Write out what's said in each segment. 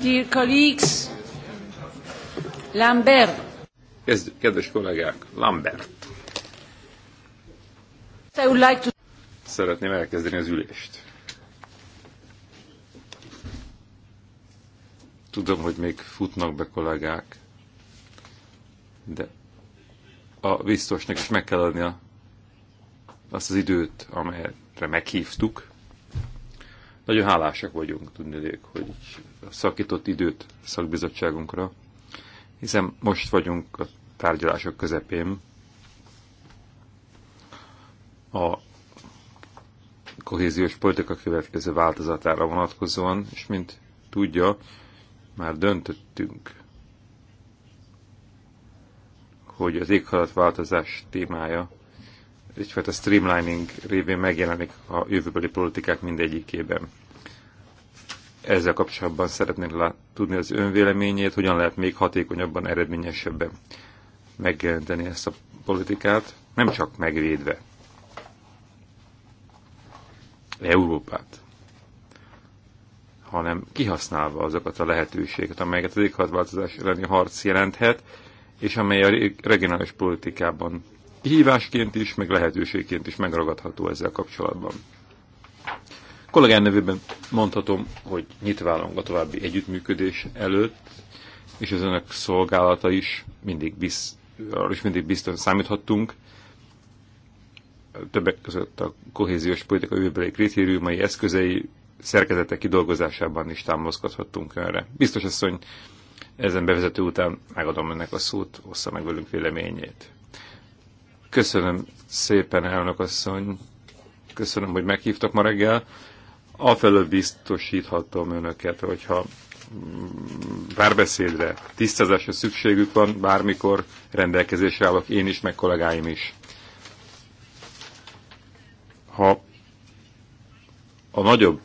Dear colleagues, Lambert. Kezdjük, kedves kollégák, Lambert. I would like to... Szeretném elkezdeni az ülést. Tudom, hogy még futnak be kollégák, de a biztosnak is meg kell adnia azt az időt, amelyre meghívtuk, nagyon hálásak vagyunk, tudnék, hogy szakított időt szakbizottságunkra, hiszen most vagyunk a tárgyalások közepén. A kohéziós politika következő változatára vonatkozóan, és mint tudja, már döntöttünk, hogy az éghajlatváltozás témája egyfajta streamlining révén megjelenik a jövőbeli politikák mindegyikében. Ezzel kapcsolatban szeretnénk lát, tudni az önvéleményét, hogyan lehet még hatékonyabban, eredményesebben megjelenteni ezt a politikát, nem csak megvédve Európát, hanem kihasználva azokat a lehetőséget, amelyeket az éghajlatváltozás elleni harc jelenthet, és amely a regionális politikában hívásként is, meg lehetőségként is megragadható ezzel kapcsolatban. Kollégán nevében mondhatom, hogy nyitválunk a további együttműködés előtt, és az önök szolgálata is mindig, biz, is mindig biztosan számíthattunk. Többek között a kohéziós politika jövőbeli kritériumai, eszközei, szerkezete kidolgozásában is támaszkodhattunk önre. Biztos asszony, ezen bevezető után megadom önnek a szót, ossza meg velünk véleményét. Köszönöm szépen, elnök asszony. Köszönöm, hogy meghívtak ma reggel. Afelől biztosíthatom önöket, hogyha mm, párbeszédre, tisztázásra szükségük van, bármikor rendelkezésre állok én is, meg kollégáim is. Ha a nagyobb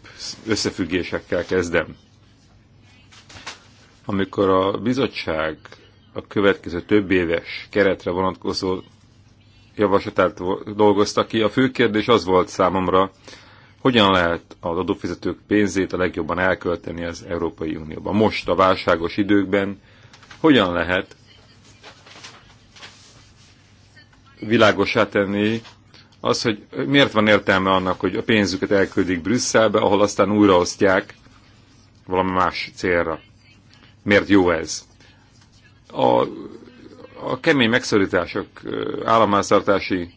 összefüggésekkel kezdem, amikor a bizottság a következő több éves keretre vonatkozó javaslatát dolgozta ki. A fő kérdés az volt számomra, hogyan lehet az adófizetők pénzét a legjobban elkölteni az Európai Unióban. Most a válságos időkben hogyan lehet világosá tenni az, hogy miért van értelme annak, hogy a pénzüket elküldik Brüsszelbe, ahol aztán újraosztják valami más célra. Miért jó ez? A a kemény megszorítások, államháztartási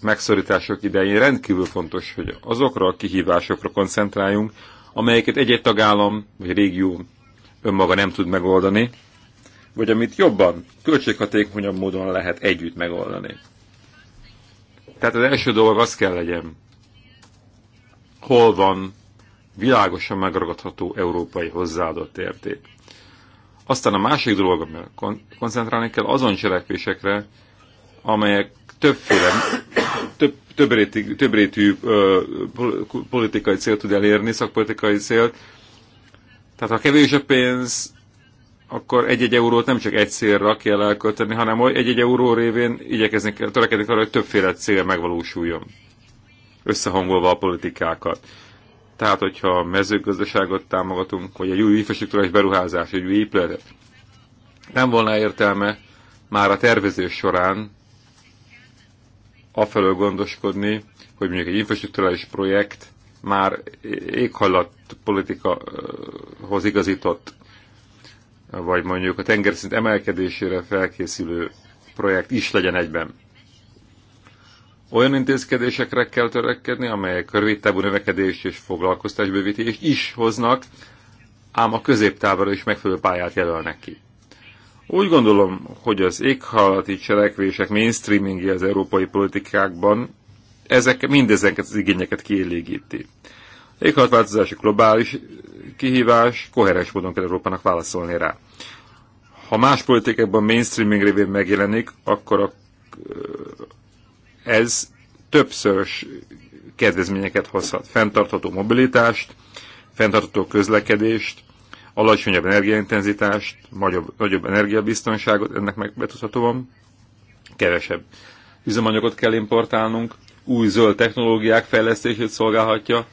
megszorítások idején rendkívül fontos, hogy azokra a kihívásokra koncentráljunk, amelyeket egy-egy tagállam vagy régió önmaga nem tud megoldani, vagy amit jobban, költséghatékonyabb módon lehet együtt megoldani. Tehát az első dolog az kell legyen, hol van világosan megragadható európai hozzáadott érték. Aztán a másik dolog, amire koncentrálni kell, azon cselekvésekre, amelyek többféle, több, több, rétű, több rétű ö, politikai célt tud elérni, szakpolitikai célt. Tehát ha kevés a pénz, akkor egy-egy eurót nem csak egy célra kell elkölteni, hanem egy-egy euró révén igyekezni kell, törekedni arra, hogy többféle cél megvalósuljon, összehangolva a politikákat. Tehát, hogyha a mezőgazdaságot támogatunk, vagy egy új infrastruktúrás beruházás, egy új épületet, nem volna értelme már a tervezés során afelől gondoskodni, hogy mondjuk egy infrastruktúrális projekt már politikahoz igazított, vagy mondjuk a tengerszint emelkedésére felkészülő projekt is legyen egyben olyan intézkedésekre kell törekedni, amelyek rövid távú növekedés és foglalkoztatásbővítést is hoznak, ám a középtávra is megfelelő pályát jelölnek ki. Úgy gondolom, hogy az éghalati cselekvések mainstreamingi az európai politikákban ezek, mindezeket az igényeket kielégíti. Éghalatváltozási globális kihívás, koherens módon kell Európának válaszolni rá. Ha más politikákban mainstreaming révén megjelenik, akkor a ez többszörös kedvezményeket hozhat. Fenntartható mobilitást, fenntartható közlekedést, alacsonyabb energiaintenzitást, nagyobb, nagyobb energiabiztonságot, ennek megbetudhatóan kevesebb üzemanyagot kell importálnunk, új zöld technológiák fejlesztését szolgálhatja,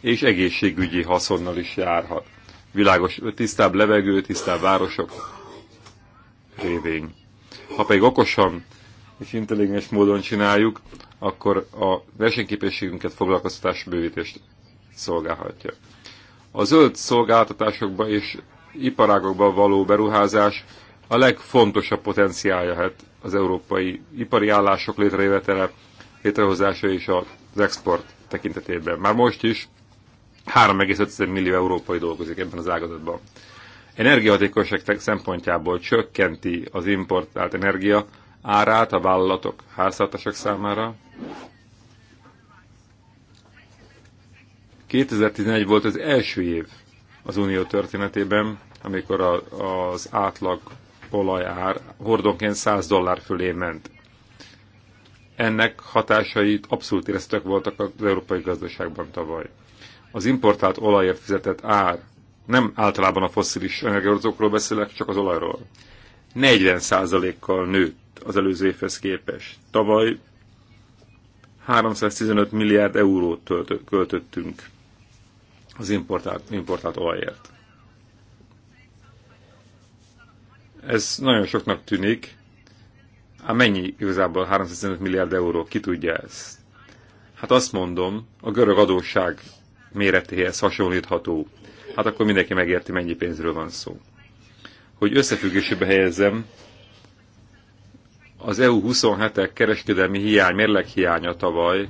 és egészségügyi haszonnal is járhat. Világos, tisztább levegő, tisztább városok révén. Ha pedig okosan és intelligens módon csináljuk, akkor a versenyképességünket foglalkoztatás bővítést szolgálhatja. A zöld szolgáltatásokba és iparágokba való beruházás a legfontosabb potenciálja hát az európai ipari állások létrejövetele, létrehozása és az export tekintetében. Már most is 3,5 millió európai dolgozik ebben az ágazatban. Energiahatékonyság szempontjából csökkenti az importált energia árát a vállalatok háztartások számára. 2011 volt az első év az Unió történetében, amikor a, az átlag olajár hordonként 100 dollár fölé ment. Ennek hatásait abszolút éreztek voltak az európai gazdaságban tavaly. Az importált olajért fizetett ár, nem általában a fosszilis energiahordozókról beszélek, csak az olajról, 40%-kal nőtt az előző évhez képest. Tavaly 315 milliárd eurót tölt, költöttünk az importált, importált olajért. Ez nagyon soknak tűnik, Hát mennyi igazából 315 milliárd euró, ki tudja ezt? Hát azt mondom, a görög adósság méretéhez hasonlítható. Hát akkor mindenki megérti, mennyi pénzről van szó. Hogy összefüggésébe helyezzem, az EU 27-ek kereskedelmi hiány, mérleg hiánya tavaly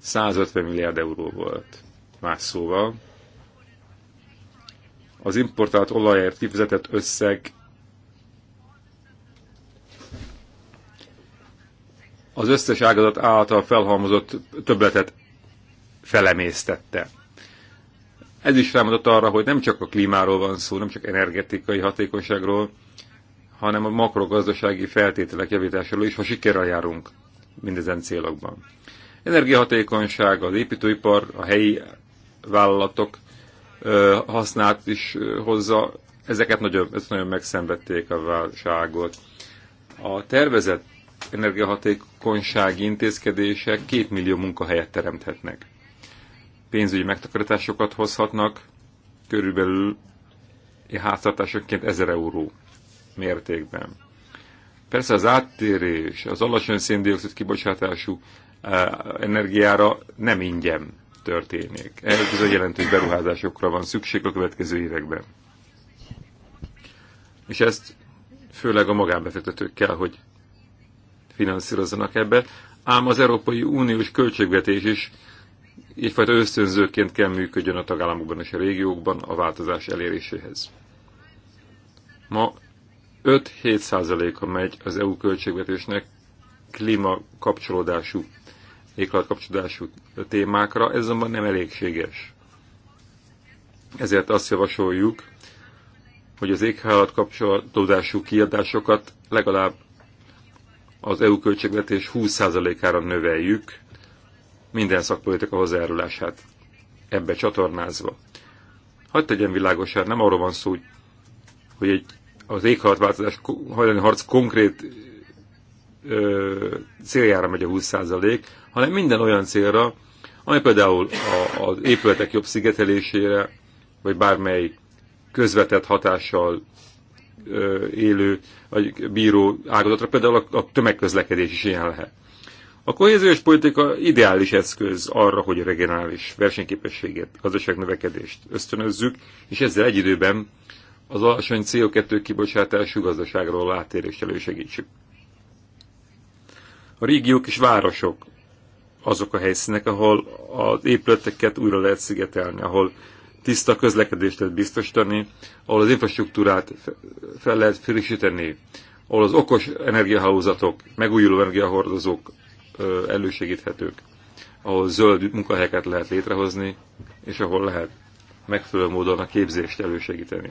150 milliárd euró volt. Más szóval, az importált olajért kifizetett összeg az összes ágazat által felhalmozott többletet felemésztette. Ez is rámutat arra, hogy nem csak a klímáról van szó, nem csak energetikai hatékonyságról, hanem a makrogazdasági feltételek javításáról is, ha sikerrel járunk mindezen célokban. Energiahatékonyság, az építőipar, a helyi vállalatok hasznát is hozza, ezeket nagyon, ezt nagyon megszenvedték a válságot. A tervezett energiahatékonysági intézkedések két millió munkahelyet teremthetnek. Pénzügyi megtakarításokat hozhatnak, körülbelül háztartásokként 1000 euró mértékben. Persze az áttérés, az alacsony széndiokszid kibocsátású eh, energiára nem ingyen történik. Ehhez bizony jelentős beruházásokra van szükség a következő években. És ezt főleg a magánbefektetők kell, hogy finanszírozzanak ebbe, ám az Európai Uniós költségvetés is egyfajta ösztönzőként kell működjön a tagállamokban és a régiókban a változás eléréséhez. Ma 5-7 százaléka megy az EU költségvetésnek klíma kapcsolódású, éghajlatkapcsolódású kapcsolódású témákra, ez azonban nem elégséges. Ezért azt javasoljuk, hogy az éghajlatkapcsolódású kapcsolódású kiadásokat legalább az EU költségvetés 20%-ára növeljük, minden szakpolitika hozzájárulását ebbe csatornázva. Hadd tegyen világosan, nem arról van szó, hogy egy az éghajlatváltozás hajlani harc konkrét ö, céljára megy a 20%, hanem minden olyan célra, ami például a, az épületek jobb szigetelésére, vagy bármely közvetett hatással ö, élő vagy bíró ágazatra, például a, a tömegközlekedés is ilyen lehet. A kohéziós politika ideális eszköz arra, hogy a regionális versenyképességet, gazdaság növekedést ösztönözzük, és ezzel egy időben az alacsony CO2 kibocsátású gazdaságról átérést elősegítsük. A régiók és városok azok a helyszínek, ahol az épületeket újra lehet szigetelni, ahol tiszta közlekedést lehet biztosítani, ahol az infrastruktúrát fel lehet frissíteni, ahol az okos energiahálózatok, megújuló energiahordozók elősegíthetők, ahol zöld munkahelyeket lehet létrehozni, és ahol lehet megfelelő módon a képzést elősegíteni.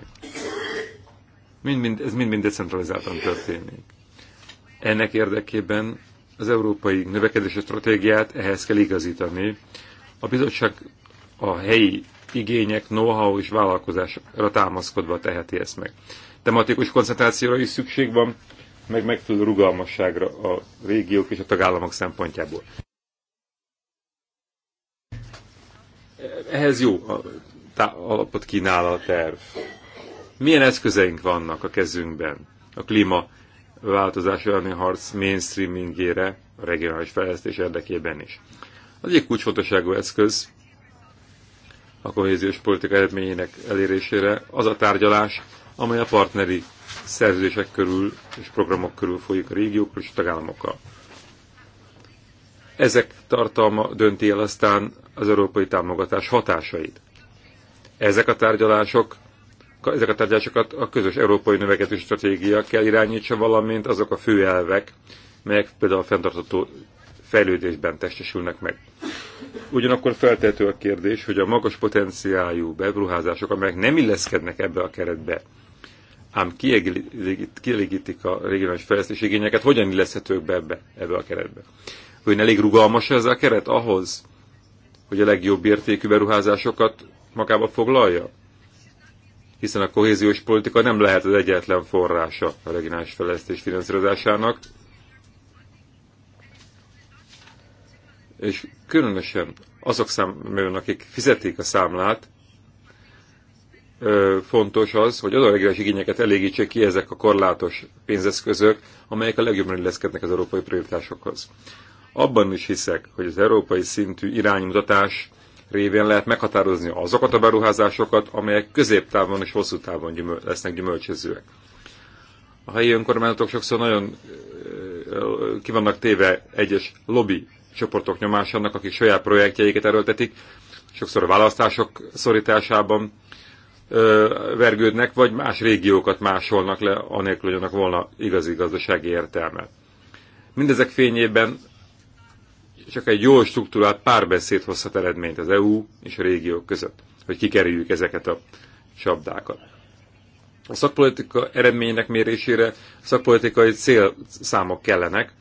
Mind, mind, ez mind-mind decentralizáltan történik. Ennek érdekében az európai növekedési stratégiát ehhez kell igazítani. A bizottság a helyi igények, know-how és vállalkozásra támaszkodva teheti ezt meg. Tematikus koncentrációra is szükség van, meg megfelelő rugalmasságra a régiók és a tagállamok szempontjából. Ehhez jó a alapot kínál a terv? Milyen eszközeink vannak a kezünkben a klíma változás elleni harc mainstreamingére, a regionális fejlesztés érdekében is? Az egyik kulcsfontosságú eszköz a kohéziós politika eredményének elérésére az a tárgyalás, amely a partneri szerződések körül és programok körül folyik a régiókkal és a tagállamokkal. Ezek tartalma dönti el aztán az európai támogatás hatásait. Ezek a tárgyalások ezek a tárgyalásokat a közös európai növekedési stratégia kell irányítsa, valamint azok a fő elvek, melyek például a fenntartható fejlődésben testesülnek meg. Ugyanakkor feltehető a kérdés, hogy a magas potenciájú beruházások, amelyek nem illeszkednek ebbe a keretbe, ám kielégítik a regionális fejlesztési igényeket, hogyan illeszhetők be ebbe, ebbe a keretbe. Hogy elég rugalmas ez a keret ahhoz, hogy a legjobb értékű beruházásokat magába foglalja? Hiszen a kohéziós politika nem lehet az egyetlen forrása a regionális fejlesztés finanszírozásának. És különösen azok számára, akik fizetik a számlát, fontos az, hogy az a regionális igényeket elégítsék ki ezek a korlátos pénzeszközök, amelyek a legjobban illeszkednek az európai prioritásokhoz. Abban is hiszek, hogy az európai szintű iránymutatás révén lehet meghatározni azokat a beruházásokat, amelyek középtávon és hosszú távon gyümöl- lesznek gyümölcsözőek. A helyi önkormányzatok sokszor nagyon ki vannak téve egyes lobby csoportok nyomásának, akik saját projektjeiket erőltetik, sokszor a választások szorításában vergődnek, vagy más régiókat másolnak le, anélkül, hogy annak volna igazi gazdasági értelme. Mindezek fényében csak egy jól struktúrált párbeszéd hozhat eredményt az EU és a régiók között, hogy kikerüljük ezeket a csapdákat. A szakpolitika eredménynek mérésére szakpolitikai célszámok kellenek,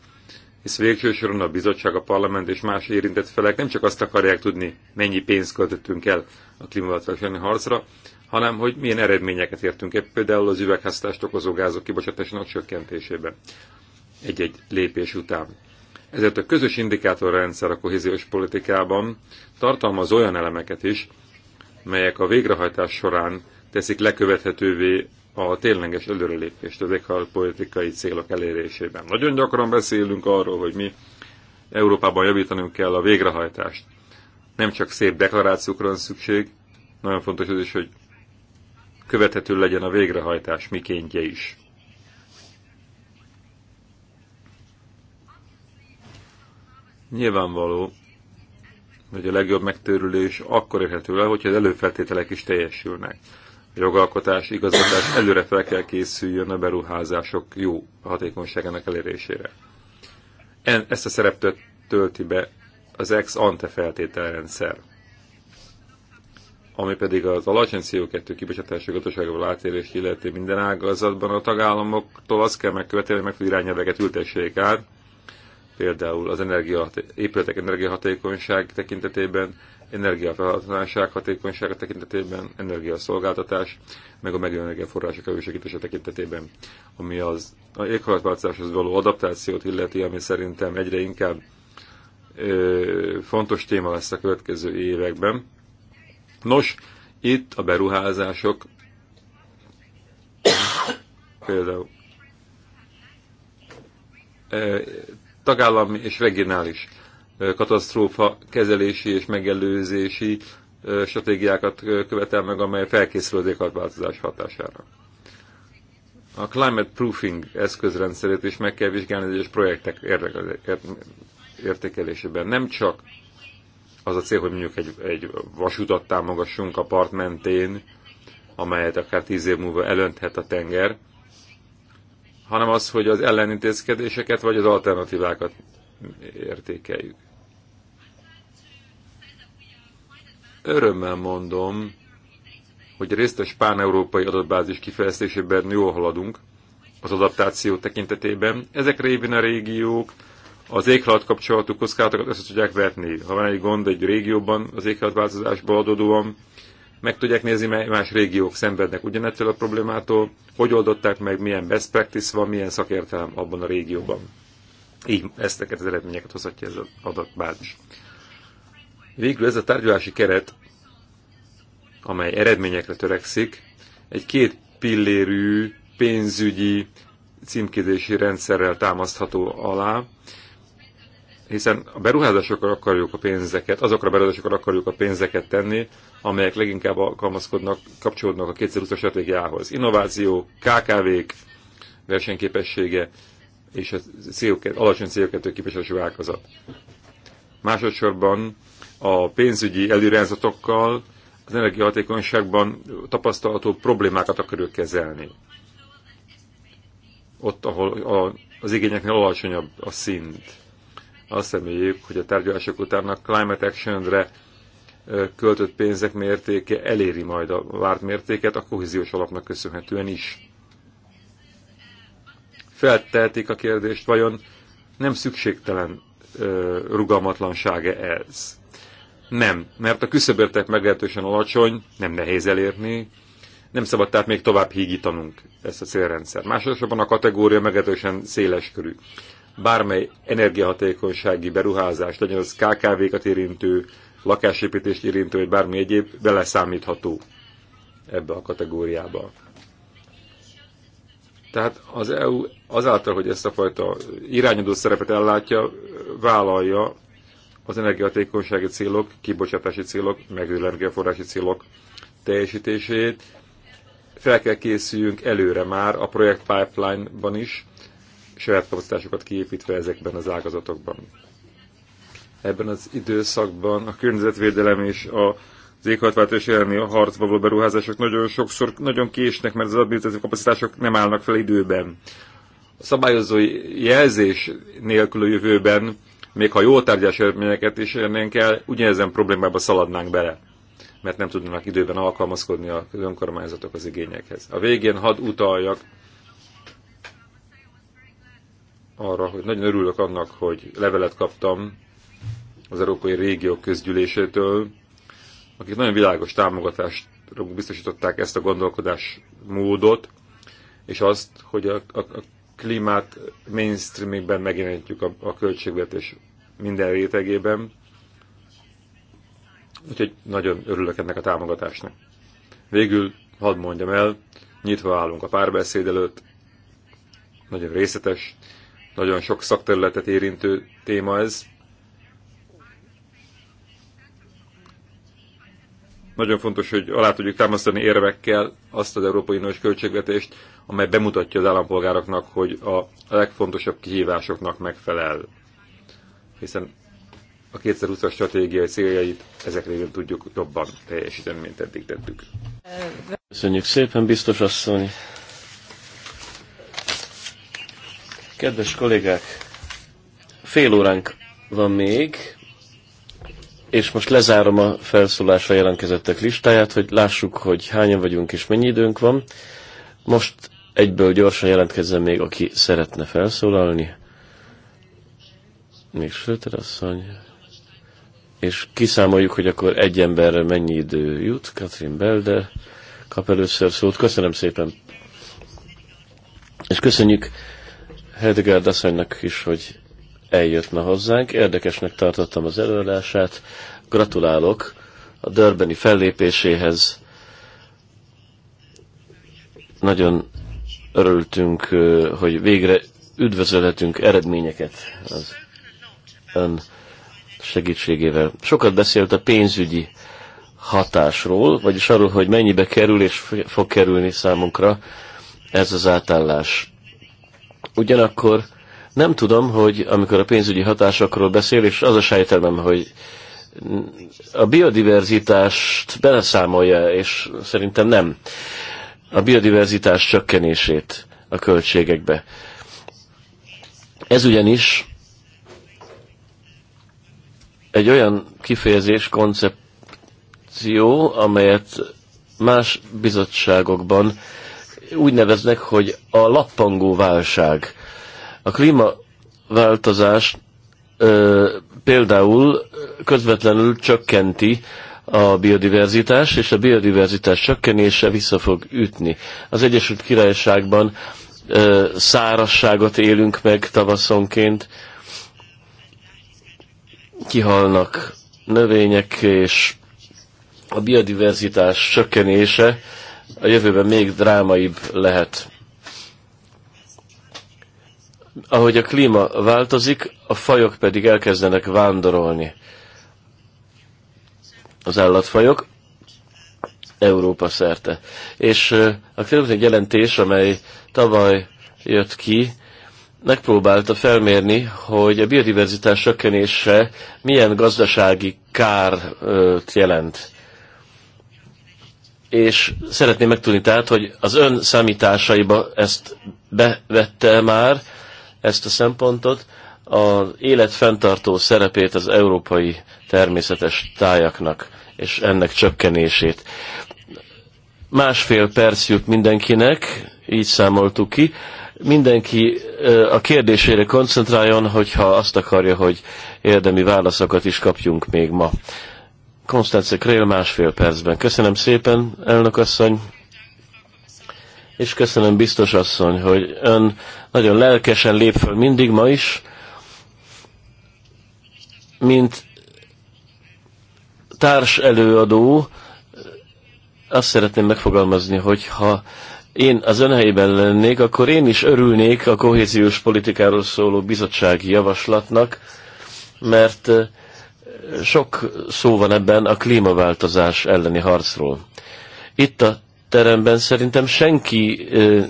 hisz végső soron a bizottság, a parlament és más érintett felek nem csak azt akarják tudni, mennyi pénzt költöttünk el a klímaváltozási harcra, hanem hogy milyen eredményeket értünk el, például az üvegháztást okozó gázok kibocsátásának csökkentésében egy-egy lépés után. Ezért a közös indikátorrendszer a kohéziós politikában tartalmaz olyan elemeket is, melyek a végrehajtás során teszik lekövethetővé a tényleges előrelépést az politikai célok elérésében. Nagyon gyakran beszélünk arról, hogy mi Európában javítanunk kell a végrehajtást. Nem csak szép deklarációkra van szükség, nagyon fontos az is, hogy követhető legyen a végrehajtás mikéntje is. Nyilvánvaló, hogy a legjobb megtörülés akkor érhető el, hogyha az előfeltételek is teljesülnek. A jogalkotás, igazgatás előre fel kell készüljön a beruházások jó hatékonyságának elérésére. En, ezt a szerepet tölti be az ex ante feltételrendszer, ami pedig az alacsony CO2 kibocsátási gazdaságból átérést illeti minden ágazatban a tagállamoktól azt kell megkövetelni, hogy megfelelő irányelveket ültessék át, például az energia, épületek energiahatékonyság tekintetében, energiafelhasználság hatékonysága tekintetében, energiaszolgáltatás, meg a megjelenő energiaforrások elősegítése tekintetében, ami az a éghajlatváltozáshoz való adaptációt illeti, ami szerintem egyre inkább ö, fontos téma lesz a következő években. Nos, itt a beruházások például tagállami és regionális katasztrófa kezelési és megelőzési stratégiákat követel meg, amely felkészül az változás hatására. A climate proofing eszközrendszerét is meg kell vizsgálni és egyes projektek értékelésében. Nem csak az a cél, hogy mondjuk egy, egy vasutat támogassunk a part mentén, amelyet akár tíz év múlva elönthet a tenger, hanem az, hogy az ellenintézkedéseket vagy az alternatívákat értékeljük. Örömmel mondom, hogy részt a spán európai adatbázis kifejlesztésében jól haladunk az adaptáció tekintetében. Ezek révén a régiók az éghajlat kapcsolatú kockátokat össze tudják vetni. Ha van egy gond egy régióban az éghajlatváltozásból adódóan, meg tudják nézni, mely más régiók szenvednek ugyanettől a problémától, hogy oldották meg, milyen best practice van, milyen szakértelem abban a régióban. Így ezteket az eredményeket hozhatja ez az adatbázis. Végül ez a tárgyalási keret, amely eredményekre törekszik, egy két pillérű pénzügyi címkézési rendszerrel támasztható alá, hiszen a beruházásokra akarjuk a pénzeket, azokra a beruházásokra akarjuk a pénzeket tenni, amelyek leginkább alkalmazkodnak, kapcsolódnak a 2020-as stratégiához. Innováció, KKV-k versenyképessége és a CO2, alacsony CO2 képesítésű ágazat. Másodszorban a pénzügyi előrehányzatokkal az energiahatékonyságban tapasztalható problémákat akarjuk kezelni. Ott, ahol a, az igényeknél alacsonyabb a szint azt reméljük, hogy a tárgyalások után a Climate Action-re költött pénzek mértéke eléri majd a várt mértéket a kohéziós alapnak köszönhetően is. Feltelték a kérdést, vajon nem szükségtelen rugalmatlansága ez? Nem, mert a küszöbértek meglehetősen alacsony, nem nehéz elérni, nem szabad tehát még tovább hígítanunk ezt a célrendszer. Másodszorban a kategória meglehetősen széles körű bármely energiahatékonysági beruházás, legyen az KKV-kat érintő, lakásépítést érintő, vagy bármi egyéb, beleszámítható ebbe a kategóriába. Tehát az EU azáltal, hogy ezt a fajta irányadó szerepet ellátja, vállalja az energiahatékonysági célok, kibocsátási célok, megőrülő energiaforrási célok teljesítését. Fel kell készüljünk előre már a projekt pipeline-ban is, saját kapacitásokat kiépítve ezekben az ágazatokban. Ebben az időszakban a környezetvédelem és a az éghajtváltás elleni a harcba való beruházások nagyon sokszor nagyon késnek, mert az adminisztratív kapacitások nem állnak fel időben. A szabályozói jelzés nélkül a jövőben, még ha jó tárgyás eredményeket is érnénk el, ugyanezen problémába szaladnánk bele, mert nem tudnának időben alkalmazkodni a önkormányzatok az igényekhez. A végén hadd utaljak arra, hogy nagyon örülök annak, hogy levelet kaptam az Európai Régiók Közgyűlésétől, akik nagyon világos támogatást biztosították ezt a gondolkodás módot, és azt, hogy a, a, a klímát mainstreamben megjelentjük a, a költségvetés minden rétegében. Úgyhogy nagyon örülök ennek a támogatásnak. Végül hadd mondjam el, nyitva állunk a párbeszéd előtt, nagyon részletes nagyon sok szakterületet érintő téma ez. Nagyon fontos, hogy alá tudjuk támasztani érvekkel azt az Európai Uniós költségvetést, amely bemutatja az állampolgároknak, hogy a legfontosabb kihívásoknak megfelel. Hiszen a 2020-as stratégiai céljait ezek révén tudjuk jobban teljesíteni, mint eddig tettük. Köszönjük szépen, biztos asszony! Kedves kollégák, fél óránk van még, és most lezárom a felszólásra jelentkezettek listáját, hogy lássuk, hogy hányan vagyunk és mennyi időnk van. Most egyből gyorsan jelentkezzen még, aki szeretne felszólalni. Még Söter asszony. És kiszámoljuk, hogy akkor egy emberre mennyi idő jut. Katrin Belde, kap először szót. Köszönöm szépen. És köszönjük Hedgard asszonynak is, hogy eljött ma hozzánk. Érdekesnek tartottam az előadását. Gratulálok a Dörbeni fellépéséhez. Nagyon örültünk, hogy végre üdvözölhetünk eredményeket az ön segítségével. Sokat beszélt a pénzügyi hatásról, vagyis arról, hogy mennyibe kerül és fog kerülni számunkra ez az átállás. Ugyanakkor nem tudom, hogy amikor a pénzügyi hatásokról beszél, és az a sejtelmem, hogy a biodiverzitást beleszámolja, és szerintem nem, a biodiverzitás csökkenését a költségekbe. Ez ugyanis egy olyan kifejezés, koncepció, amelyet más bizottságokban úgy neveznek, hogy a lappangó válság. A klímaváltozás ö, például közvetlenül csökkenti a biodiverzitás, és a biodiverzitás csökkenése vissza fog ütni. Az Egyesült Királyságban ö, szárasságot élünk meg tavaszonként, kihalnak növények, és a biodiverzitás csökkenése a jövőben még drámaibb lehet. Ahogy a klíma változik, a fajok pedig elkezdenek vándorolni. Az állatfajok Európa szerte. És a különböző jelentés, amely tavaly jött ki, megpróbálta felmérni, hogy a biodiverzitás sökkenése milyen gazdasági kárt jelent és szeretném megtudni tehát, hogy az ön számításaiba ezt bevette már, ezt a szempontot, az élet fenntartó szerepét az európai természetes tájaknak, és ennek csökkenését. Másfél perc jut mindenkinek, így számoltuk ki. Mindenki a kérdésére koncentráljon, hogyha azt akarja, hogy érdemi válaszokat is kapjunk még ma. Konstance Krél másfél percben. Köszönöm szépen, elnök asszony, és köszönöm biztos asszony, hogy ön nagyon lelkesen lép föl mindig ma is, mint társ előadó, azt szeretném megfogalmazni, hogy ha én az ön helyében lennék, akkor én is örülnék a kohéziós politikáról szóló bizottsági javaslatnak, mert sok szó van ebben a klímaváltozás elleni harcról. Itt a teremben szerintem senki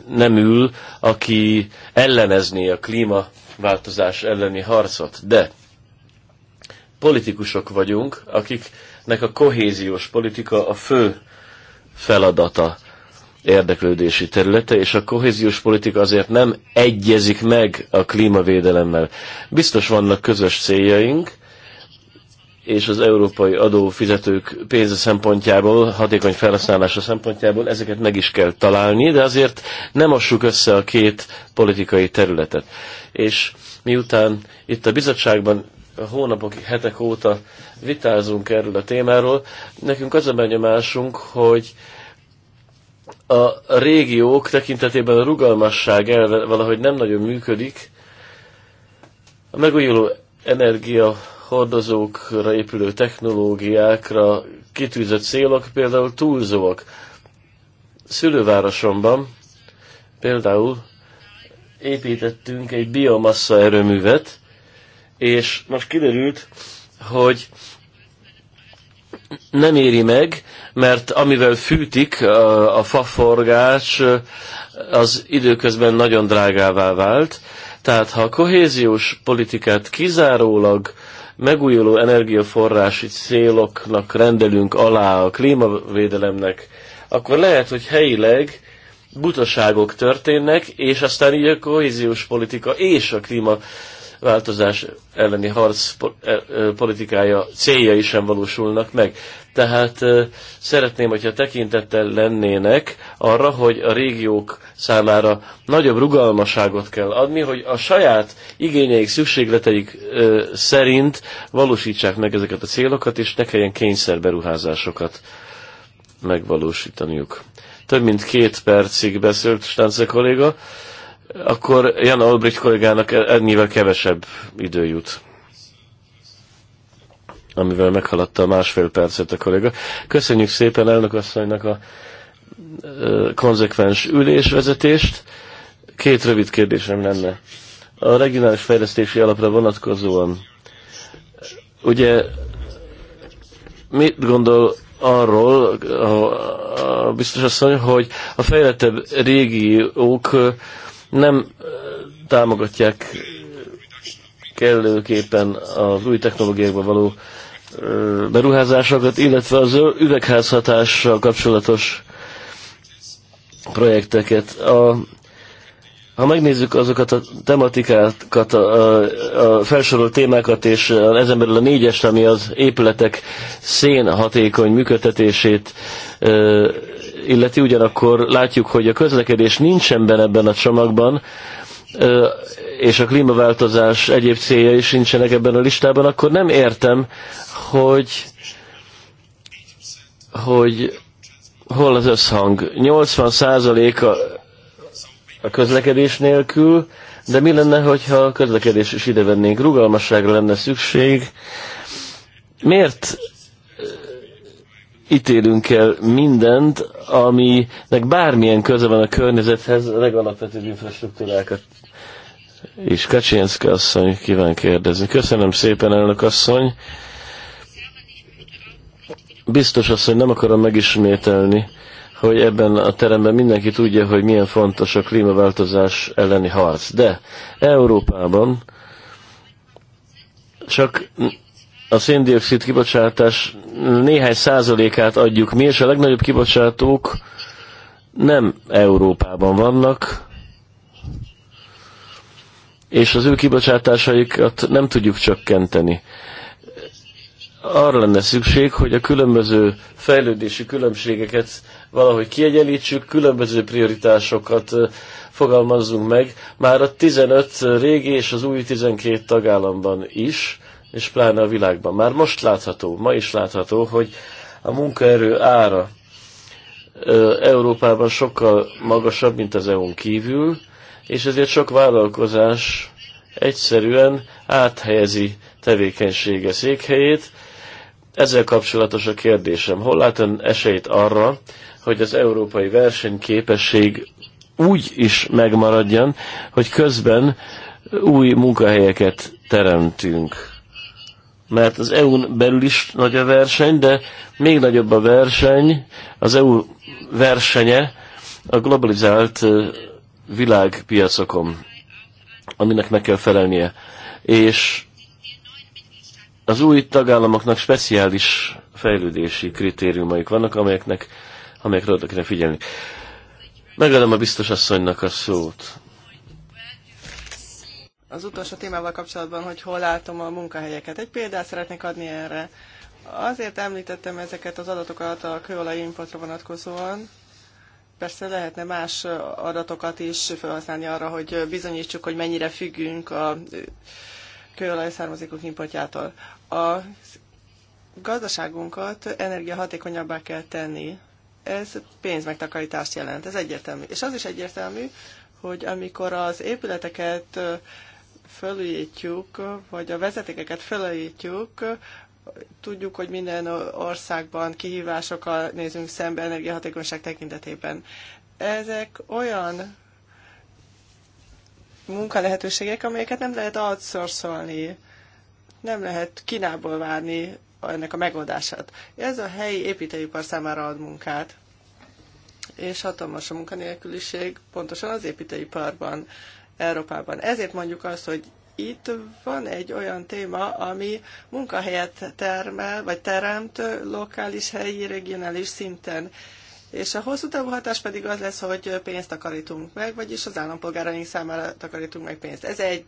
nem ül, aki ellenezné a klímaváltozás elleni harcot, de politikusok vagyunk, akiknek a kohéziós politika a fő feladata, érdeklődési területe, és a kohéziós politika azért nem egyezik meg a klímavédelemmel. Biztos vannak közös céljaink, és az európai adófizetők pénze szempontjából, hatékony felhasználása szempontjából ezeket meg is kell találni, de azért nem assuk össze a két politikai területet. És miután itt a bizottságban a hónapok, hetek óta vitázunk erről a témáról, nekünk az a benyomásunk, hogy a régiók tekintetében a rugalmasság elve valahogy nem nagyon működik, a megújuló energia hordozókra épülő technológiákra kitűzött célok például túlzóak. Szülővárosomban például építettünk egy biomassa erőművet, és most kiderült, hogy nem éri meg, mert amivel fűtik a, a faforgás, az időközben nagyon drágává vált. Tehát ha a kohéziós politikát kizárólag megújuló energiaforrási céloknak rendelünk alá a klímavédelemnek, akkor lehet, hogy helyileg butaságok történnek, és aztán így a kohéziós politika és a klíma változás elleni harc e, e, politikája céljai sem valósulnak meg. Tehát e, szeretném, hogyha tekintettel lennének arra, hogy a régiók számára nagyobb rugalmaságot kell adni, hogy a saját igényeik, szükségleteik szerint valósítsák meg ezeket a célokat, és ne kelljen kényszerberuházásokat megvalósítaniuk. Több mint két percig beszélt Stánce kolléga akkor Jan Albrecht kollégának e- ennyivel kevesebb idő jut amivel meghaladta a másfél percet a kolléga. Köszönjük szépen elnök asszonynak a konzekvens ülésvezetést. Két rövid kérdésem lenne. A regionális fejlesztési alapra vonatkozóan, ugye mit gondol arról a, a biztos asszony, hogy a fejlettebb régiók nem támogatják kellőképpen az új technológiákba való beruházásokat, illetve az üvegházhatással kapcsolatos projekteket. A, ha megnézzük azokat a tematikákat, a, a felsorolt témákat, és ezen belül a négyes, ami az épületek szén hatékony működtetését illeti, ugyanakkor látjuk, hogy a közlekedés nincsen benne ebben a csomagban, és a klímaváltozás egyéb célja is nincsenek ebben a listában, akkor nem értem, hogy, hogy hol az összhang. 80% a, a közlekedés nélkül, de mi lenne, hogyha a közlekedés is ide vennénk? Rugalmasságra lenne szükség. Miért ítélünk el mindent, aminek bármilyen köze van a környezethez, a legalapvetőbb infrastruktúrákat. És Kacsinszka asszony kíván kérdezni. Köszönöm szépen, elnök asszony. Biztos asszony, nem akarom megismételni, hogy ebben a teremben mindenki tudja, hogy milyen fontos a klímaváltozás elleni harc. De Európában csak a széndiokszid kibocsátás néhány százalékát adjuk mi, és a legnagyobb kibocsátók nem Európában vannak, és az ő kibocsátásaikat nem tudjuk csökkenteni. Arra lenne szükség, hogy a különböző fejlődési különbségeket valahogy kiegyenlítsük, különböző prioritásokat fogalmazzunk meg, már a 15 régi és az új 12 tagállamban is, és pláne a világban. Már most látható, ma is látható, hogy a munkaerő ára Európában sokkal magasabb, mint az EU-n kívül, és ezért sok vállalkozás egyszerűen áthelyezi tevékenysége székhelyét. Ezzel kapcsolatos a kérdésem. Hol lát ön esélyt arra, hogy az európai versenyképesség úgy is megmaradjon, hogy közben új munkahelyeket teremtünk? mert az EU-n belül is nagy a verseny, de még nagyobb a verseny, az EU versenye a globalizált világpiacokon, aminek meg kell felelnie. És az új tagállamoknak speciális fejlődési kritériumaik vannak, amelyeknek, amelyekre oda kell figyelni. Megadom a biztos asszonynak a szót az utolsó témával kapcsolatban, hogy hol látom a munkahelyeket. Egy példát szeretnék adni erre. Azért említettem ezeket az adatokat a kőolaj importra vonatkozóan. Persze lehetne más adatokat is felhasználni arra, hogy bizonyítsuk, hogy mennyire függünk a kőolaj származékok importjától. A gazdaságunkat energiahatékonyabbá kell tenni. Ez pénzmegtakarítást jelent, ez egyértelmű. És az is egyértelmű, hogy amikor az épületeket fölújítjuk, vagy a vezetékeket fölújítjuk, tudjuk, hogy minden országban kihívásokkal nézünk szembe energiahatékonyság tekintetében. Ezek olyan munkalehetőségek, amelyeket nem lehet outsourcolni, nem lehet Kínából várni ennek a megoldását. Ez a helyi építőipar számára ad munkát, és hatalmas a munkanélküliség, pontosan az építőiparban. Európában. Ezért mondjuk azt, hogy itt van egy olyan téma, ami munkahelyet termel, vagy teremt lokális, helyi, regionális szinten. És a hosszú távú hatás pedig az lesz, hogy pénzt takarítunk meg, vagyis az állampolgáraink számára takarítunk meg pénzt. Ez egy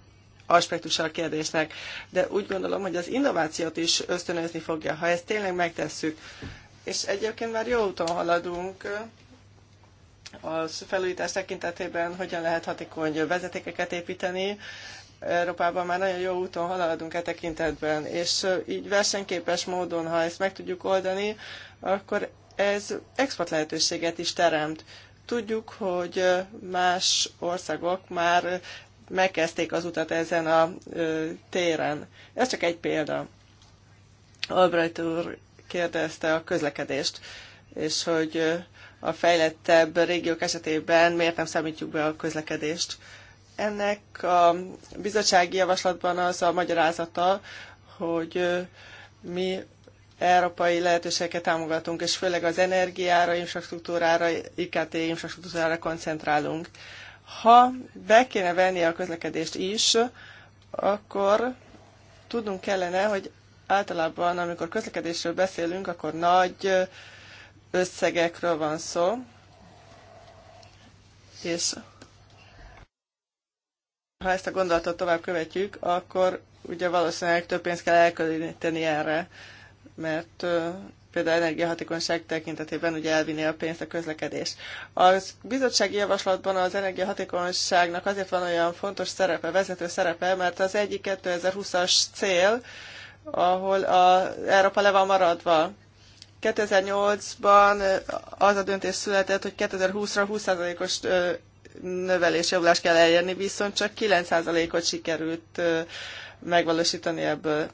aspektusa a kérdésnek, de úgy gondolom, hogy az innovációt is ösztönözni fogja, ha ezt tényleg megtesszük. És egyébként már jó úton haladunk, az felújítás tekintetében hogyan lehet hatékony vezetékeket építeni. Európában már nagyon jó úton haladunk e tekintetben, és így versenyképes módon, ha ezt meg tudjuk oldani, akkor ez export lehetőséget is teremt. Tudjuk, hogy más országok már megkezdték az utat ezen a téren. Ez csak egy példa. Albright úr kérdezte a közlekedést, és hogy a fejlettebb régiók esetében miért nem számítjuk be a közlekedést. Ennek a bizottsági javaslatban az a magyarázata, hogy mi európai lehetőségeket támogatunk, és főleg az energiára, infrastruktúrára, IKT infrastruktúrára koncentrálunk. Ha be kéne venni a közlekedést is, akkor tudnunk kellene, hogy általában, amikor közlekedésről beszélünk, akkor nagy összegekről van szó, és ha ezt a gondolatot tovább követjük, akkor ugye valószínűleg több pénzt kell elkülöníteni erre, mert például energiahatékonyság tekintetében ugye elvinni a pénzt a közlekedés. A bizottsági javaslatban az energiahatékonyságnak azért van olyan fontos szerepe, vezető szerepe, mert az egyik 2020-as cél, ahol a Európa le van maradva. 2008-ban az a döntés született, hogy 2020-ra 20%-os növelés, javulást kell elérni, viszont csak 9%-ot sikerült megvalósítani ebből.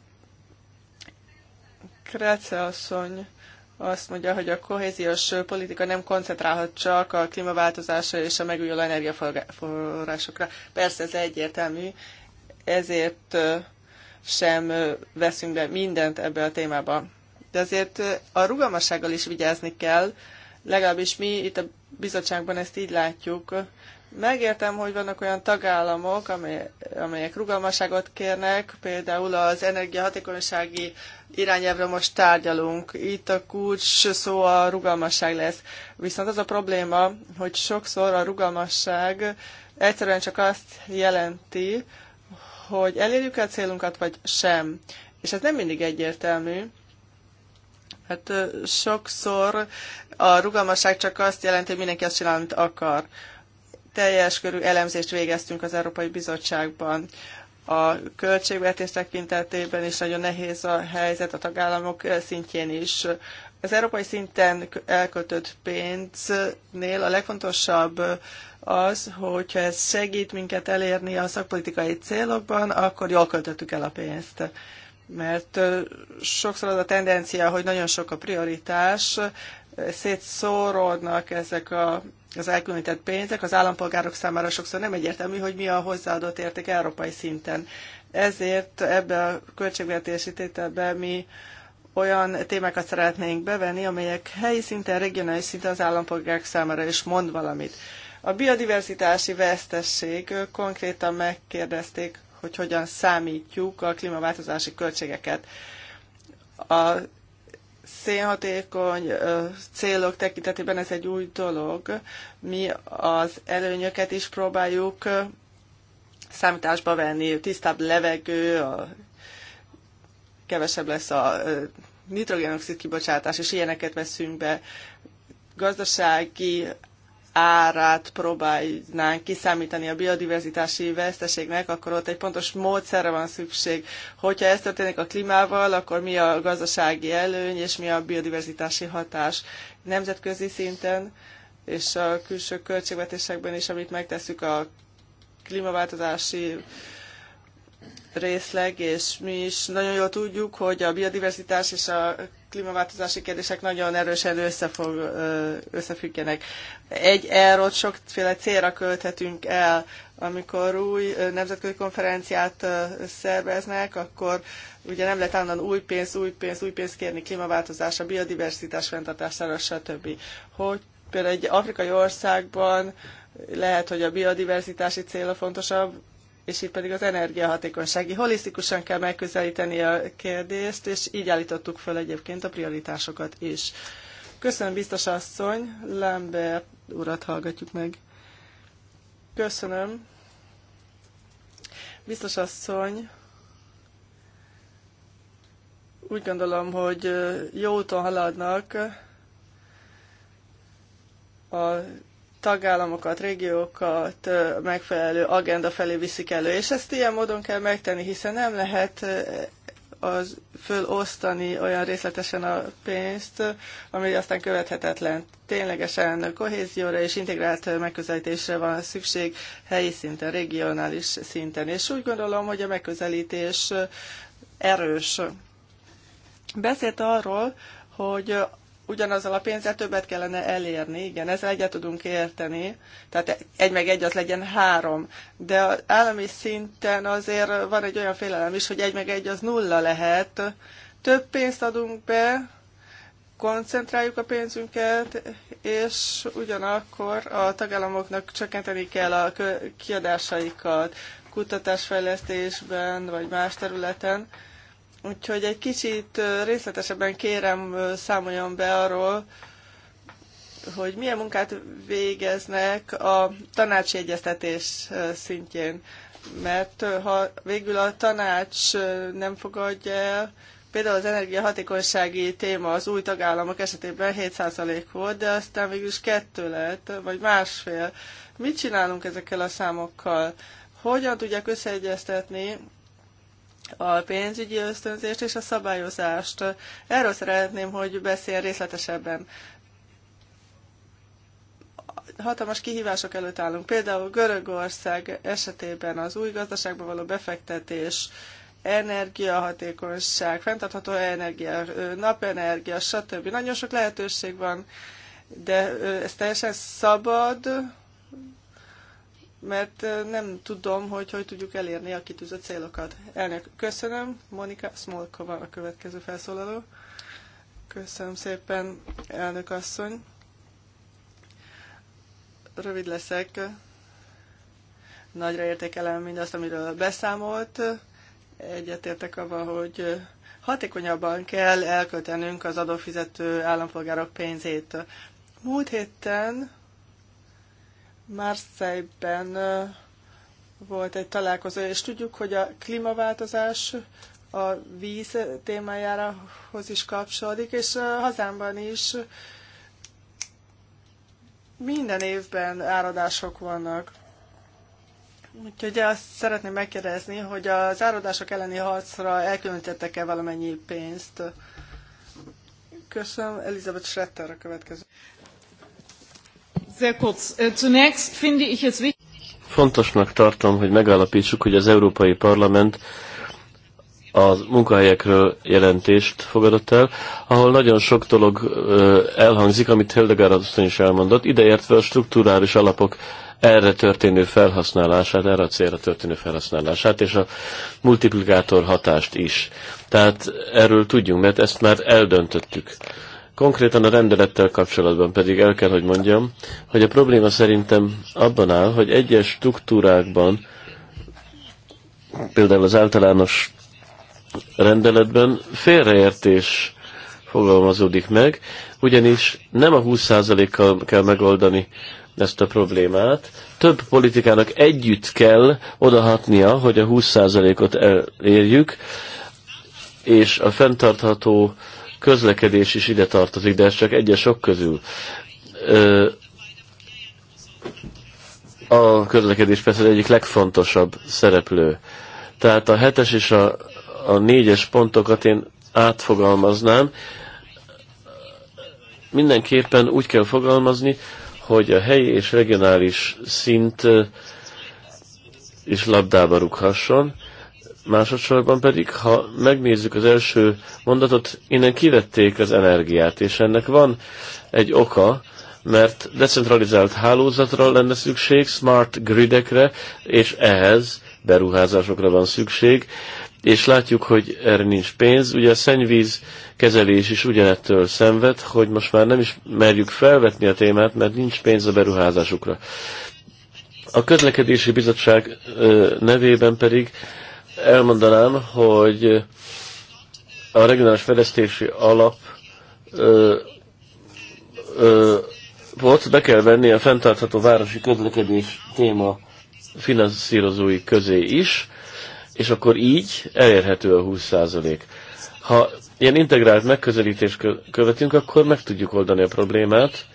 Krece asszony azt mondja, hogy a kohéziós politika nem koncentrálhat csak a klímaváltozásra és a megújuló energiaforrásokra. Persze ez egyértelmű, ezért sem veszünk be mindent ebbe a témába de azért a rugalmassággal is vigyázni kell, legalábbis mi itt a bizottságban ezt így látjuk. Megértem, hogy vannak olyan tagállamok, amely, amelyek rugalmasságot kérnek, például az energiahatékonysági irányelvre most tárgyalunk. Itt a kulcs szó a rugalmasság lesz. Viszont az a probléma, hogy sokszor a rugalmasság egyszerűen csak azt jelenti, hogy elérjük a célunkat, vagy sem. És ez nem mindig egyértelmű, Hát sokszor a rugalmasság csak azt jelenti, hogy mindenki azt csinál, amit akar. Teljes körű elemzést végeztünk az Európai Bizottságban. A költségvetés tekintetében is nagyon nehéz a helyzet a tagállamok szintjén is. Az európai szinten elköltött pénznél a legfontosabb az, hogyha ez segít minket elérni a szakpolitikai célokban, akkor jól költöttük el a pénzt mert sokszor az a tendencia, hogy nagyon sok a prioritás, szétszórodnak ezek a, az elkülönített pénzek, az állampolgárok számára sokszor nem egyértelmű, hogy mi a hozzáadott érték európai szinten. Ezért ebbe a költségvetési tételbe mi olyan témákat szeretnénk bevenni, amelyek helyi szinten, regionális szinten az állampolgárok számára is mond valamit. A biodiverzitási vesztesség konkrétan megkérdezték hogy hogyan számítjuk a klímaváltozási költségeket. A szénhatékony célok tekintetében ez egy új dolog. Mi az előnyöket is próbáljuk számításba venni, tisztább levegő, a, kevesebb lesz a nitrogénoxid kibocsátás, és ilyeneket veszünk be. Gazdasági árát próbálnánk kiszámítani a biodiverzitási veszteségnek, akkor ott egy pontos módszerre van szükség. Hogyha ez történik a klímával, akkor mi a gazdasági előny és mi a biodiverzitási hatás nemzetközi szinten, és a külső költségvetésekben is, amit megteszünk a klímaváltozási uh, részleg, és mi is nagyon jól tudjuk, hogy a biodiverzitás és a klímaváltozási kérdések nagyon erősen összefog, összefüggenek. Egy erről sokféle célra költhetünk el. Amikor új nemzetközi konferenciát szerveznek, akkor ugye nem lehet állandóan új pénz, új pénz, új pénzt kérni klímaváltozásra, biodiverzitás fenntartására, stb. Hogy például egy afrikai országban lehet, hogy a biodiverzitási a fontosabb, és itt pedig az energiahatékonysági holisztikusan kell megközelíteni a kérdést, és így állítottuk föl egyébként a prioritásokat is. Köszönöm, biztos asszony, Lambert urat hallgatjuk meg. Köszönöm. Biztos asszony, úgy gondolom, hogy jó úton haladnak a tagállamokat, régiókat megfelelő agenda felé viszik elő. És ezt ilyen módon kell megtenni, hiszen nem lehet az fölosztani olyan részletesen a pénzt, ami aztán követhetetlen. Ténylegesen kohézióra és integrált megközelítésre van szükség helyi szinten, regionális szinten. És úgy gondolom, hogy a megközelítés erős. Beszélt arról, hogy ugyanazzal a pénzzel többet kellene elérni, igen, ezzel egyet tudunk érteni, tehát egy meg egy az legyen három, de az állami szinten azért van egy olyan félelem is, hogy egy meg egy az nulla lehet, több pénzt adunk be, koncentráljuk a pénzünket, és ugyanakkor a tagállamoknak csökkenteni kell a kiadásaikat kutatásfejlesztésben, vagy más területen, Úgyhogy egy kicsit részletesebben kérem számoljon be arról, hogy milyen munkát végeznek a tanácsi egyeztetés szintjén. Mert ha végül a tanács nem fogadja el, például az energiahatékonysági téma az új tagállamok esetében 7% volt, de aztán végül is kettő lett, vagy másfél. Mit csinálunk ezekkel a számokkal? Hogyan tudják összeegyeztetni a pénzügyi ösztönzést és a szabályozást. Erről szeretném, hogy beszél részletesebben. Hatalmas kihívások előtt állunk. Például Görögország esetében az új gazdaságba való befektetés, energiahatékonyság, fenntartható energia, napenergia, stb. Nagyon sok lehetőség van, de ez teljesen szabad, mert nem tudom, hogy hogy tudjuk elérni a kitűzött célokat. Elnök, köszönöm. Monika Smolkova a következő felszólaló. Köszönöm szépen, elnök asszony. Rövid leszek. Nagyra értékelem mindazt, amiről beszámolt. Egyetértek avval, hogy hatékonyabban kell elköltenünk az adófizető állampolgárok pénzét. Múlt héten Marseille-ben volt egy találkozó, és tudjuk, hogy a klímaváltozás a víz hoz is kapcsolódik, és hazámban is minden évben áradások vannak. Úgyhogy azt szeretném megkérdezni, hogy az áradások elleni harcra elkülönítettek-e valamennyi pénzt? Köszönöm. Elizabeth Schretter a következő. Äh, Fontosnak tartom, hogy megállapítsuk, hogy az Európai Parlament a munkahelyekről jelentést fogadott el, ahol nagyon sok dolog elhangzik, amit Hildegard asszony is elmondott, ideértve a strukturális alapok erre történő felhasználását, erre a célra történő felhasználását, és a multiplikátor hatást is. Tehát erről tudjunk, mert ezt már eldöntöttük. Konkrétan a rendelettel kapcsolatban pedig el kell, hogy mondjam, hogy a probléma szerintem abban áll, hogy egyes struktúrákban, például az általános rendeletben félreértés fogalmazódik meg, ugyanis nem a 20%-kal kell megoldani ezt a problémát, több politikának együtt kell odahatnia, hogy a 20%-ot elérjük, és a fenntartható közlekedés is ide tartozik, de ez csak egyes sok közül. A közlekedés persze egyik legfontosabb szereplő. Tehát a hetes és a, a négyes pontokat én átfogalmaznám. Mindenképpen úgy kell fogalmazni, hogy a helyi és regionális szint is labdába rúghasson. Másodszorban pedig, ha megnézzük az első mondatot, innen kivették az energiát, és ennek van egy oka, mert decentralizált hálózatra lenne szükség, smart gridekre, és ehhez beruházásokra van szükség, és látjuk, hogy erre nincs pénz. Ugye a szennyvíz kezelés is ugyanettől szenved, hogy most már nem is merjük felvetni a témát, mert nincs pénz a beruházásukra. A közlekedési bizottság nevében pedig elmondanám, hogy a regionális fejlesztési alap ö, ö, volt, be kell venni a fenntartható városi közlekedés téma finanszírozói közé is, és akkor így elérhető a 20%. Ha ilyen integrált megközelítést követünk, akkor meg tudjuk oldani a problémát,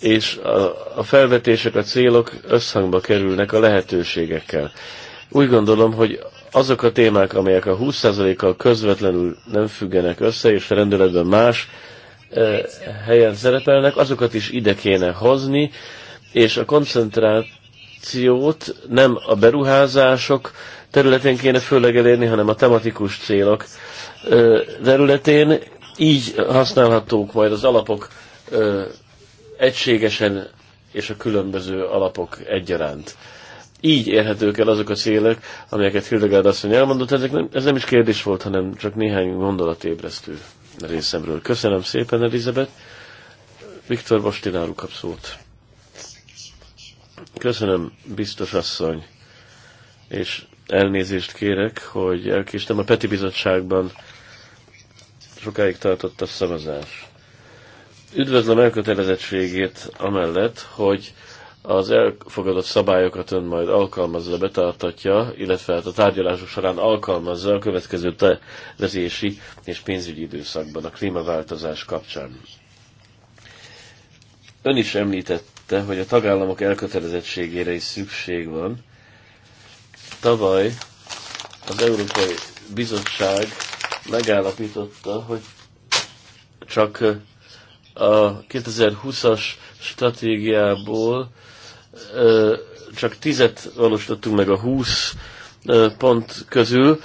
és a, a felvetések, a célok összhangba kerülnek a lehetőségekkel. Úgy gondolom, hogy azok a témák, amelyek a 20%-kal közvetlenül nem függenek össze, és a rendeletben más eh, helyen szerepelnek, azokat is ide kéne hozni, és a koncentrációt nem a beruházások területén kéne főleg elérni, hanem a tematikus célok eh, területén. Így használhatók majd az alapok eh, egységesen és a különböző alapok egyaránt így érhetők el azok a célok, amelyeket Hildegard asszony elmondott. Ezek nem, ez nem is kérdés volt, hanem csak néhány gondolatébresztő részemről. Köszönöm szépen, Elizabeth. Viktor én kap szót. Köszönöm, biztos asszony, és elnézést kérek, hogy elkéstem. A Peti Bizottságban sokáig tartott a szavazás. Üdvözlöm elkötelezettségét amellett, hogy az elfogadott szabályokat ön majd alkalmazza, betartatja, illetve hát a tárgyalások során alkalmazza a következő tervezési és pénzügyi időszakban a klímaváltozás kapcsán. Ön is említette, hogy a tagállamok elkötelezettségére is szükség van. Tavaly az Európai Bizottság megállapította, hogy csak a 2020-as stratégiából csak tizet valósítottunk meg a 20 pont közül,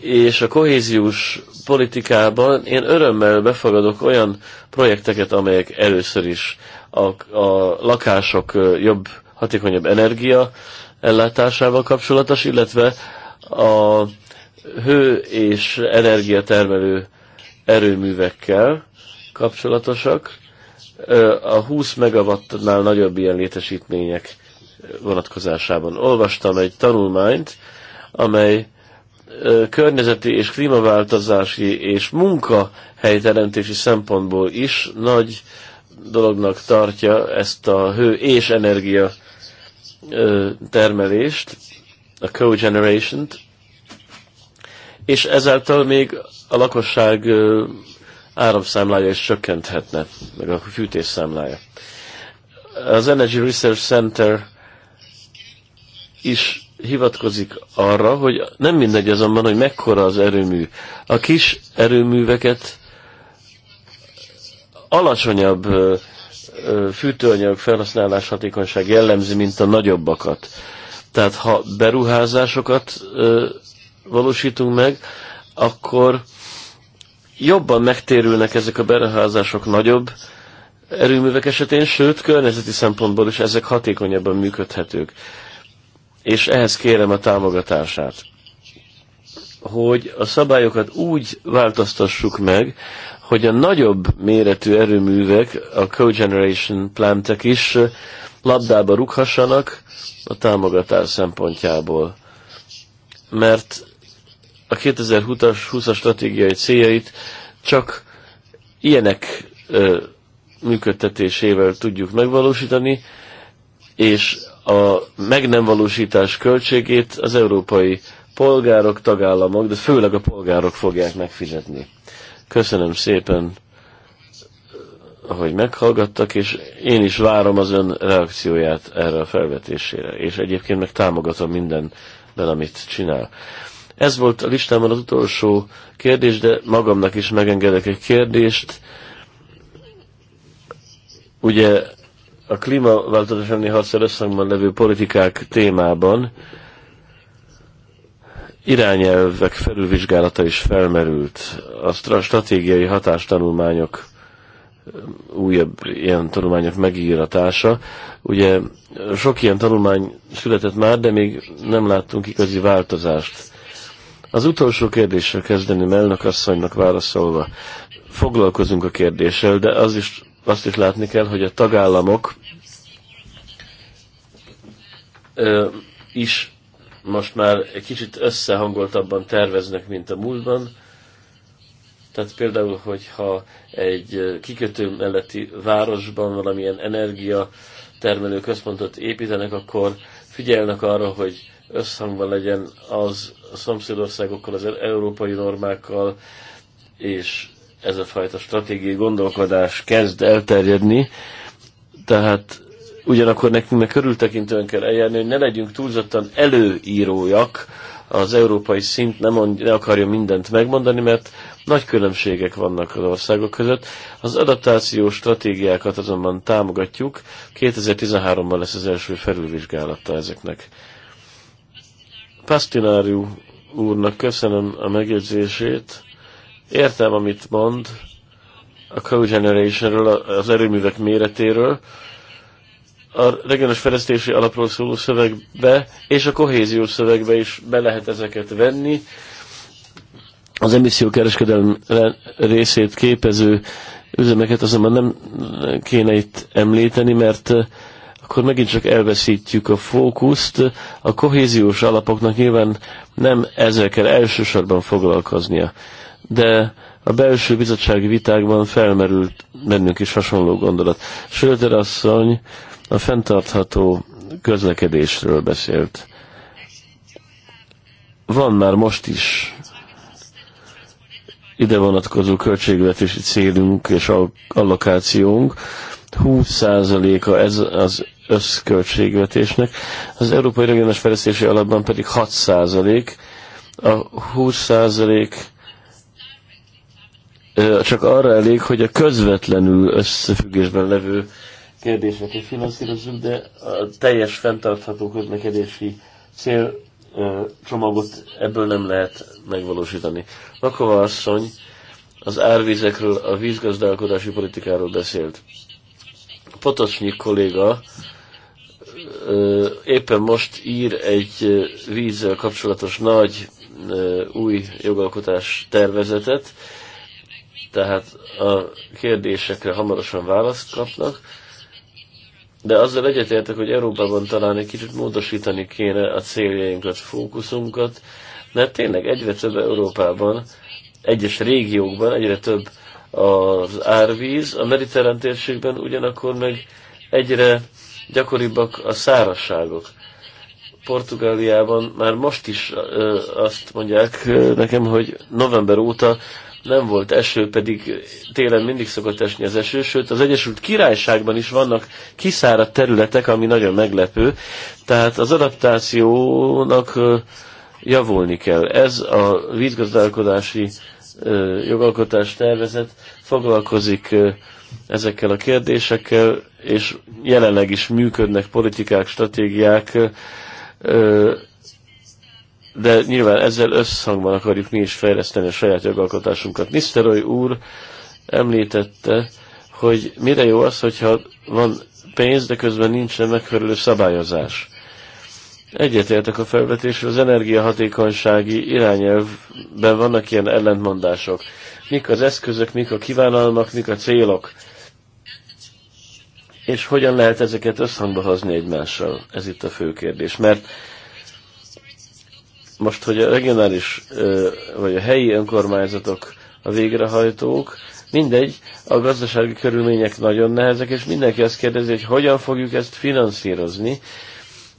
és a kohéziós politikában én örömmel befogadok olyan projekteket, amelyek először is a, a lakások jobb, hatékonyabb energia ellátásával kapcsolatos, illetve a hő és energiatermelő erőművekkel kapcsolatosak a 20 megawattnál nagyobb ilyen létesítmények vonatkozásában. Olvastam egy tanulmányt, amely környezeti és klímaváltozási és munkahelyteremtési szempontból is nagy dolognak tartja ezt a hő és energia termelést, a cogeneration-t, és ezáltal még a lakosság áramszámlája is csökkenthetne, meg a fűtésszámlája. Az Energy Research Center is hivatkozik arra, hogy nem mindegy azonban, hogy mekkora az erőmű. A kis erőműveket alacsonyabb fűtőanyag felhasználás hatékonyság jellemzi, mint a nagyobbakat. Tehát ha beruházásokat valósítunk meg, akkor jobban megtérülnek ezek a beruházások nagyobb erőművek esetén, sőt, környezeti szempontból is ezek hatékonyabban működhetők. És ehhez kérem a támogatását, hogy a szabályokat úgy változtassuk meg, hogy a nagyobb méretű erőművek, a cogeneration plantek is labdába rúghassanak a támogatás szempontjából. Mert a 2020-as stratégiai céljait csak ilyenek ö, működtetésével tudjuk megvalósítani, és a meg nem valósítás költségét az európai polgárok, tagállamok, de főleg a polgárok fogják megfizetni. Köszönöm szépen, hogy meghallgattak, és én is várom az ön reakcióját erre a felvetésére, és egyébként meg támogatom mindenben, amit csinál. Ez volt a listámon az utolsó kérdés, de magamnak is megengedek egy kérdést. Ugye a klímaváltozás elleni harccal összhangban levő politikák témában irányelvek felülvizsgálata is felmerült. A stratégiai hatástanulmányok újabb ilyen tanulmányok megíratása. Ugye sok ilyen tanulmány született már, de még nem láttunk igazi változást. Az utolsó kérdéssel kezdeném elnök asszonynak válaszolva. Foglalkozunk a kérdéssel, de az is, azt is látni kell, hogy a tagállamok ö, is most már egy kicsit összehangoltabban terveznek, mint a múltban. Tehát például, hogyha egy kikötő melletti városban valamilyen energia termelő központot építenek, akkor figyelnek arra, hogy összhangban legyen az a szomszédországokkal, az európai normákkal, és ez a fajta stratégiai gondolkodás kezd elterjedni, tehát ugyanakkor nekünk meg körültekintően kell eljárni, hogy ne legyünk túlzottan előírójak, az európai szint ne, mond, ne akarja mindent megmondani, mert nagy különbségek vannak az országok között. Az adaptációs stratégiákat azonban támogatjuk. 2013-ban lesz az első felülvizsgálata ezeknek. Pastináriú úrnak köszönöm a megjegyzését. Értem, amit mond a cogenerationről, az erőművek méretéről, a regionális fejlesztési alapról szóló szövegbe és a kohéziós szövegbe is be lehet ezeket venni. Az emissziókereskedelem részét képező üzemeket azonban nem kéne itt említeni, mert akkor megint csak elveszítjük a fókuszt. A kohéziós alapoknak nyilván nem ezzel kell elsősorban foglalkoznia. De a belső bizottsági vitákban felmerült bennünk is hasonló gondolat. Schröder asszony a fenntartható közlekedésről beszélt. Van már most is ide vonatkozó költségvetési célunk és allokációnk. 20%-a ez az összköltségvetésnek, az Európai Regionális Fejlesztési Alapban pedig 6 százalék, a 20 százalék csak arra elég, hogy a közvetlenül összefüggésben levő kérdéseket finanszírozunk, de a teljes fenntartható közlekedési cél csomagot ebből nem lehet megvalósítani. Makova asszony az árvizekről, a vízgazdálkodási politikáról beszélt. Potocsnyi kolléga éppen most ír egy vízzel kapcsolatos nagy új jogalkotás tervezetet, tehát a kérdésekre hamarosan választ kapnak, de azzal egyetértek, hogy Európában talán egy kicsit módosítani kéne a céljainkat, fókuszunkat, mert tényleg egyre több Európában, egyes régiókban egyre több az árvíz, a mediterrán térségben ugyanakkor meg egyre gyakoribbak a szárasságok. Portugáliában már most is ö, azt mondják nekem, hogy november óta nem volt eső, pedig télen mindig szokott esni az eső, sőt az Egyesült Királyságban is vannak kiszáradt területek, ami nagyon meglepő, tehát az adaptációnak javulni kell. Ez a vízgazdálkodási jogalkotás tervezet foglalkozik ezekkel a kérdésekkel, és jelenleg is működnek politikák, stratégiák, de nyilván ezzel összhangban akarjuk mi is fejleszteni a saját jogalkotásunkat. Nisztelői úr említette, hogy mire jó az, hogyha van pénz, de közben nincsen megfelelő szabályozás. Egyetértek a felvetésről, az energiahatékonysági irányelvben vannak ilyen ellentmondások. Mik az eszközök, mik a kívánalmak, mik a célok és hogyan lehet ezeket összhangba hozni egymással? Ez itt a fő kérdés. Mert most, hogy a regionális vagy a helyi önkormányzatok a végrehajtók, mindegy, a gazdasági körülmények nagyon nehezek, és mindenki azt kérdezi, hogy hogyan fogjuk ezt finanszírozni.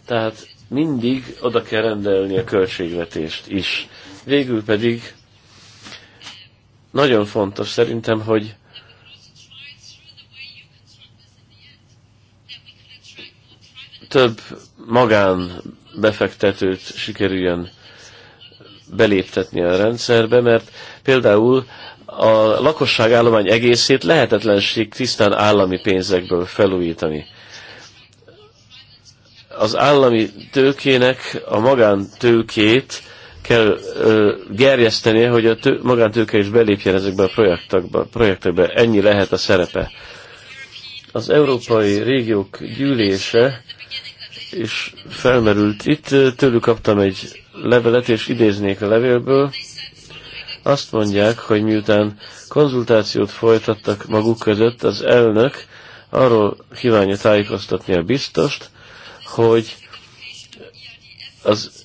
Tehát mindig oda kell rendelni a költségvetést is. Végül pedig nagyon fontos szerintem, hogy több magán befektetőt sikerüljön beléptetni a rendszerbe, mert például a lakosság állomány egészét lehetetlenség tisztán állami pénzekből felújítani. Az állami tőkének a magántőkét kell ö, gerjesztenie, hogy a tő, magántőke is belépjen ezekbe a projektekbe, projektekbe. Ennyi lehet a szerepe. Az Európai Régiók Gyűlése és felmerült itt. Tőlük kaptam egy levelet, és idéznék a levélből. Azt mondják, hogy miután konzultációt folytattak maguk között, az elnök arról kívánja tájékoztatni a biztost, hogy az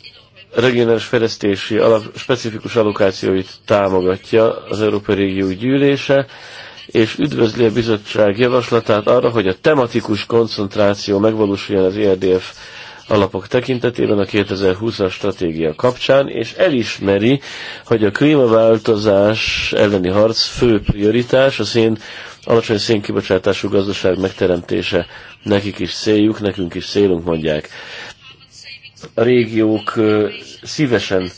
regionális fejlesztési alap, specifikus allokációit támogatja az Európai Régió Gyűlése, és üdvözli a bizottság javaslatát arra, hogy a tematikus koncentráció megvalósuljon az ERDF alapok tekintetében a 2020-as stratégia kapcsán, és elismeri, hogy a klímaváltozás elleni harc fő prioritás a szén, alacsony szénkibocsátású gazdaság megteremtése. Nekik is céljuk, nekünk is célunk, mondják. A régiók szívesen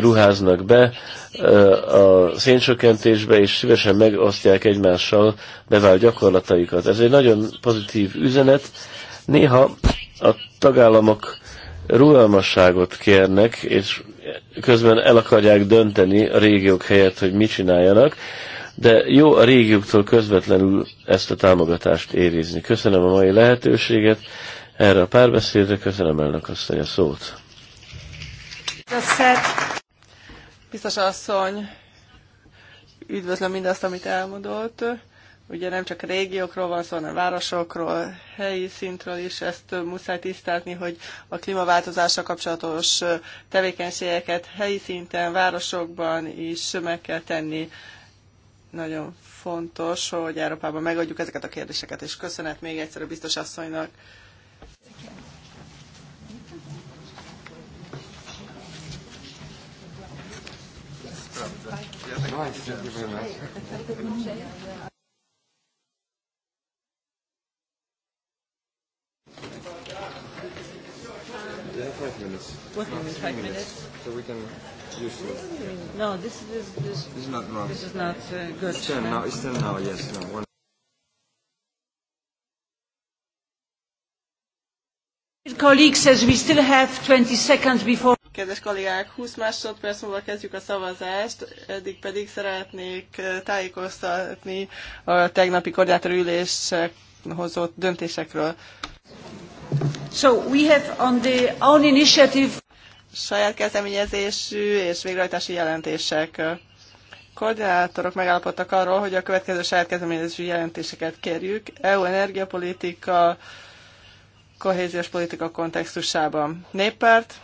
ruháznak be a széncsökkentésbe, és szívesen megosztják egymással bevált gyakorlataikat. Ez egy nagyon pozitív üzenet. Néha a tagállamok rugalmasságot kérnek, és közben el akarják dönteni a régiók helyett, hogy mit csináljanak, de jó a régióktól közvetlenül ezt a támogatást érizni. Köszönöm a mai lehetőséget erre a párbeszédre, köszönöm elnök asszony a szót. Köszönöm. Biztos asszony, üdvözlöm mindazt, amit elmondott. Ugye nem csak régiókról van szó, hanem városokról, helyi szintről is. Ezt muszáj tisztázni, hogy a klímaváltozással kapcsolatos tevékenységeket helyi szinten, városokban is meg kell tenni. Nagyon fontos, hogy Európában megadjuk ezeket a kérdéseket, és köszönet még egyszer a biztos asszonynak. Nice, five minutes. What not five minutes? minutes? So we can use it. No, this is This, this is not wrong. This is not uh, good. It's ten now. It's ten now. Yes. No. One Kedves kollégák, 20 másodperc múlva kezdjük a szavazást, eddig pedig szeretnék tájékoztatni a tegnapi koordinátor hozott döntésekről. So we have on the own initiative saját kezdeményezésű és végrehajtási jelentések. Koordinátorok megállapodtak arról, hogy a következő saját kezdeményezésű jelentéseket kérjük. EU energiapolitika, kohéziós politika kontextusában. Néppárt,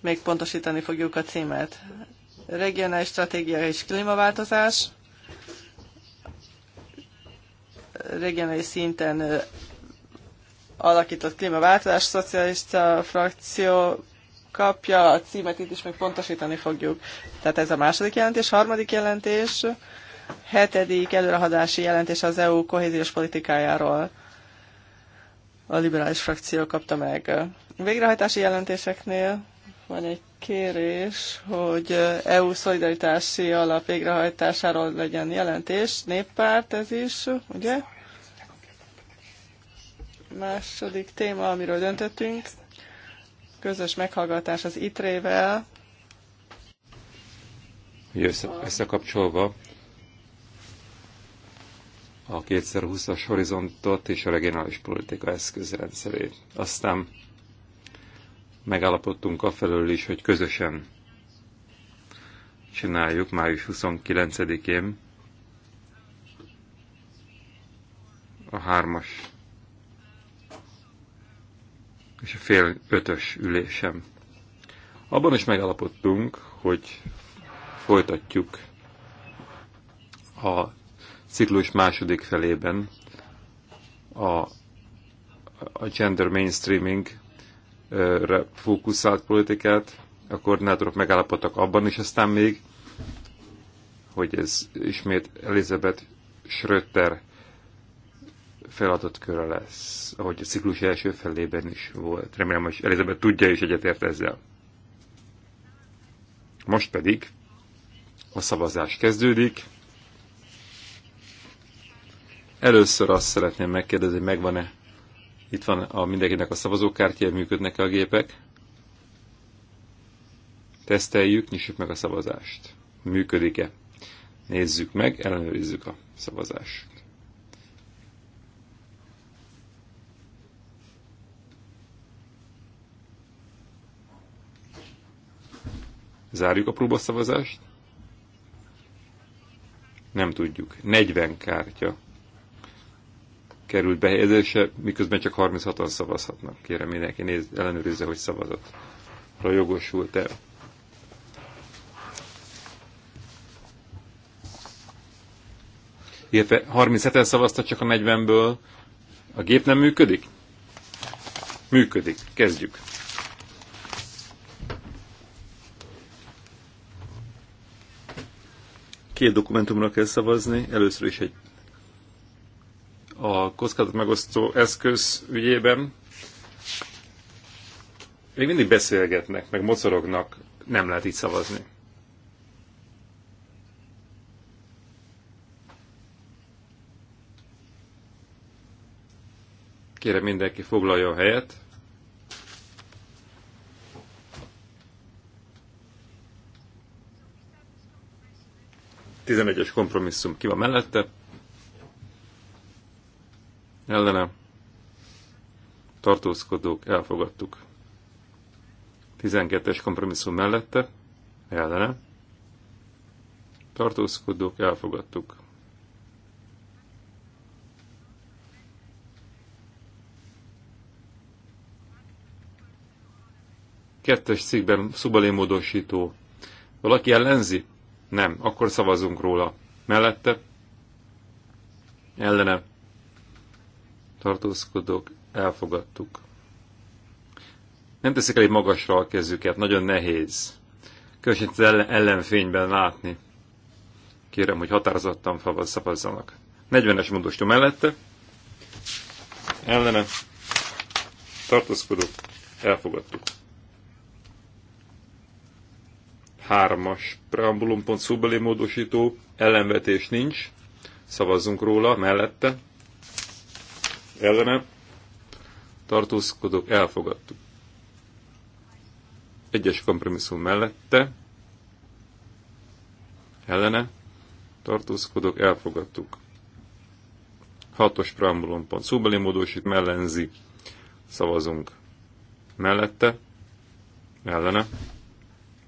még pontosítani fogjuk a címet. Regionális stratégia és klímaváltozás. Regionális szinten alakított klímaváltozás, szocialista frakció kapja a címet, itt is még pontosítani fogjuk. Tehát ez a második jelentés. Harmadik jelentés, hetedik előrehadási jelentés az EU kohéziós politikájáról a liberális frakció kapta meg. Végrehajtási jelentéseknél van egy kérés, hogy EU szolidaritási alap végrehajtásáról legyen jelentés. Néppárt ez is, ugye? Második téma, amiről döntöttünk, közös meghallgatás az ITRE-vel. Összekapcsolva a 2020-as horizontot és a regionális politika eszközrendszerét. Aztán megállapodtunk afelől is, hogy közösen csináljuk május 29-én a hármas és a fél ötös ülésem. Abban is megállapodtunk, hogy folytatjuk a ciklus második felében a, a gender mainstreaming fókuszált politikát, a koordinátorok megállapodtak abban is aztán még, hogy ez ismét Elizabeth Schröter feladott köre lesz, ahogy a ciklus első felében is volt. Remélem, hogy Elizabeth tudja és egyetért ezzel. Most pedig a szavazás kezdődik. Először azt szeretném megkérdezni, hogy megvan-e, itt van a mindenkinek a szavazókártya, működnek-e a gépek? Teszteljük, nyissuk meg a szavazást. Működik-e? Nézzük meg, ellenőrizzük a szavazást. Zárjuk a próbaszavazást. Nem tudjuk. 40 kártya került behelyezésre, miközben csak 36-an szavazhatnak. Kérem mindenki néz, ellenőrizze, hogy szavazott. Ha jogosult el. Illetve 37-en szavaztak csak a 40-ből. A gép nem működik? Működik. Kezdjük. Két dokumentumra kell szavazni. Először is egy a kockázat megosztó eszköz ügyében még mindig beszélgetnek, meg mocorognak, nem lehet így szavazni. Kérem mindenki foglalja a helyet. Tizenegyes kompromisszum ki van mellette ellene tartózkodók elfogadtuk. 12-es kompromisszum mellette ellene tartózkodók elfogadtuk. Kettes cikkben szubalémódosító. Valaki ellenzi? Nem. Akkor szavazunk róla. Mellette? Ellene tartózkodók, elfogadtuk. Nem teszik elég magasra a kezüket, nagyon nehéz. Különösen az ellenfényben látni. Kérem, hogy határozottan szavazzanak. 40-es módostó mellette, ellene tartózkodók, elfogadtuk. Hármas preambulum pont módosító, ellenvetés nincs, szavazzunk róla, mellette, ellene tartózkodók elfogadtuk. Egyes kompromisszum mellette ellene tartózkodók elfogadtuk. Hatos preambulum pont szóbeli módosít mellenzi szavazunk mellette ellene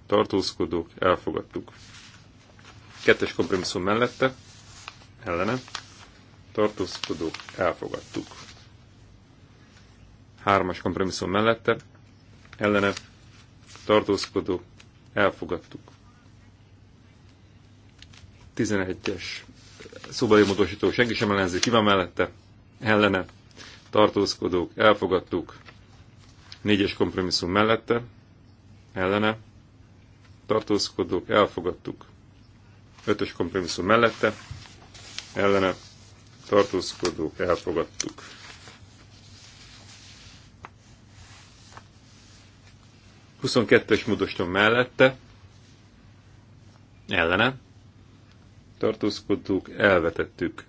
tartózkodók elfogadtuk. Kettes kompromisszum mellette ellene tartózkodó elfogadtuk. Hármas kompromisszum mellette ellene tartózkodó elfogadtuk. 11-es szóbeli módosító senki sem ellenzi, ki van mellette, ellene tartózkodók elfogadtuk. 4-es kompromisszum mellette ellene tartózkodók elfogadtuk. 5-ös kompromisszum mellette ellene tartózkodók elfogadtuk. 22-es módosítom mellette, ellene, tartózkodók elvetettük.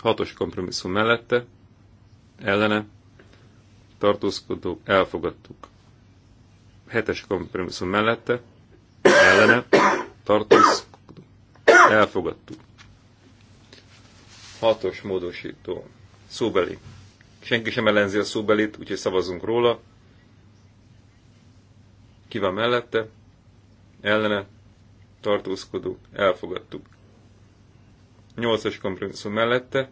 Hatos kompromisszum mellette, ellene, tartózkodók elfogadtuk. Hetes kompromisszum mellette, ellene, tartózkodók elfogadtuk. Hatos módosító. Szóbeli. Senki sem ellenzi a szóbelit, úgyhogy szavazunk róla. Ki van mellette? Ellene? Tartózkodó. Elfogadtuk. Nyolcas kompromisszum mellette?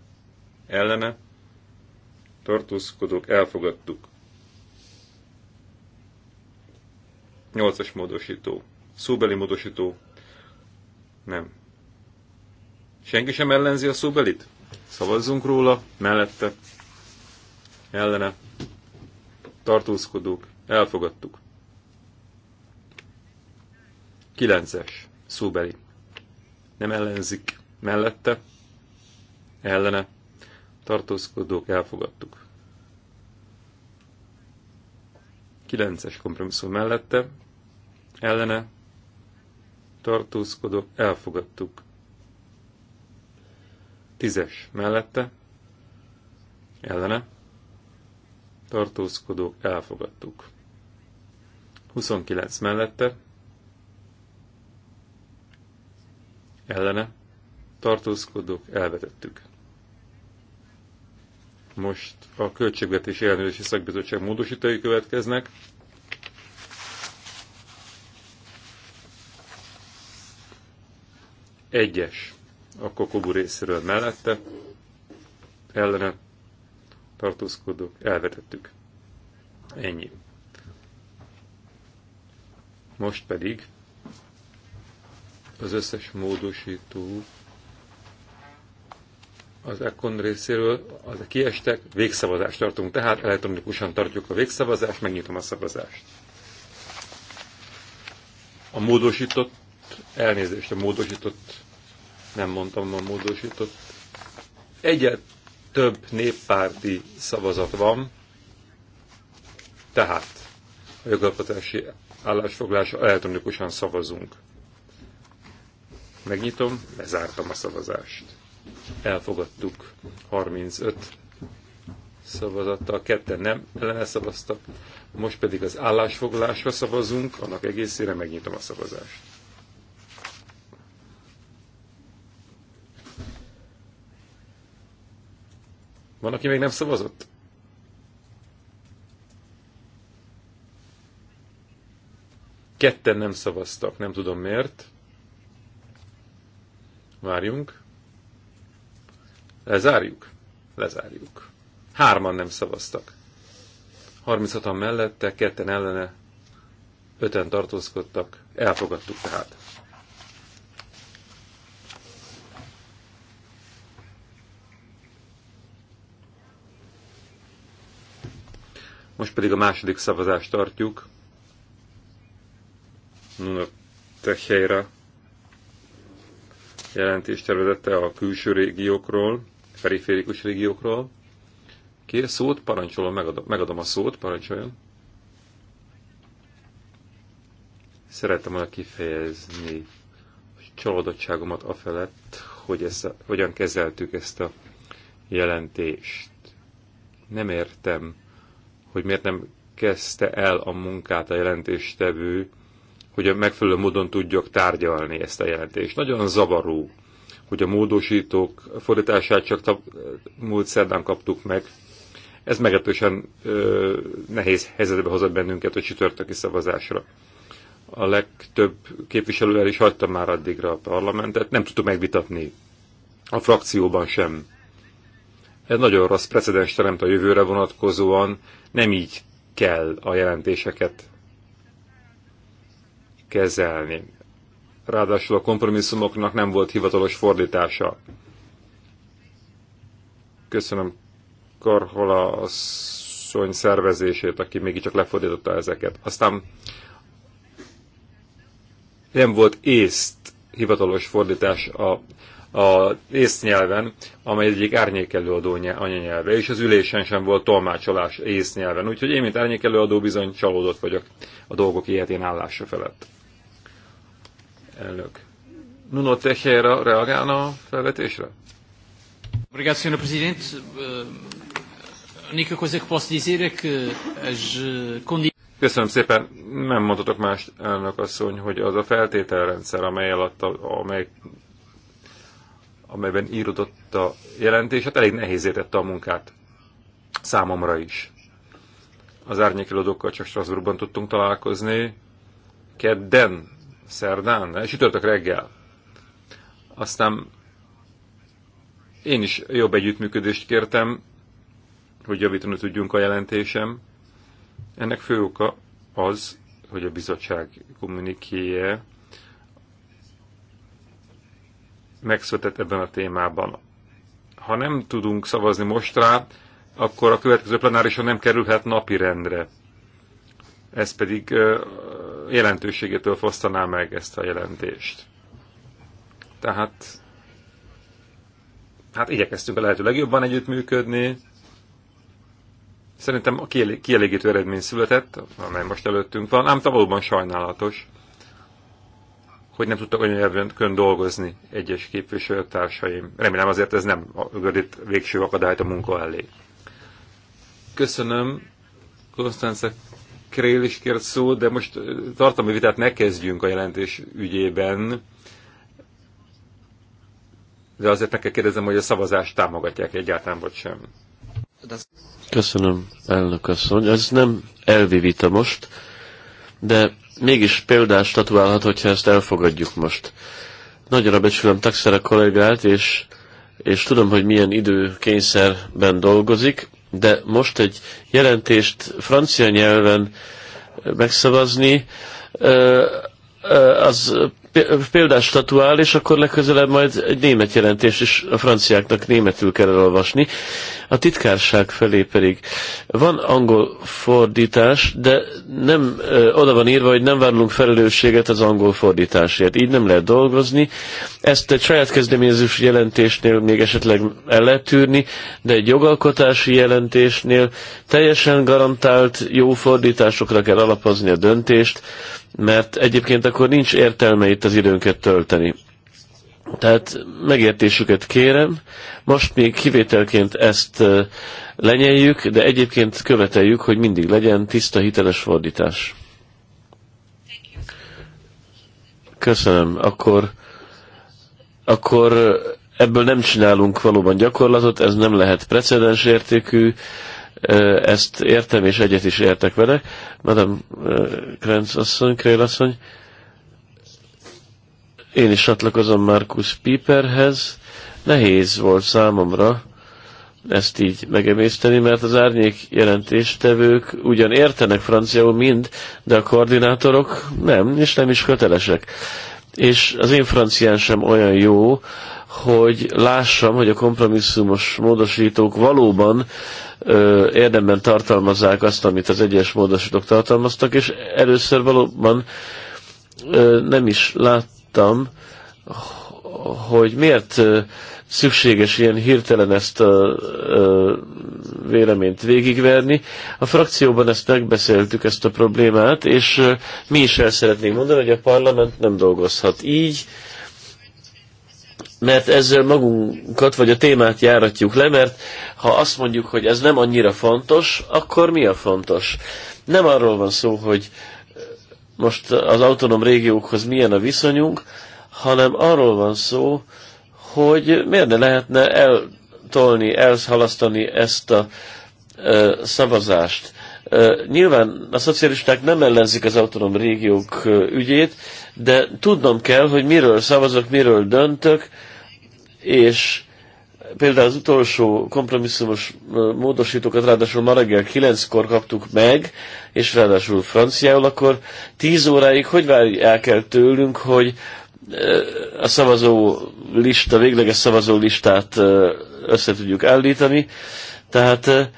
Ellene? Tartózkodók. Elfogadtuk. Nyolcas módosító. Szóbeli módosító. Nem. Senki sem ellenzi a szóbelit? Szavazzunk róla, mellette, ellene, tartózkodók, elfogadtuk. 9-es, szóbeli. Nem ellenzik, mellette, ellene, tartózkodók, elfogadtuk. 9-es kompromisszum mellette, ellene, tartózkodók, elfogadtuk. Tízes mellette, ellene, tartózkodók elfogadtuk. 29 mellette, ellene, tartózkodók elvetettük. Most a Költségvetési Ellenőrzési Szakbizottság módosítói következnek. Egyes akkor Kobu részéről mellette, ellene tartózkodók, elvetettük. Ennyi. Most pedig az összes módosító az Econ részéről, az kiestek, végszavazást tartunk, tehát elektronikusan tartjuk a végszavazást, megnyitom a szavazást. A módosított, elnézést, a módosított nem mondtam a módosított. Egyet több néppárti szavazat van, tehát a jogalkotási állásfoglalás elektronikusan szavazunk. Megnyitom, lezártam a szavazást. Elfogadtuk 35 szavazattal, ketten nem ellene szavaztak. Most pedig az állásfoglalásra szavazunk, annak egészére megnyitom a szavazást. Van, aki még nem szavazott? Ketten nem szavaztak, nem tudom miért. Várjunk. Lezárjuk? Lezárjuk. Hárman nem szavaztak. 36-an mellette, ketten ellene, öten tartózkodtak. Elfogadtuk tehát. Most pedig a második szavazást tartjuk. Nuna Techheira jelentést tervezette a külső régiókról, periférikus régiókról. Kér szót, parancsolom, megadom, megadom a szót, parancsoljon. Szerettem volna kifejezni csalódottságomat afelett, hogy ezt, hogyan kezeltük ezt a jelentést. Nem értem hogy miért nem kezdte el a munkát a jelentéstevő, hogy a megfelelő módon tudjak tárgyalni ezt a jelentést. Nagyon zavaró, hogy a módosítók fordítását csak múlt szerdán kaptuk meg. Ez meglehetősen nehéz helyzetbe hozott bennünket a csütörtöki szavazásra. A legtöbb képviselővel is hagyta már addigra a parlamentet, nem tudtuk megvitatni a frakcióban sem ez nagyon rossz precedens teremt a jövőre vonatkozóan, nem így kell a jelentéseket kezelni. Ráadásul a kompromisszumoknak nem volt hivatalos fordítása. Köszönöm Karhola asszony szervezését, aki mégiscsak lefordította ezeket. Aztán nem volt észt hivatalos fordítás a a ész nyelven, amely egyik árnyékelőadó anyanyelve, és az ülésen sem volt tolmácsolás ész nyelven. Úgyhogy én, mint árnyékelőadó, bizony csalódott vagyok a dolgok ilyetén állása felett. Elnök. Nuno Teixeira reagálna a felvetésre? Obrigado, Sr. Presidente. Eh, a única coisa que posso dizer é que as eh, condições Köszönöm szépen. Nem mondhatok más elnök asszony, hogy az a feltételrendszer, amely alatt, amely amelyben írodott a jelentés, hát elég nehéz értette a munkát számomra is. Az árnyékelődőkkel csak Strasbourgban tudtunk találkozni, kedden, szerdán, sütörtök reggel. Aztán én is jobb együttműködést kértem, hogy javítani tudjunk a jelentésem. Ennek fő oka az, hogy a bizottság kommunikéje megszületett ebben a témában. Ha nem tudunk szavazni most rá, akkor a következő plenárison nem kerülhet napi rendre. Ez pedig jelentőségétől fosztaná meg ezt a jelentést. Tehát hát igyekeztünk a lehető legjobban együttműködni. Szerintem a kielégítő eredmény született, amely most előttünk van, ám valóban sajnálatos, hogy nem tudtak anyanyelvön dolgozni egyes képviselőtársaim. Remélem azért ez nem gördít végső akadályt a munka elé. Köszönöm. Konstanza Krél is kért szót, de most tartalmi vitát ne kezdjünk a jelentés ügyében. De azért meg kell kérdezem, hogy a szavazást támogatják egyáltalán, vagy sem. Köszönöm, elnök asszony. Ez nem elvi vita most, de mégis példát statuálhat, hogyha ezt elfogadjuk most. Nagyra becsülöm Taxera kollégát, és, és tudom, hogy milyen időkényszerben dolgozik, de most egy jelentést francia nyelven megszavazni, az példát statuál, és akkor legközelebb majd egy német jelentést is a franciáknak németül kell elolvasni. A titkárság felé pedig van angol fordítás, de nem ö, oda van írva, hogy nem vállalunk felelősséget az angol fordításért. Így nem lehet dolgozni. Ezt egy saját kezdeményezős jelentésnél még esetleg el lehet tűrni, de egy jogalkotási jelentésnél teljesen garantált jó fordításokra kell alapozni a döntést, mert egyébként akkor nincs értelme itt az időnket tölteni. Tehát megértésüket kérem, most még kivételként ezt lenyeljük, de egyébként követeljük, hogy mindig legyen tiszta, hiteles fordítás. Köszönöm. Akkor, akkor ebből nem csinálunk valóban gyakorlatot, ez nem lehet precedens értékű ezt értem, és egyet is értek vele. Madame Krenz asszony, Krél asszony, én is csatlakozom Markus Piperhez. Nehéz volt számomra ezt így megemészteni, mert az árnyék jelentéstevők ugyan értenek franciául mind, de a koordinátorok nem, és nem is kötelesek. És az én francián sem olyan jó, hogy lássam, hogy a kompromisszumos módosítók valóban ö, érdemben tartalmazzák azt, amit az egyes módosítók tartalmaztak, és először valóban ö, nem is láttam, hogy miért ö, szükséges ilyen hirtelen ezt a ö, véleményt végigverni. A frakcióban ezt megbeszéltük, ezt a problémát, és ö, mi is el szeretnénk mondani, hogy a parlament nem dolgozhat így, mert ezzel magunkat vagy a témát járatjuk le, mert ha azt mondjuk, hogy ez nem annyira fontos, akkor mi a fontos? Nem arról van szó, hogy most az autonóm régiókhoz milyen a viszonyunk, hanem arról van szó, hogy miért ne lehetne eltolni, elhalasztani ezt a ö, szavazást. Ö, nyilván a szocialisták nem ellenzik az autonóm régiók ö, ügyét, de tudnom kell, hogy miről szavazok, miről döntök, és például az utolsó kompromisszumos módosítókat ráadásul ma reggel 9-kor kaptuk meg, és ráadásul franciául, akkor 10 óráig hogy várják el tőlünk, hogy a szavazó lista, végleges szavazó listát össze tudjuk állítani. Tehát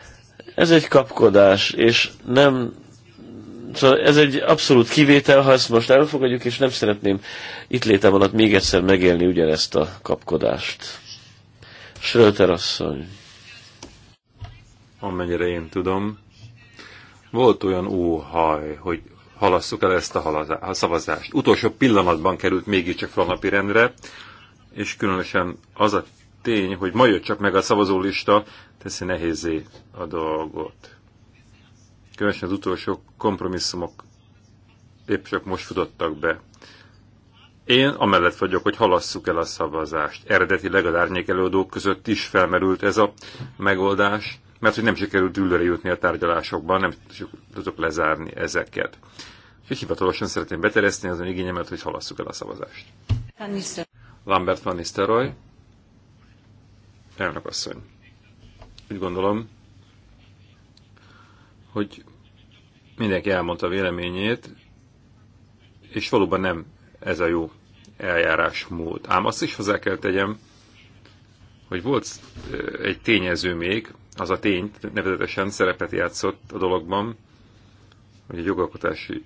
ez egy kapkodás, és nem Szóval ez egy abszolút kivétel, ha ezt most elfogadjuk, és nem szeretném itt létem alatt még egyszer megélni ugyanezt a kapkodást. Schröter asszony. Amennyire én tudom, volt olyan óhaj, hogy halasszuk el ezt a, halazá, a szavazást. Utolsó pillanatban került mégiscsak fel a rendre, és különösen az a tény, hogy ma jött csak meg a szavazólista, teszi nehézé a dolgot. Különösen az utolsó kompromisszumok épp csak most futottak be. Én amellett vagyok, hogy halasszuk el a szavazást. Eredetileg az árnyékelődők között is felmerült ez a megoldás, mert hogy nem sikerült üllőre jutni a tárgyalásokban, nem tudok lezárni ezeket. Úgyhogy hivatalosan szeretném beterezni azon igényemet, hogy halasszuk el a szavazást. Lambert van Nistelrooy, elnök asszony. Úgy gondolom, hogy Mindenki elmondta véleményét, és valóban nem ez a jó eljárásmód. Ám azt is hozzá kell tegyem, hogy volt egy tényező még, az a tény, nevezetesen szerepet játszott a dologban, hogy egy jogalkotási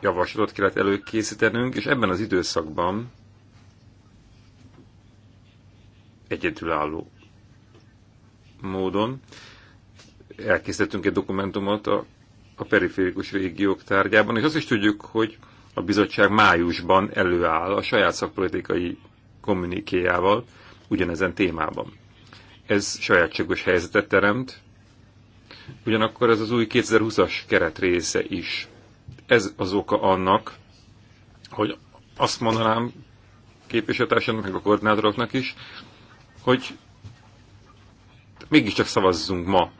javaslatot kellett előkészítenünk, és ebben az időszakban egyedülálló módon elkészítettünk egy dokumentumot a a periférikus régiók tárgyában, és azt is tudjuk, hogy a bizottság májusban előáll a saját szakpolitikai kommunikéjával ugyanezen témában. Ez sajátságos helyzetet teremt, ugyanakkor ez az új 2020-as keret része is. Ez az oka annak, hogy azt mondanám képviselőtársának, meg a koordinátoroknak is, hogy mégiscsak szavazzunk ma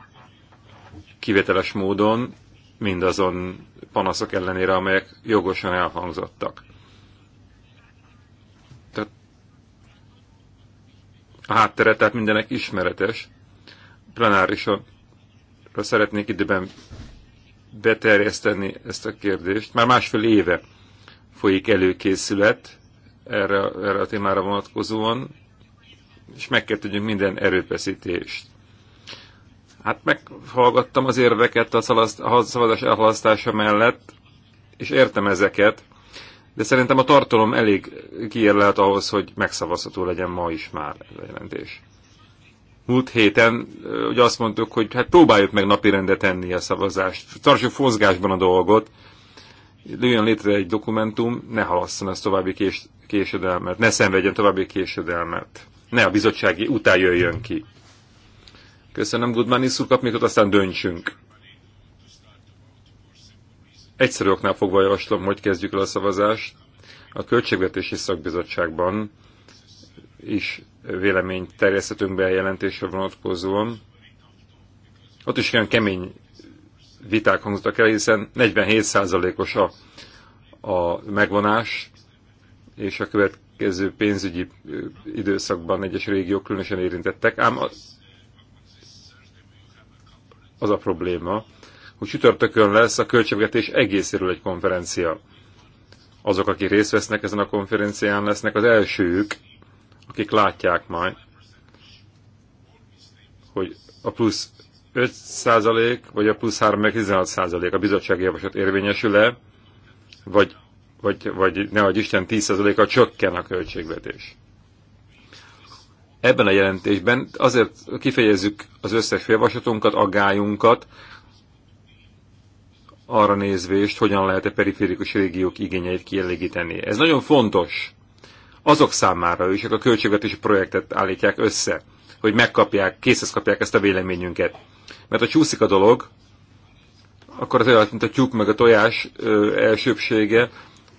kivételes módon mindazon panaszok ellenére, amelyek jogosan elhangzottak. Tehát a háttere, tehát mindenek ismeretes. Plenárisan szeretnék időben beterjeszteni ezt a kérdést. Már másfél éve folyik előkészület erre, erre a témára vonatkozóan, és meg kell tudjunk minden erőfeszítést Hát meghallgattam az érveket a szavazás elhalasztása mellett, és értem ezeket, de szerintem a tartalom elég kiérlelt ahhoz, hogy megszavazható legyen ma is már ez a jelentés. Múlt héten ugye azt mondtuk, hogy hát próbáljuk meg napirendre tenni a szavazást, tartsuk fozgásban a dolgot, lőjön létre egy dokumentum, ne halasszon ezt további késedelmet, ne szenvedjen további késedelmet, ne a bizottsági után jöjjön ki. Köszönöm, Goodman is kap még aztán döntsünk. Egyszerű oknál fogva javaslom, hogy kezdjük el a szavazást. A Költségvetési Szakbizottságban is véleményt terjeszthetünk be a jelentésre vonatkozóan. Ott is olyan kemény viták hangzottak el, hiszen 47%-os a, a megvonás, és a következő pénzügyi időszakban egyes régiók különösen érintettek, ám az az a probléma, hogy csütörtökön lesz a költségvetés egészéről egy konferencia. Azok, akik részt vesznek ezen a konferencián, lesznek az elsők, akik látják majd, hogy a plusz 5% vagy a plusz 3,16% a bizottsági javaslat érvényesül-e, vagy, vagy, vagy ne adj Isten 10%-a csökken a költségvetés. Ebben a jelentésben azért kifejezzük az összes félvasatunkat, aggályunkat, arra nézvést, hogyan lehet a periférikus régiók igényeit kielégíteni. Ez nagyon fontos azok számára is, akik a költségvetési projektet állítják össze, hogy megkapják, készhez kapják ezt a véleményünket. Mert ha csúszik a dolog, akkor az olyan, mint a tyúk meg a tojás ö, elsőbsége,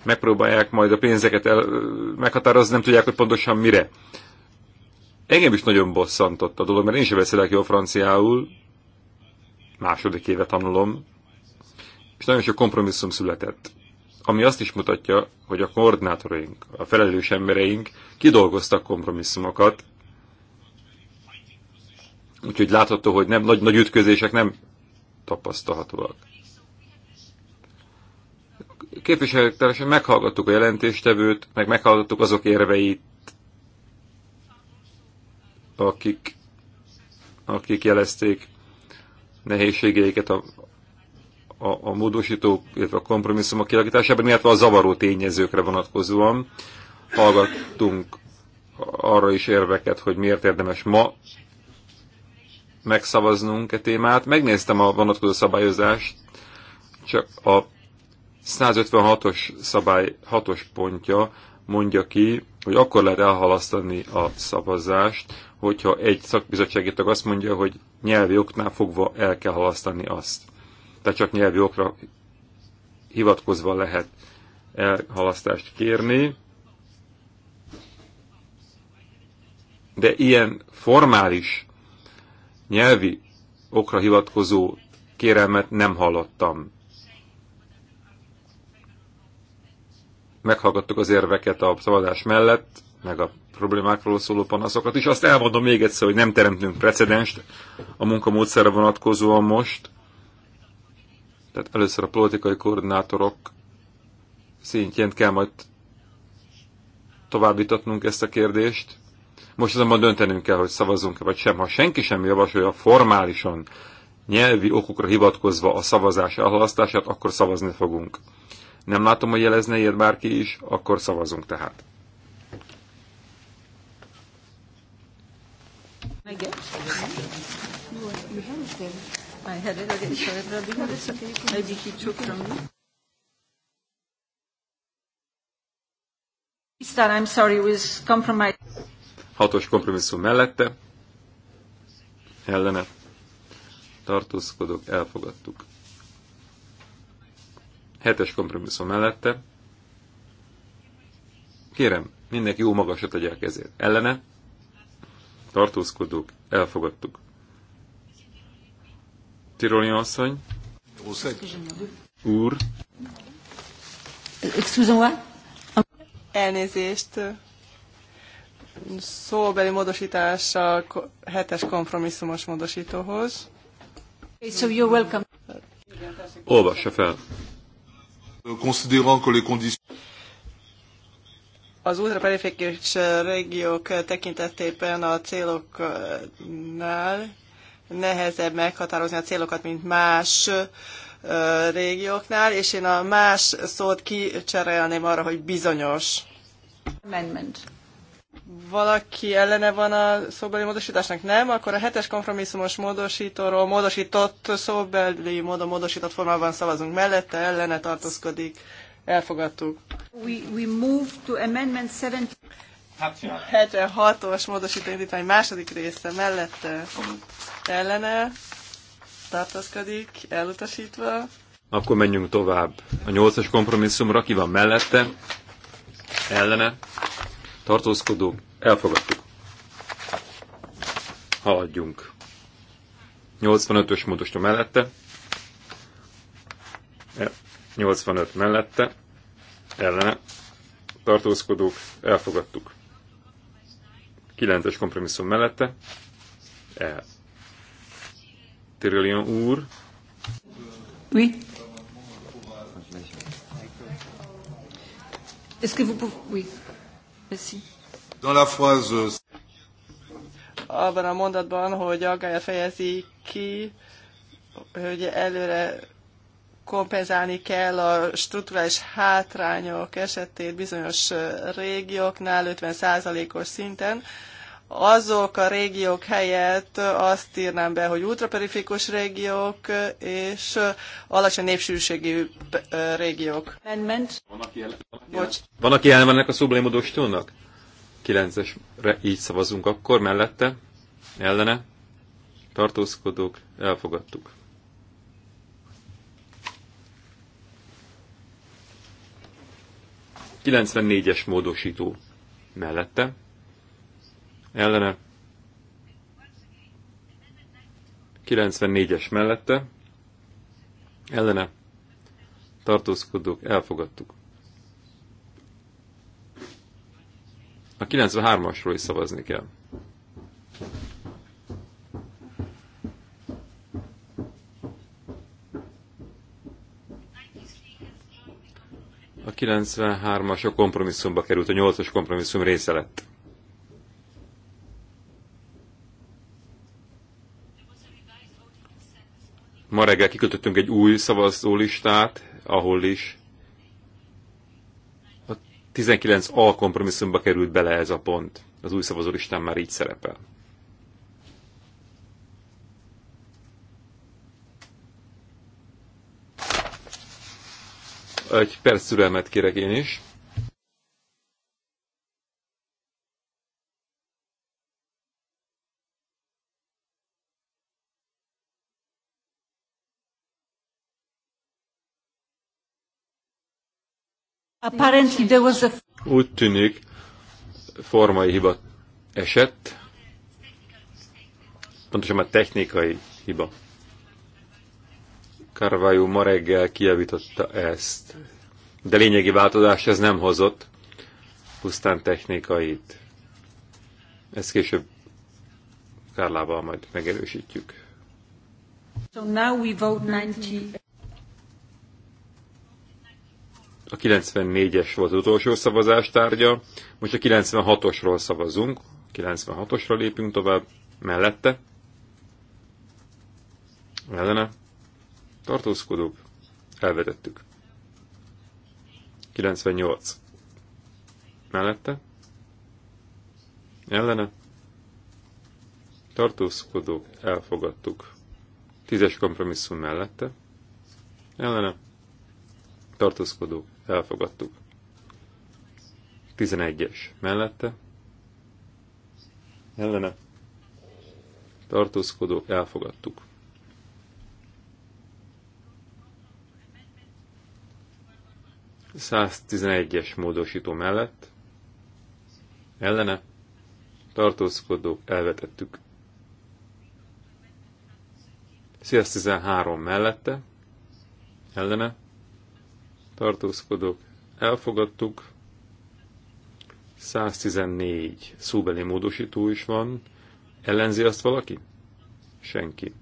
megpróbálják majd a pénzeket el, meghatározni, nem tudják, hogy pontosan mire Engem is nagyon bosszantott a dolog, mert én sem beszélek jól franciául, második éve tanulom, és nagyon sok kompromisszum született. Ami azt is mutatja, hogy a koordinátoraink, a felelős embereink kidolgoztak kompromisszumokat, úgyhogy látható, hogy nem, nagy, nagy ütközések nem tapasztalhatóak. Képviselőtársaság meghallgattuk a jelentéstevőt, meg meghallgattuk azok érveit, akik, akik jelezték nehézségeiket a, a, a módosítók, illetve a kompromisszumok kialakításában, illetve a zavaró tényezőkre vonatkozóan. Hallgattunk arra is érveket, hogy miért érdemes ma megszavaznunk e témát. Megnéztem a vonatkozó szabályozást, csak a 156-os szabály 6-os pontja mondja ki, hogy akkor lehet elhalasztani a szavazást, hogyha egy szakbizottsági tag azt mondja, hogy nyelvi oknál fogva el kell halasztani azt. Tehát csak nyelvi okra hivatkozva lehet elhalasztást kérni. De ilyen formális nyelvi okra hivatkozó kérelmet nem hallottam. Meghallgattuk az érveket a szavazás mellett, meg a problémákról szóló panaszokat is. Azt elmondom még egyszer, hogy nem teremtünk precedenst a munkamódszerre vonatkozóan most. Tehát először a politikai koordinátorok szintjén kell majd továbbítatnunk ezt a kérdést. Most azonban döntenünk kell, hogy szavazunk-e vagy sem. Ha senki sem javasolja formálisan nyelvi okokra hivatkozva a szavazás elhalasztását, akkor szavazni fogunk. Nem látom, hogy jelezne ilyet bárki is, akkor szavazunk tehát. I get? No, you had it then. I had it No, okay. Maybe he took from me. I'm sorry, Hatos kompromisszum mellette. Ellene. Tartózkodok, elfogadtuk. Hetes kompromisszum mellette. Kérem, mindenki jó magasat adják a kezét. Ellene tartózkodók, elfogadtuk. Tiroli asszony. Úr. Elnézést. Szóbeli a hetes kompromisszumos módosítóhoz. So you're welcome. Olvassa fel. Considérant que les conditions az ultraperiférikus régiók tekintetében a céloknál nehezebb meghatározni a célokat, mint más régióknál, és én a más szót kicserélném arra, hogy bizonyos. Amendment. Valaki ellene van a szóbeli módosításnak? Nem? Akkor a hetes kompromisszumos módosítóról módosított szóbeli módon módosított formában szavazunk mellette, ellene tartózkodik Elfogadtuk. We, we move to amendment 76. 76-os hát, indítvány második része mellette ellene tartózkodik, elutasítva. Akkor menjünk tovább. A 8-as kompromisszumra ki van mellette, ellene, tartózkodók, elfogadtuk. Haladjunk. 85-ös módosítani mellette, 85 mellette, ellene tartózkodók, elfogadtuk. 9-es kompromisszum mellette, el. Tirillion úr. Oui. Est-ce que vous pouvez... Oui. Merci. Dans la phrase... Abban a mondatban, hogy aggályát fejezi ki, hogy előre kompenzálni kell a strukturális hátrányok esetét bizonyos régióknál 50%-os szinten. Azok a régiók helyett azt írnám be, hogy ultraperifikus régiók és alacsony népsűrűségű régiók. Van, aki ellen, van, aki ellen ennek a szublémodostónak? 9-esre így szavazunk akkor, mellette, ellene, tartózkodók, elfogadtuk. 94-es módosító mellette, ellene, 94-es mellette, ellene, tartózkodók, elfogadtuk. A 93-asról is szavazni kell. 93-as a kompromisszumba került, a 8-as kompromisszum része lett. Ma reggel kikötöttünk egy új szavazólistát, ahol is a 19A kompromisszumba került bele ez a pont. Az új szavazólistán már így szerepel. Egy perc türelmet kérek én is. Úgy tűnik, formai hiba esett, pontosan már technikai hiba Carvajú ma reggel kijavította ezt. De lényegi változást ez nem hozott, pusztán technikait. Ezt később Kárlával majd megerősítjük. So now we vote 90. A 94-es volt az utolsó szavazás tárgya, most a 96-osról szavazunk, 96-osra lépünk tovább, mellette, ellene, tartózkodók, elvetettük. 98. Mellette, ellene, tartózkodók, elfogadtuk. Tízes kompromisszum mellette, ellene, tartózkodók, elfogadtuk. 11-es mellette, ellene, tartózkodók, elfogadtuk. 111-es módosító mellett ellene tartózkodók elvetettük. 113 mellette ellene tartózkodók elfogadtuk. 114 szóbeli módosító is van. Ellenzi azt valaki? Senki.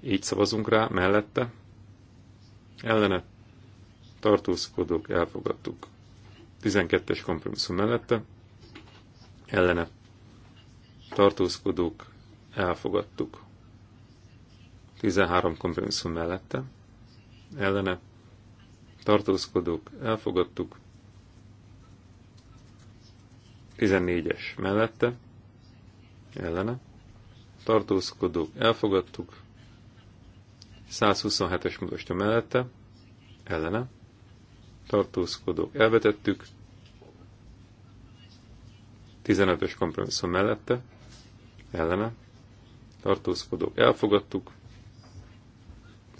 Így szavazunk rá, mellette. Ellene tartózkodók, elfogadtuk. 12-es kompromisszum mellette, ellene tartózkodók, elfogadtuk. 13 kompromisszum mellette, ellene tartózkodók, elfogadtuk. 14-es mellette, ellene tartózkodók, elfogadtuk. 127-es módosítja mellette, ellene tartózkodók elvetettük, 15-ös kompromisszum mellette, ellene, tartózkodók elfogadtuk,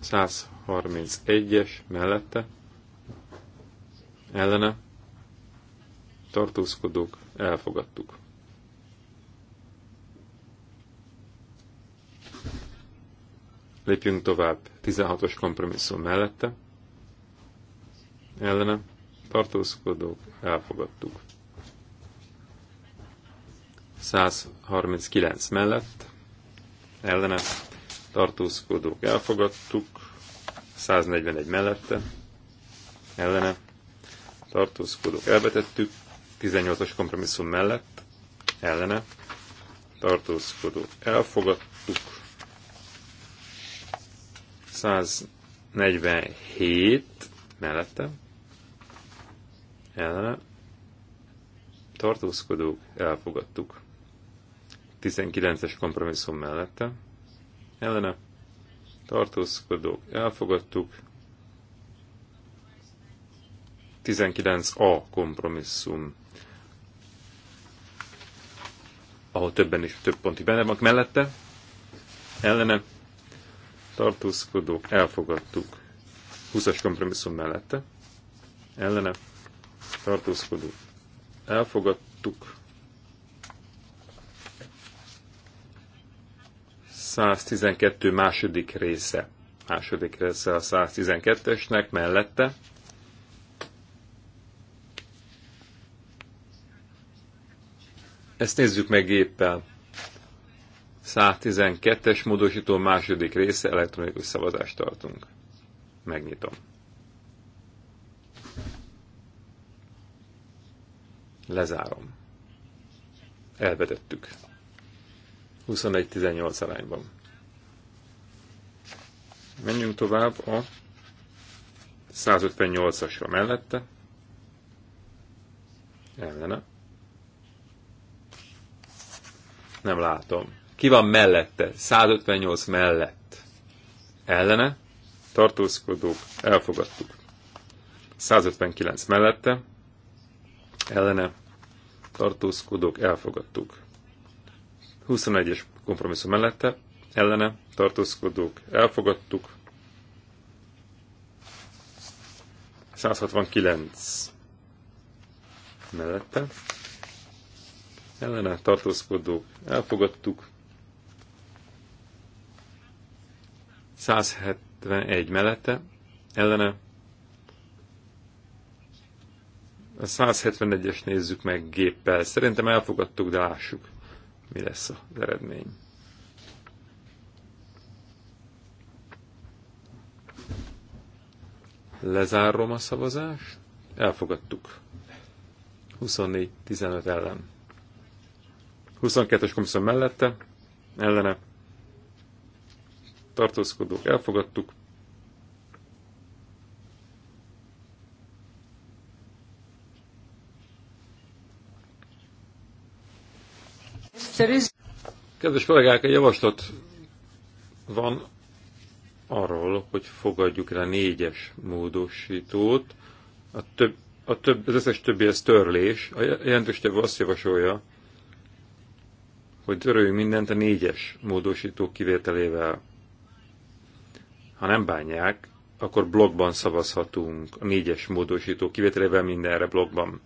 131-es mellette, ellene, tartózkodók elfogadtuk. Lépjünk tovább 16-os kompromisszum mellette, ellene tartózkodók elfogadtuk. 139 mellett ellene tartózkodók elfogadtuk, 141 mellette ellene tartózkodók elvetettük, 18-as kompromisszum mellett ellene tartózkodók elfogadtuk, 147 mellette ellene tartózkodók elfogadtuk. 19-es kompromisszum mellette ellene tartózkodók elfogadtuk. 19A kompromisszum, ahol többen is több ponti benne vannak mellette, ellene tartózkodók elfogadtuk. 20-as kompromisszum mellette, ellene tartózkodik. Elfogadtuk 112 második része. Második része a 112-esnek mellette. Ezt nézzük meg éppen. 112-es módosító második része elektronikus szavazást tartunk. Megnyitom. Lezárom. Elvetettük. 21-18 arányban. Menjünk tovább a 158-asra mellette. Ellene. Nem látom. Ki van mellette? 158 mellett. Ellene. Tartózkodók. Elfogadtuk. 159 mellette ellene tartózkodók elfogadtuk. 21-es kompromisszum mellette ellene tartózkodók elfogadtuk. 169 mellette ellene tartózkodók elfogadtuk. 171 mellette ellene A 171-es nézzük meg géppel. Szerintem elfogadtuk, de lássuk, mi lesz az eredmény. Lezárom a szavazást. Elfogadtuk. 24-15 ellen. 22-es komisszon mellette, ellene tartózkodók elfogadtuk, Kedves kollégák, egy javaslat van arról, hogy fogadjuk el a négyes módosítót. A több, a több, az összes többi ez törlés. A jelentős több azt javasolja, hogy töröljünk mindent a négyes módosító kivételével. Ha nem bánják, akkor blogban szavazhatunk a négyes módosító kivételével mindenre blogban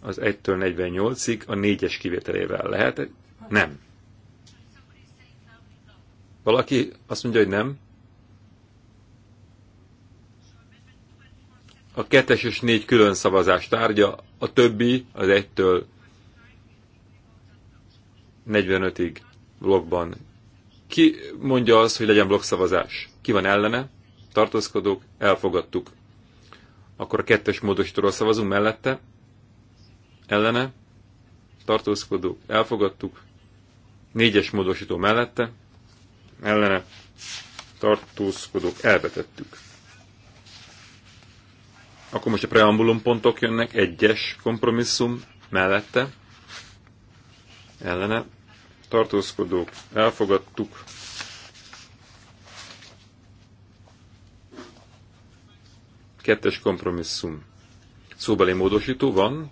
az 1-től 48-ig a 4-es kivételével lehet? Nem. Valaki azt mondja, hogy nem? A 2 és 4 külön szavazás tárgya, a többi az 1-től 45-ig blogban. Ki mondja azt, hogy legyen blogszavazás? Ki van ellene? Tartózkodók? Elfogadtuk. Akkor a kettes módosítóról szavazunk mellette ellene, tartózkodó, elfogadtuk, négyes módosító mellette, ellene, tartózkodók, elvetettük. Akkor most a preambulum pontok jönnek, egyes kompromisszum mellette, ellene, tartózkodók, elfogadtuk, kettes kompromisszum. Szóbeli módosító van,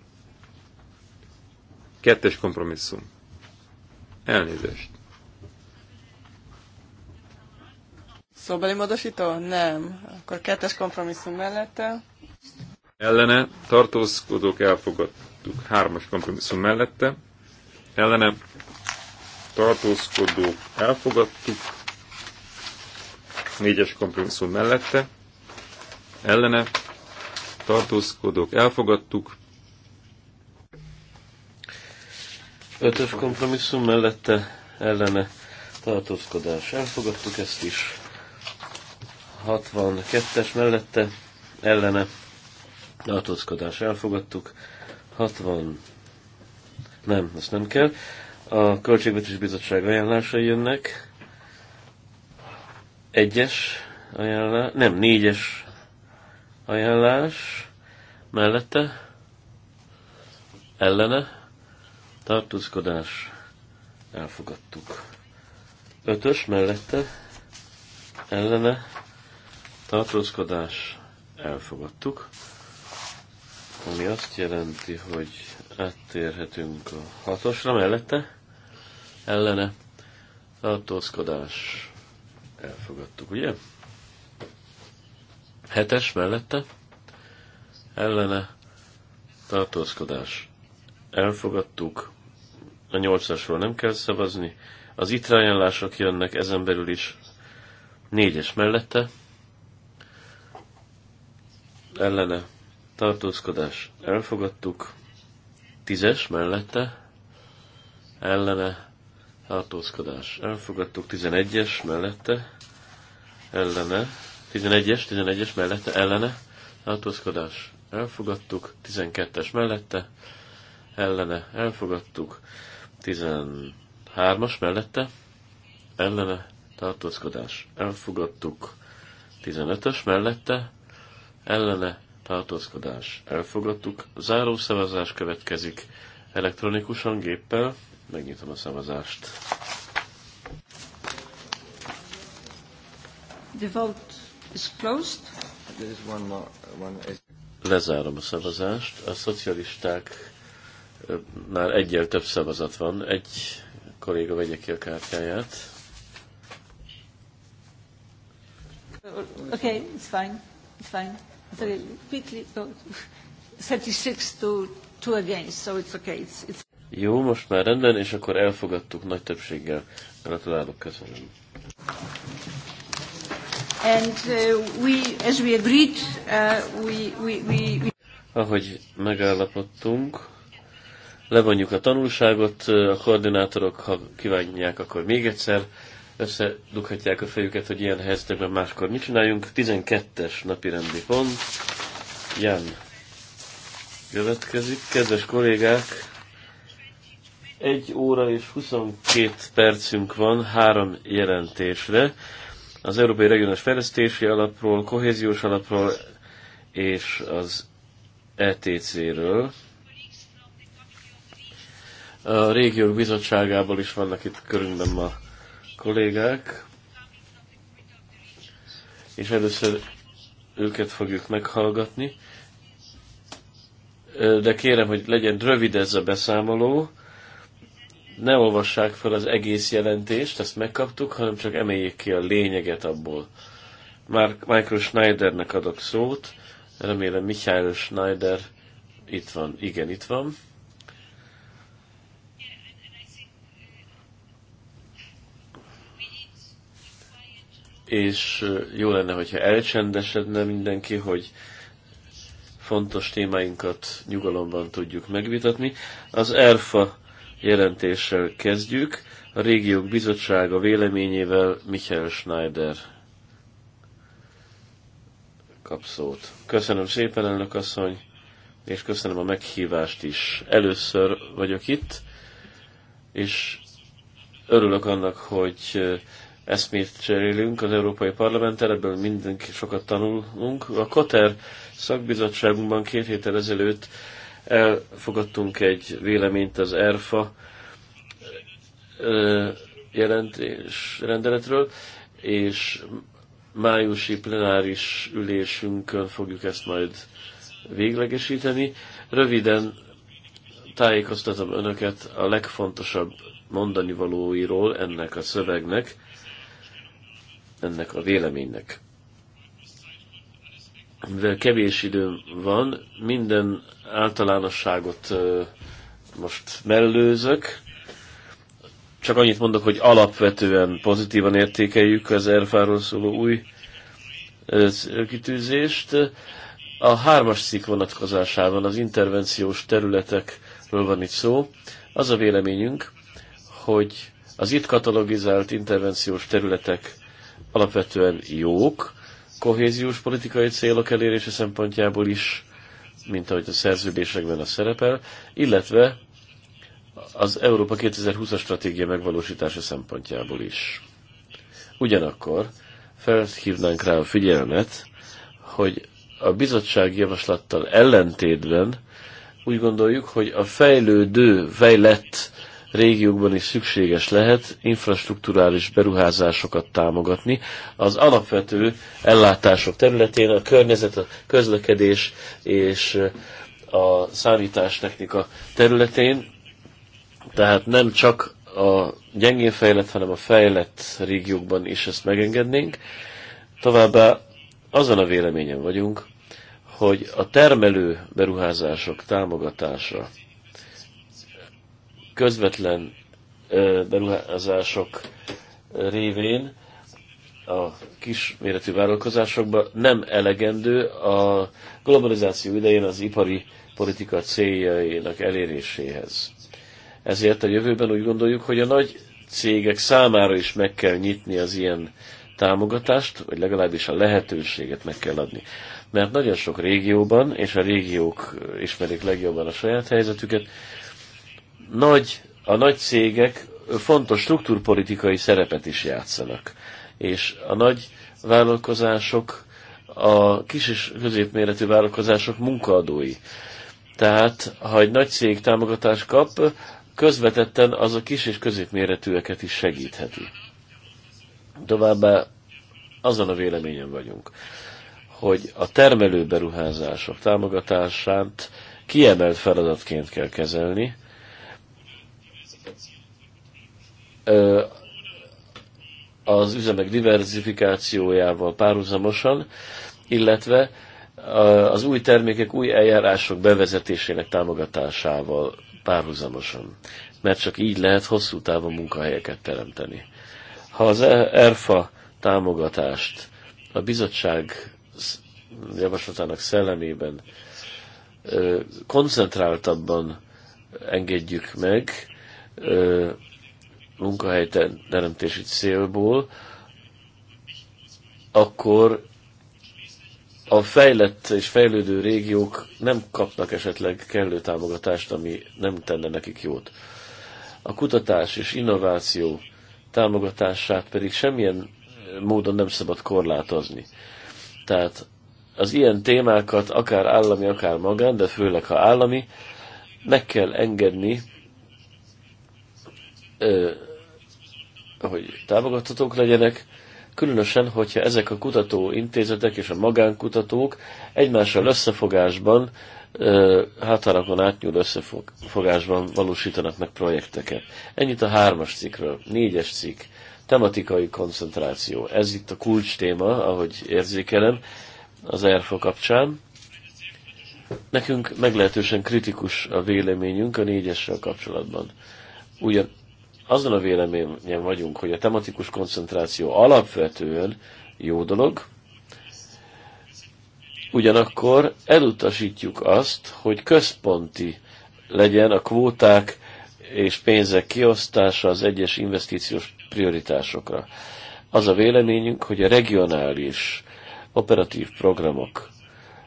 Kettes kompromisszum. Elnézést. Szóbeli módosító? Nem. Akkor kettes kompromisszum mellette. Ellene tartózkodók elfogadtuk. Hármas kompromisszum mellette. Ellene tartózkodók elfogadtuk. Négyes kompromisszum mellette. Ellene tartózkodók elfogadtuk. Ötös kompromisszum mellette ellene tartózkodás. Elfogadtuk ezt is. 62-es mellette ellene tartózkodás. Elfogadtuk. 60. Nem, azt nem kell. A Költségvetési Bizottság ajánlásai jönnek. Egyes ajánlás, nem, négyes ajánlás mellette, ellene, tartózkodás, elfogadtuk. Ötös mellette, ellene, tartózkodás, elfogadtuk, ami azt jelenti, hogy áttérhetünk a hatosra mellette, ellene, tartózkodás, elfogadtuk, ugye? Hetes mellette, ellene, tartózkodás, elfogadtuk, a nyolcasról nem kell szavazni. Az itt ajánlások jönnek ezen belül is négyes mellette. Ellene tartózkodás elfogadtuk. tízes mellette. Ellene tartózkodás elfogadtuk. tizenegyes mellette. Ellene. tizenegyes tizenegyes mellette. Ellene tartózkodás elfogadtuk. tizenkettes mellette. Ellene elfogadtuk. 13-as mellette ellene tartózkodás elfogadtuk. 15-ös mellette ellene tartózkodás elfogadtuk. Záró szavazás következik elektronikusan géppel. Megnyitom a szavazást. The vote is closed. There is one more, one is... Lezárom a szavazást. A szocialisták már egyel több szavazat van. Egy kolléga vegye ki a kártyáját. Okay, it's fine. It's fine. okay. quickly. 36 to 2 against, so it's okay. It's, it's... Jó, most már rendben, és akkor elfogadtuk nagy többséggel. Gratulálok, köszönöm. And uh, we, as we agreed, uh, we, we, we, we... Ahogy megállapodtunk, levonjuk a tanulságot, a koordinátorok, ha kívánják, akkor még egyszer összedughatják a fejüket, hogy ilyen helyzetekben máskor mit csináljunk. 12-es napi rendi pont. Jan következik. Kedves kollégák, Egy óra és 22 percünk van három jelentésre. Az Európai Regionális Fejlesztési Alapról, Kohéziós Alapról és az ETC-ről. A régiók bizottságából is vannak itt körünkben ma kollégák, és először őket fogjuk meghallgatni. De kérem, hogy legyen rövid ez a beszámoló, ne olvassák fel az egész jelentést, ezt megkaptuk, hanem csak emeljék ki a lényeget abból. Már Michael Schneidernek adok szót, remélem Michael Schneider itt van, igen, itt van. és jó lenne, hogyha elcsendesedne mindenki, hogy fontos témáinkat nyugalomban tudjuk megvitatni. Az ERFA jelentéssel kezdjük. A régiók bizottsága véleményével Michael Schneider kap szót. Köszönöm szépen, elnök asszony, és köszönöm a meghívást is. Először vagyok itt, és örülök annak, hogy eszmét cserélünk az Európai Parlamenttel, ebből mindenki sokat tanulunk. A Koter szakbizottságunkban két héttel ezelőtt elfogadtunk egy véleményt az ERFA jelentés rendeletről, és májusi plenáris ülésünkön fogjuk ezt majd véglegesíteni. Röviden tájékoztatom önöket a legfontosabb mondani valóiról ennek a szövegnek ennek a véleménynek. Mivel kevés időm van, minden általánosságot most mellőzök. Csak annyit mondok, hogy alapvetően pozitívan értékeljük az erfáról szóló új kitűzést. A hármas cikk vonatkozásában az intervenciós területekről van itt szó. Az a véleményünk, hogy az itt katalogizált intervenciós területek alapvetően jók, kohéziós politikai célok elérése szempontjából is, mint ahogy a szerződésekben a szerepel, illetve az Európa 2020-as stratégia megvalósítása szempontjából is. Ugyanakkor felhívnánk rá a figyelmet, hogy a bizottság javaslattal ellentétben úgy gondoljuk, hogy a fejlődő, fejlett régiókban is szükséges lehet infrastruktúrális beruházásokat támogatni. Az alapvető ellátások területén a környezet, a közlekedés és a számítástechnika területén, tehát nem csak a gyengén fejlett, hanem a fejlett régiókban is ezt megengednénk. Továbbá azon a véleményen vagyunk, hogy a termelő beruházások támogatása közvetlen beruházások révén a kisméretű vállalkozásokban nem elegendő a globalizáció idején az ipari politika céljainak eléréséhez. Ezért a jövőben úgy gondoljuk, hogy a nagy cégek számára is meg kell nyitni az ilyen támogatást, vagy legalábbis a lehetőséget meg kell adni. Mert nagyon sok régióban, és a régiók ismerik legjobban a saját helyzetüket, nagy, a nagy cégek fontos struktúrpolitikai szerepet is játszanak. És a nagy vállalkozások, a kis és középméretű vállalkozások munkaadói. Tehát, ha egy nagy cég támogatást kap, közvetetten az a kis és középméretűeket is segítheti. Továbbá azon a véleményen vagyunk, hogy a termelő beruházások támogatását kiemelt feladatként kell kezelni, az üzemek diversifikációjával párhuzamosan, illetve az új termékek, új eljárások bevezetésének támogatásával párhuzamosan. Mert csak így lehet hosszú távon munkahelyeket teremteni. Ha az e- ERFA támogatást a bizottság javaslatának szellemében koncentráltabban engedjük meg, munkahelyteremtési célból, akkor a fejlett és fejlődő régiók nem kapnak esetleg kellő támogatást, ami nem tenne nekik jót. A kutatás és innováció támogatását pedig semmilyen módon nem szabad korlátozni. Tehát az ilyen témákat, akár állami, akár magán, de főleg ha állami, meg kell engedni hogy támogathatók legyenek, különösen, hogyha ezek a kutatóintézetek és a magánkutatók egymással összefogásban, hátárakon átnyúló összefogásban valósítanak meg projekteket. Ennyit a hármas cikkről. Négyes cikk. Tematikai koncentráció. Ez itt a kulcs téma, ahogy érzékelem, az ERFO kapcsán. Nekünk meglehetősen kritikus a véleményünk a négyessel kapcsolatban. Ugyan azzal a véleményen vagyunk, hogy a tematikus koncentráció alapvetően jó dolog, ugyanakkor elutasítjuk azt, hogy központi legyen a kvóták és pénzek kiosztása az egyes investíciós prioritásokra. Az a véleményünk, hogy a regionális operatív programok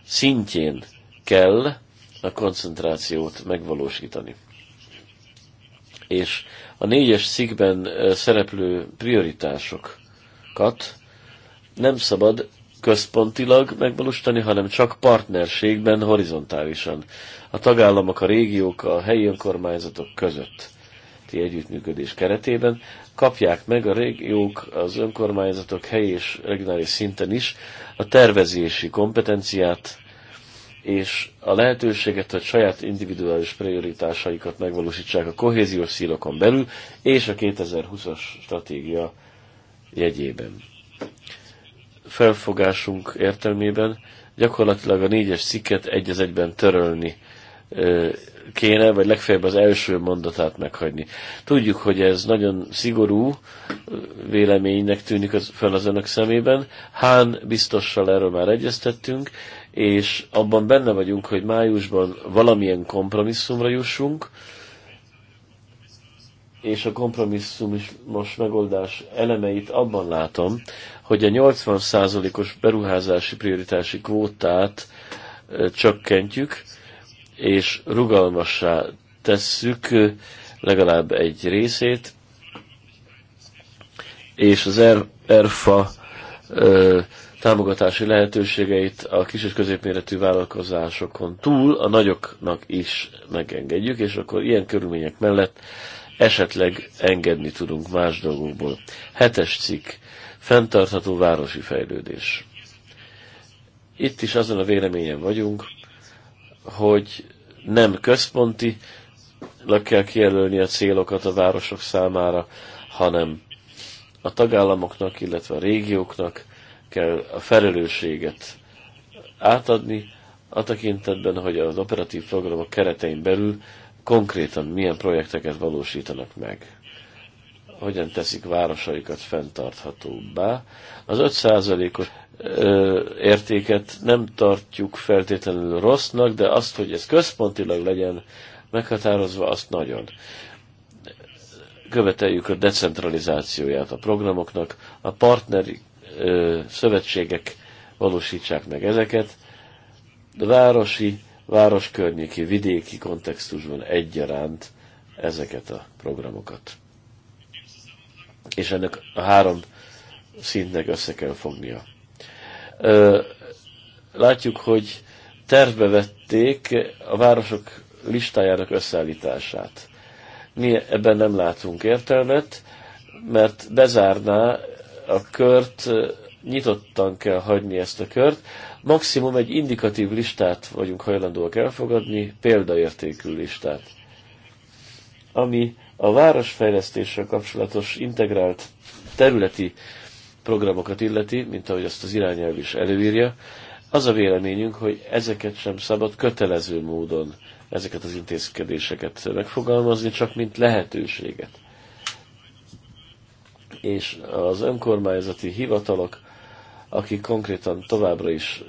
szintjén kell a koncentrációt megvalósítani és a négyes szikben szereplő prioritásokat nem szabad központilag megvalósítani, hanem csak partnerségben, horizontálisan. A tagállamok, a régiók, a helyi önkormányzatok között együttműködés keretében kapják meg a régiók, az önkormányzatok helyi és regionális szinten is a tervezési kompetenciát, és a lehetőséget, hogy saját individuális prioritásaikat megvalósítsák a kohéziós szílokon belül, és a 2020-as stratégia jegyében. Felfogásunk értelmében gyakorlatilag a négyes cikket egy az egyben törölni kéne, vagy legfeljebb az első mondatát meghagyni. Tudjuk, hogy ez nagyon szigorú véleménynek tűnik az, fel az önök szemében. Hán biztossal erről már egyeztettünk, és abban benne vagyunk, hogy májusban valamilyen kompromisszumra jussunk, és a kompromisszum is most megoldás elemeit abban látom, hogy a 80%-os beruházási prioritási kvótát csökkentjük, és rugalmassá tesszük legalább egy részét, és az er-, ERFA támogatási lehetőségeit a kis és középméretű vállalkozásokon túl a nagyoknak is megengedjük, és akkor ilyen körülmények mellett esetleg engedni tudunk más dolgokból. Hetes cikk. Fentartható városi fejlődés. Itt is azon a véleményen vagyunk, hogy nem központi kell kijelölni a célokat a városok számára, hanem a tagállamoknak, illetve a régióknak kell a felelősséget átadni, a tekintetben, hogy az operatív programok keretein belül konkrétan milyen projekteket valósítanak meg, hogyan teszik városaikat fenntarthatóbbá. Az 5%-os értéket nem tartjuk feltétlenül rossznak, de azt, hogy ez központilag legyen meghatározva, azt nagyon. Követeljük a decentralizációját a programoknak, a partneri szövetségek valósítsák meg ezeket. De városi, város környéki, vidéki kontextusban egyaránt ezeket a programokat. És ennek a három szintnek össze kell fognia. Látjuk, hogy tervbe vették a városok listájának összeállítását. Mi ebben nem látunk értelmet, mert bezárná a kört nyitottan kell hagyni ezt a kört. Maximum egy indikatív listát vagyunk hajlandóak elfogadni, példaértékű listát. Ami a városfejlesztéssel kapcsolatos integrált területi programokat illeti, mint ahogy azt az irányelv is előírja, az a véleményünk, hogy ezeket sem szabad kötelező módon ezeket az intézkedéseket megfogalmazni, csak mint lehetőséget és az önkormányzati hivatalok, akik konkrétan továbbra is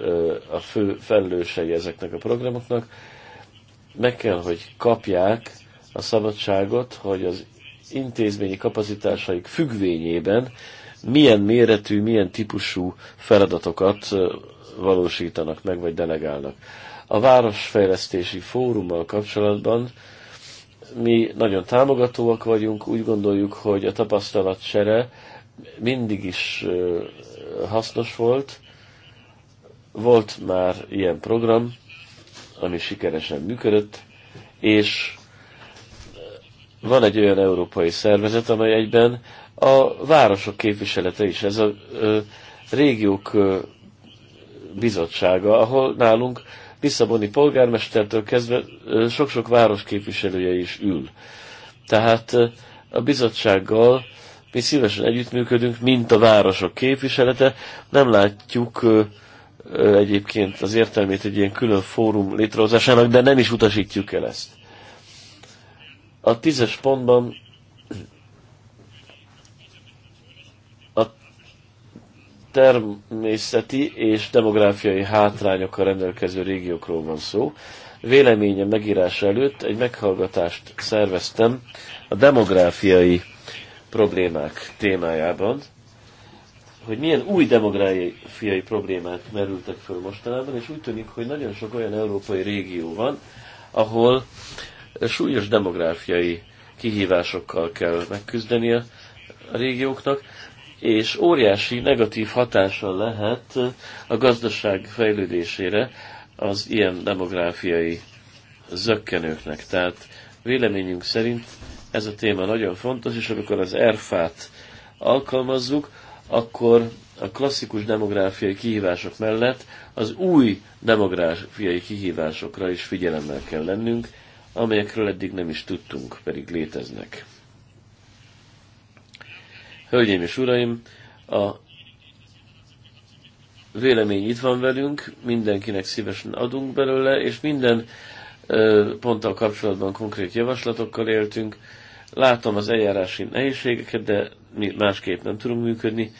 a fő felelősei ezeknek a programoknak, meg kell, hogy kapják a szabadságot, hogy az intézményi kapacitásaik függvényében milyen méretű, milyen típusú feladatokat valósítanak meg, vagy delegálnak. A Városfejlesztési Fórummal kapcsolatban mi nagyon támogatóak vagyunk, úgy gondoljuk, hogy a tapasztalat sere mindig is hasznos volt. Volt már ilyen program, ami sikeresen működött, és van egy olyan európai szervezet, amely egyben a városok képviselete is, ez a régiók bizottsága, ahol nálunk Lisszaboni polgármestertől kezdve sok-sok város képviselője is ül. Tehát a bizottsággal mi szívesen együttműködünk, mint a városok képviselete. Nem látjuk egyébként az értelmét egy ilyen külön fórum létrehozásának, de nem is utasítjuk el ezt. A tízes pontban természeti és demográfiai hátrányokkal rendelkező régiókról van szó. Véleményem megírása előtt egy meghallgatást szerveztem a demográfiai problémák témájában, hogy milyen új demográfiai problémák merültek föl mostanában, és úgy tűnik, hogy nagyon sok olyan európai régió van, ahol súlyos demográfiai kihívásokkal kell megküzdeni a régióknak és óriási negatív hatása lehet a gazdaság fejlődésére az ilyen demográfiai zöggenőknek. Tehát véleményünk szerint ez a téma nagyon fontos, és amikor az erfát alkalmazzuk, akkor a klasszikus demográfiai kihívások mellett az új demográfiai kihívásokra is figyelemmel kell lennünk, amelyekről eddig nem is tudtunk, pedig léteznek. Hölgyeim és uraim, a vélemény itt van velünk, mindenkinek szívesen adunk belőle, és minden ponttal kapcsolatban konkrét javaslatokkal éltünk. Látom az eljárási nehézségeket, de mi másképp nem tudunk működni.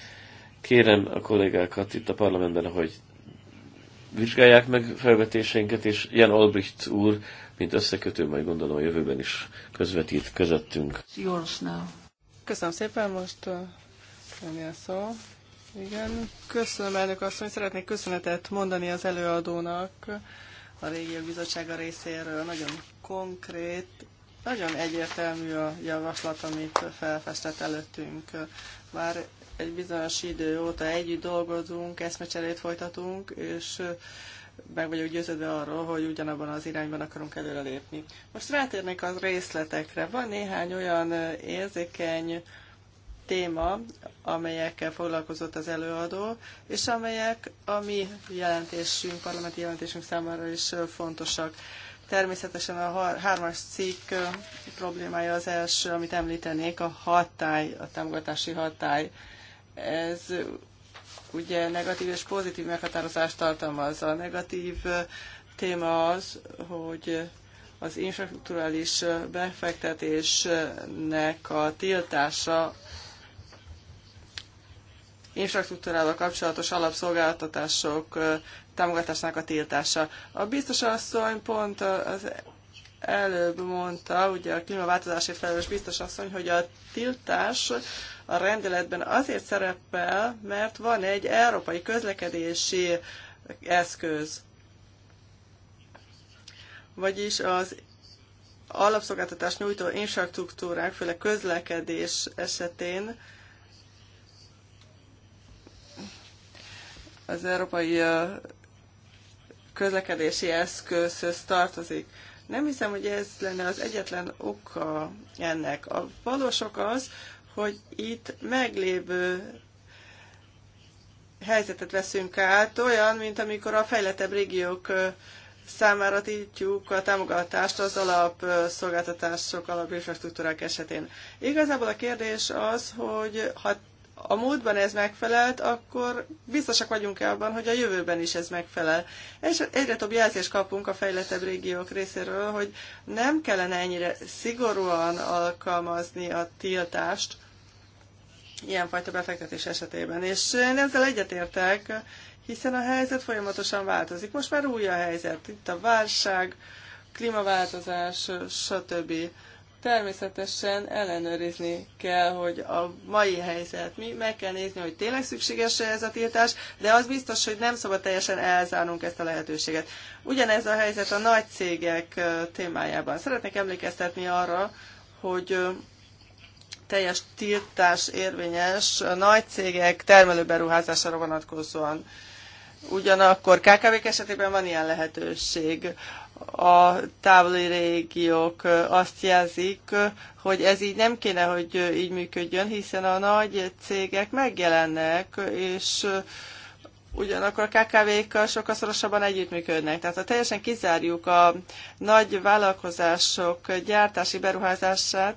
Kérem a kollégákat itt a parlamentben, hogy vizsgálják meg felvetéseinket, és Jan Albrecht úr, mint összekötő, majd gondolom a jövőben is közvetít közöttünk. It's yours now. Köszönöm szépen, most lenni a szó. Igen, köszönöm elnök asszony, szeretnék köszönetet mondani az előadónak a Régiók Bizottsága részéről. Nagyon konkrét, nagyon egyértelmű a javaslat, amit felfestett előttünk. Már egy bizonyos idő óta együtt dolgozunk, eszmecserét folytatunk, és meg vagyok győződve arról, hogy ugyanabban az irányban akarunk előrelépni. Most rátérnék az részletekre. Van néhány olyan érzékeny téma, amelyekkel foglalkozott az előadó, és amelyek a mi jelentésünk, parlamenti jelentésünk számára is fontosak. Természetesen a hármas cikk problémája az első, amit említenék, a hatály, a támogatási hatály. Ez ugye negatív és pozitív meghatározást tartalmaz. A negatív téma az, hogy az infrastruktúrális befektetésnek a tiltása infrastruktúrával kapcsolatos alapszolgáltatások támogatásnak a tiltása. A biztos asszony pont az előbb mondta, ugye a klímaváltozásért felelős biztos asszony, hogy a tiltás a rendeletben azért szerepel, mert van egy európai közlekedési eszköz. Vagyis az alapszolgáltatás nyújtó infrastruktúrák, főleg közlekedés esetén az európai közlekedési eszközhöz tartozik. Nem hiszem, hogy ez lenne az egyetlen oka ennek. A valós oka az, hogy itt meglévő helyzetet veszünk át, olyan, mint amikor a fejlettebb régiók számára tiltjuk a támogatást az alapszolgáltatások, alapinfrastruktúrák esetén. Igazából a kérdés az, hogy ha a múltban ez megfelelt, akkor biztosak vagyunk-e abban, hogy a jövőben is ez megfelel. És egyre több jelzést kapunk a fejlettebb régiók részéről, hogy nem kellene ennyire szigorúan alkalmazni a tiltást, ilyenfajta befektetés esetében. És én ezzel egyetértek, hiszen a helyzet folyamatosan változik. Most már új a helyzet. Itt a válság, klímaváltozás, stb. Természetesen ellenőrizni kell, hogy a mai helyzet mi, meg kell nézni, hogy tényleg szükséges -e ez a tiltás, de az biztos, hogy nem szabad teljesen elzárnunk ezt a lehetőséget. Ugyanez a helyzet a nagy cégek témájában. Szeretnék emlékeztetni arra, hogy teljes tiltás érvényes a nagy cégek termelőberuházására vonatkozóan. Ugyanakkor kkv esetében van ilyen lehetőség. A távoli régiók azt jelzik, hogy ez így nem kéne, hogy így működjön, hiszen a nagy cégek megjelennek, és ugyanakkor a KKV-kkal sokkal szorosabban együttműködnek. Tehát ha teljesen kizárjuk a nagy vállalkozások gyártási beruházását,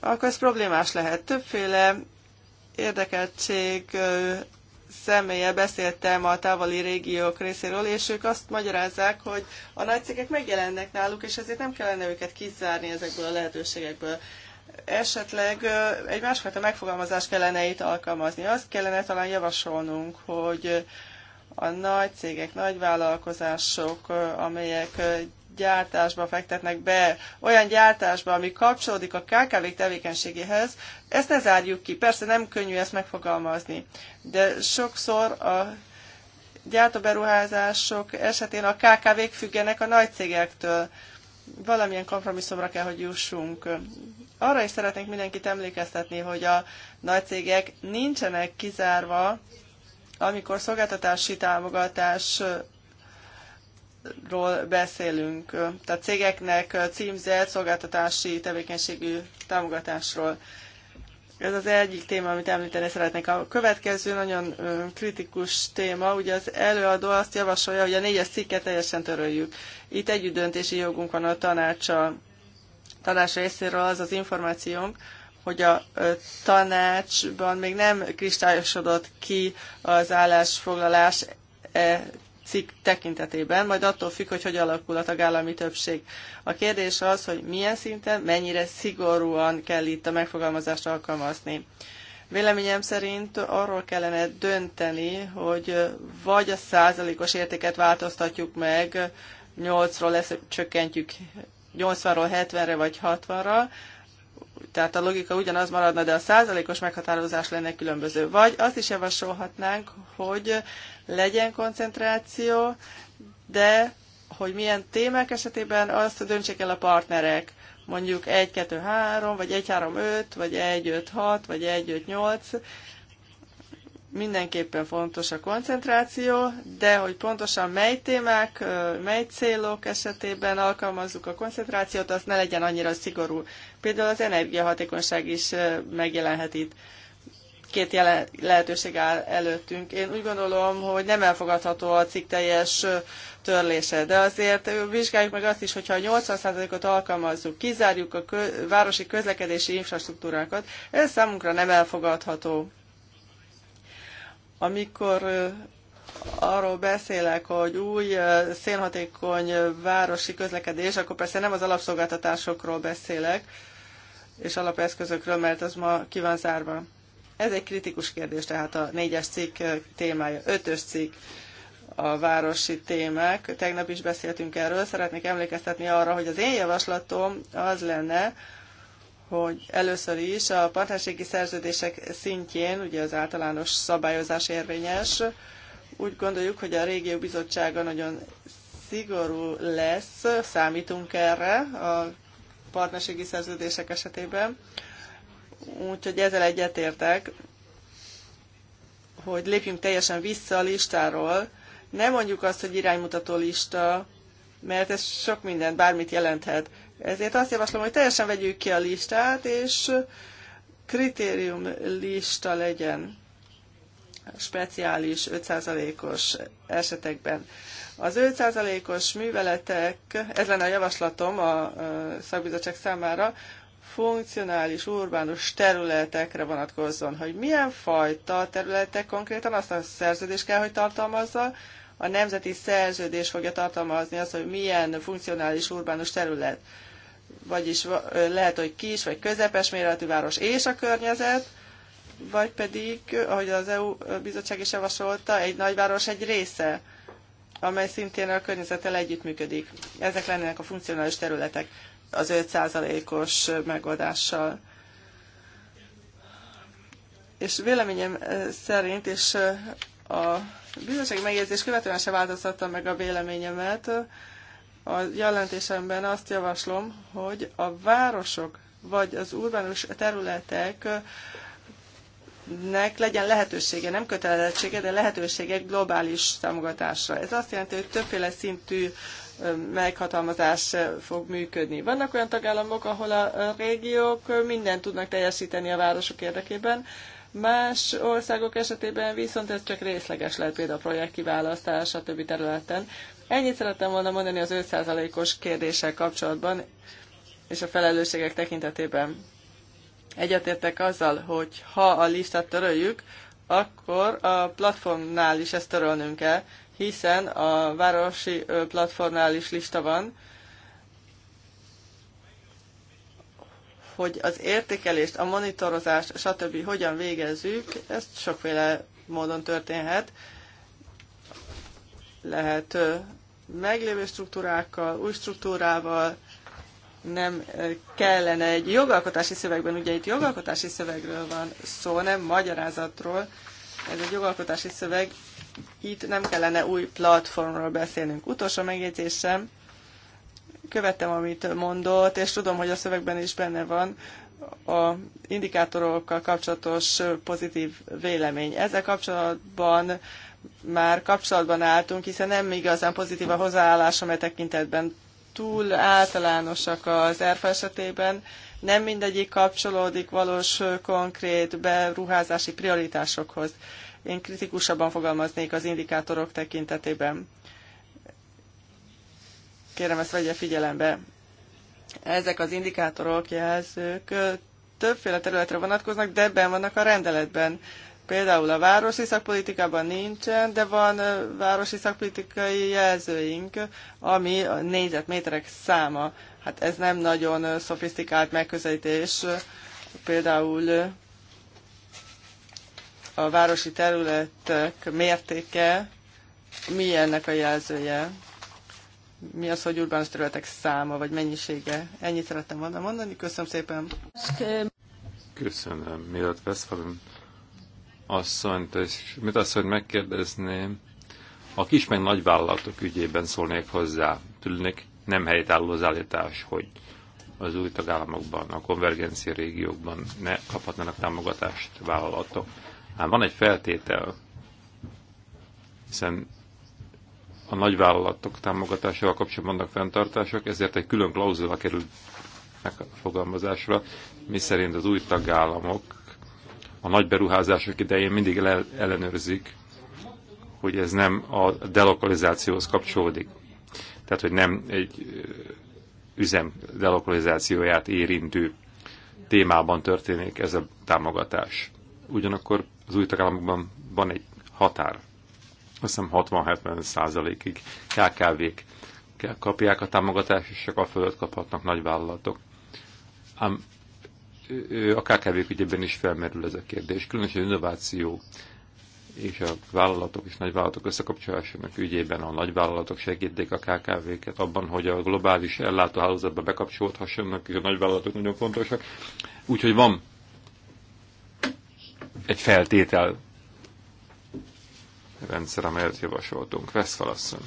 akkor ez problémás lehet. Többféle érdekeltség személye beszéltem a távoli régiók részéről, és ők azt magyarázzák, hogy a nagy cégek megjelennek náluk, és ezért nem kellene őket kizárni ezekből a lehetőségekből. Esetleg egy másfajta megfogalmazást kellene itt alkalmazni. Azt kellene talán javasolnunk, hogy a nagy cégek, nagy vállalkozások, amelyek gyártásba fektetnek be, olyan gyártásba, ami kapcsolódik a KKV tevékenységéhez, ezt ne zárjuk ki. Persze nem könnyű ezt megfogalmazni, de sokszor a gyártóberuházások esetén a KKV-k függenek a nagy cégektől. Valamilyen kompromisszumra kell, hogy jussunk. Arra is szeretnénk mindenkit emlékeztetni, hogy a nagy cégek nincsenek kizárva, amikor szolgáltatási támogatás ról beszélünk, tehát cégeknek címzett szolgáltatási tevékenységű támogatásról. Ez az egyik téma, amit említeni szeretnék. A következő nagyon kritikus téma, ugye az előadó azt javasolja, hogy a négyes cikket teljesen töröljük. Itt együtt döntési jogunk van a tanácsa, tanács részéről az az információnk, hogy a tanácsban még nem kristályosodott ki az állásfoglalás e cikk tekintetében, majd attól függ, hogy hogy alakul a tagállami többség. A kérdés az, hogy milyen szinten, mennyire szigorúan kell itt a megfogalmazást alkalmazni. Véleményem szerint arról kellene dönteni, hogy vagy a százalékos értéket változtatjuk meg, 8-ról lesz, csökkentjük 80-ról 70-re vagy 60-ra, tehát a logika ugyanaz maradna, de a százalékos meghatározás lenne különböző. Vagy azt is javasolhatnánk, hogy legyen koncentráció, de hogy milyen témák esetében azt döntsék el a partnerek. Mondjuk 1-2-3, vagy 1-3-5, vagy 1-5-6, vagy 1-5-8 mindenképpen fontos a koncentráció, de hogy pontosan mely témák, mely célok esetében alkalmazzuk a koncentrációt, az ne legyen annyira szigorú. Például az energiahatékonyság is megjelenhet itt. Két lehetőség áll előttünk. Én úgy gondolom, hogy nem elfogadható a cikk teljes törlése, de azért vizsgáljuk meg azt is, hogyha a 80%-ot alkalmazzuk, kizárjuk a kö- városi közlekedési infrastruktúrákat, ez számunkra nem elfogadható amikor arról beszélek, hogy új szénhatékony városi közlekedés, akkor persze nem az alapszolgáltatásokról beszélek, és alapeszközökről, mert az ma ki van zárva. Ez egy kritikus kérdés, tehát a négyes cikk témája, ötös cikk a városi témák. Tegnap is beszéltünk erről. Szeretnék emlékeztetni arra, hogy az én javaslatom az lenne, hogy először is a partnerségi szerződések szintjén, ugye az általános szabályozás érvényes, úgy gondoljuk, hogy a régió bizottsága nagyon szigorú lesz, számítunk erre a partnerségi szerződések esetében, úgyhogy ezzel egyetértek, hogy lépjünk teljesen vissza a listáról. Nem mondjuk azt, hogy iránymutató lista, mert ez sok mindent, bármit jelenthet. Ezért azt javaslom, hogy teljesen vegyük ki a listát, és kritérium lista legyen speciális 5%-os esetekben. Az 5%-os műveletek, ez lenne a javaslatom a szakbizottság számára, funkcionális urbánus területekre vonatkozzon, hogy milyen fajta területek konkrétan, azt a szerződés kell, hogy tartalmazza, a nemzeti szerződés fogja tartalmazni azt, hogy milyen funkcionális urbánus terület vagyis lehet, hogy kis vagy közepes méretű város és a környezet, vagy pedig, ahogy az EU bizottság is javasolta, egy nagyváros egy része, amely szintén a környezettel együttműködik. Ezek lennének a funkcionális területek az 5%-os megoldással. És véleményem szerint, és a bizottsági megjegyzés követően se változtatta meg a véleményemet, a jelentésemben azt javaslom, hogy a városok vagy az urbanus területek nek legyen lehetősége, nem kötelezettsége, de lehetősége globális támogatásra. Ez azt jelenti, hogy többféle szintű meghatalmazás fog működni. Vannak olyan tagállamok, ahol a régiók mindent tudnak teljesíteni a városok érdekében, Más országok esetében viszont ez csak részleges lehet, például a projekt kiválasztás, a többi területen. Ennyit szerettem volna mondani az 5%-os kérdéssel kapcsolatban és a felelősségek tekintetében. Egyetértek azzal, hogy ha a listát töröljük, akkor a platformnál is ezt törölnünk kell, hiszen a városi platformnál is lista van, hogy az értékelést, a monitorozást, stb. hogyan végezzük, ezt sokféle módon történhet. Lehet meglévő struktúrákkal, új struktúrával, nem kellene egy jogalkotási szövegben, ugye itt jogalkotási szövegről van szó, nem magyarázatról, ez egy jogalkotási szöveg, itt nem kellene új platformról beszélnünk. Utolsó megjegyzésem, követem, amit mondott, és tudom, hogy a szövegben is benne van a indikátorokkal kapcsolatos pozitív vélemény. Ezzel kapcsolatban már kapcsolatban álltunk, hiszen nem igazán pozitív a hozzáállásom e tekintetben. Túl általánosak az ERFA esetében, nem mindegyik kapcsolódik valós konkrét beruházási prioritásokhoz. Én kritikusabban fogalmaznék az indikátorok tekintetében. Kérem, ezt vegye figyelembe. Ezek az indikátorok, jelzők többféle területre vonatkoznak, de ebben vannak a rendeletben. Például a városi szakpolitikában nincsen, de van városi szakpolitikai jelzőink, ami a négyzetméterek száma. Hát ez nem nagyon szofisztikált megközelítés. Például a városi területek mértéke mi ennek a jelzője? mi az, hogy urbánus területek száma vagy mennyisége. Ennyit szerettem volna mondani. Köszönöm szépen. Köszönöm. Mielőtt Veszfalon asszonyt, és mit azt, hogy megkérdezném, a kis meg nagyvállalatok ügyében szólnék hozzá. Tűnik nem helytálló az állítás, hogy az új tagállamokban, a konvergencia régiókban ne kaphatnának támogatást vállalatok. Hát van egy feltétel, hiszen a nagyvállalatok támogatásával kapcsolatban vannak fenntartások, ezért egy külön klauzula kerül megfogalmazásra, szerint az új tagállamok a nagy beruházások idején mindig le- ellenőrzik, hogy ez nem a delokalizációhoz kapcsolódik. Tehát, hogy nem egy üzem delokalizációját érintő témában történik ez a támogatás. Ugyanakkor az új tagállamokban van egy határ hiszem 60-70 százalékig KKV-k kapják a támogatást, és csak a fölött kaphatnak nagyvállalatok. Ám a KKV-k ügyében is felmerül ez a kérdés, különösen innováció és a vállalatok és nagyvállalatok összekapcsolásának ügyében a nagyvállalatok segítik a KKV-ket abban, hogy a globális ellátóhálózatba bekapcsolódhassanak, és a nagyvállalatok nagyon fontosak. Úgyhogy van egy feltétel rendszer, amelyet javasoltunk. Veszfalasszony.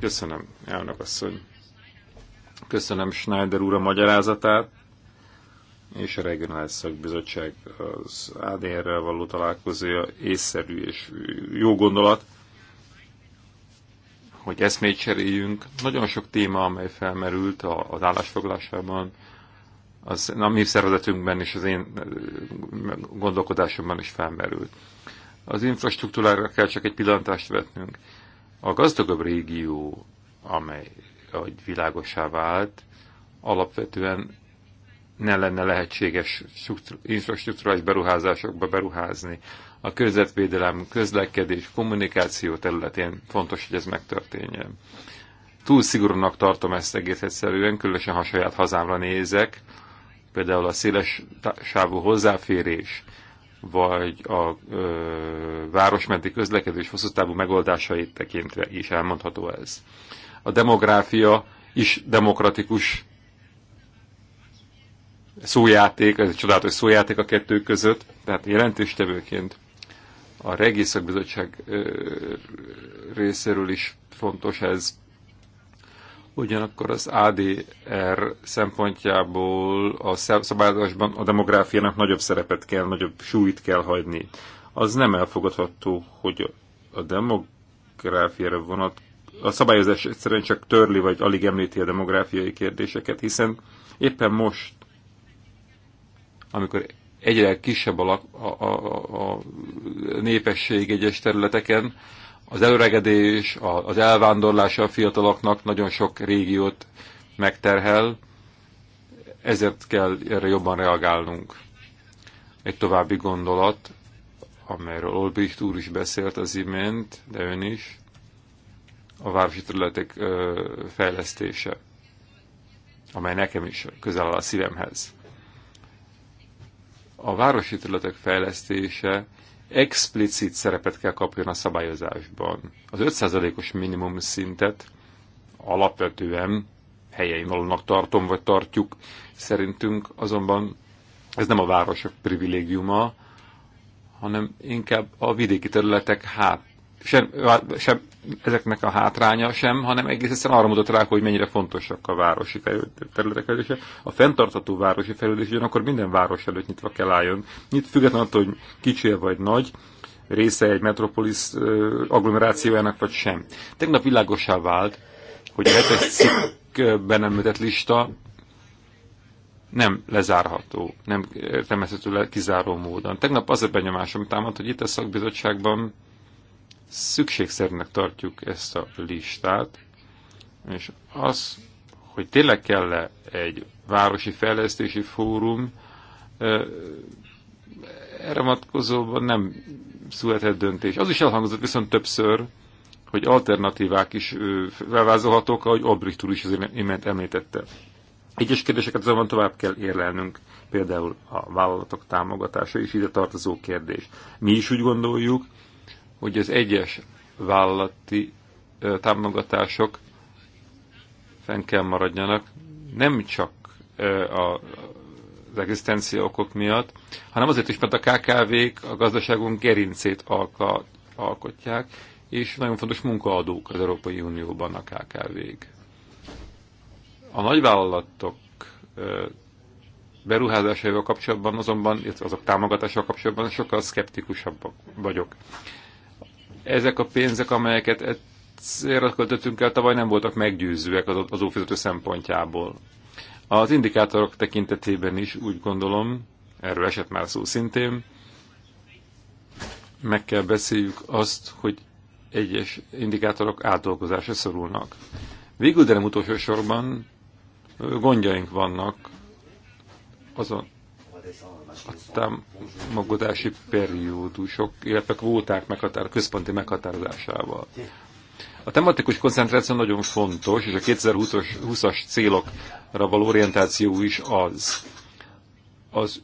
Köszönöm, elnök asszony. Köszönöm Schneider úr a magyarázatát, és a Regionális Szakbizottság az ADR-rel való találkozója észszerű és jó gondolat, hogy eszmét cseréljünk. Nagyon sok téma, amely felmerült az állásfoglásában, az a mi szervezetünkben és az én gondolkodásomban is felmerült. Az infrastruktúrára kell csak egy pillantást vetnünk. A gazdagabb régió, amely ahogy világosá vált, alapvetően ne lenne lehetséges infrastruktúrális beruházásokba beruházni. A közvetvédelem, közlekedés, kommunikáció területén fontos, hogy ez megtörténjen. Túl szigorúnak tartom ezt egész egyszerűen, különösen ha saját hazámra nézek, például a széles sávú hozzáférés, vagy a ö, városmenti közlekedés hosszú távú megoldásait tekintve is elmondható ez. A demográfia is demokratikus szójáték, ez egy csodálatos szójáték a kettő között, tehát jelentéstevőként a Regiszakbizottság részéről is fontos ez, Ugyanakkor az ADR szempontjából a szabályozásban a demográfiának nagyobb szerepet kell, nagyobb súlyt kell hagyni. Az nem elfogadható, hogy a demográfiára vonat, a szabályozás egyszerűen csak törli vagy alig említi a demográfiai kérdéseket, hiszen éppen most, amikor egyre kisebb a, a, a, a népesség egyes területeken, az előregedés, az elvándorlása a fiataloknak nagyon sok régiót megterhel, ezért kell erre jobban reagálnunk. Egy további gondolat, amelyről Olbricht úr is beszélt az imént, de ön is, a városi területek fejlesztése, amely nekem is közel áll a szívemhez. A városi területek fejlesztése explicit szerepet kell kapjon a szabályozásban. Az 5%-os minimum szintet alapvetően helyein valónak tartom, vagy tartjuk szerintünk, azonban ez nem a városok privilégiuma, hanem inkább a vidéki területek hát, sem, sem ezeknek a hátránya sem, hanem egész egyszerűen arra mutat rá, hogy mennyire fontosak a városi területek fejlődése. A fenntartható városi fejlődés ugyanakkor minden város előtt nyitva kell álljon. Nyit független attól, hogy kicsi vagy nagy, része egy metropolis agglomerációjának vagy sem. Tegnap világosá vált, hogy a hetes cikkben említett lista nem lezárható, nem termeszthető le kizáró módon. Tegnap az a benyomásom támadt, hogy itt a szakbizottságban szükségszerűnek tartjuk ezt a listát, és az, hogy tényleg kell -e egy városi fejlesztési fórum, erre matkozóban nem született döntés. Az is elhangzott viszont többször, hogy alternatívák is felvázolhatók, ahogy Albrecht úr is az imént említette. Egyes kérdéseket azonban tovább kell érlelnünk, például a vállalatok támogatása is ide tartozó kérdés. Mi is úgy gondoljuk, hogy az egyes vállalati támogatások fenn kell maradjanak, nem csak a az egzisztencia okok miatt, hanem azért is, mert a KKV-k a gazdaságunk gerincét alkotják, és nagyon fontos munkaadók az Európai Unióban a KKV-k. A nagyvállalatok beruházásaival kapcsolatban azonban, illetve azok támogatásával kapcsolatban sokkal szkeptikusabb vagyok ezek a pénzek, amelyeket célra költöttünk el tavaly, nem voltak meggyőzőek az adófizető szempontjából. Az indikátorok tekintetében is úgy gondolom, erről esett már szó szintén, meg kell beszéljük azt, hogy egyes indikátorok átdolgozásra szorulnak. Végül, de nem utolsó sorban gondjaink vannak azon a támogatási periódusok, illetve kvóták meghatár, központi meghatározásával. A tematikus koncentráció nagyon fontos, és a 2020-as célokra való orientáció is az. az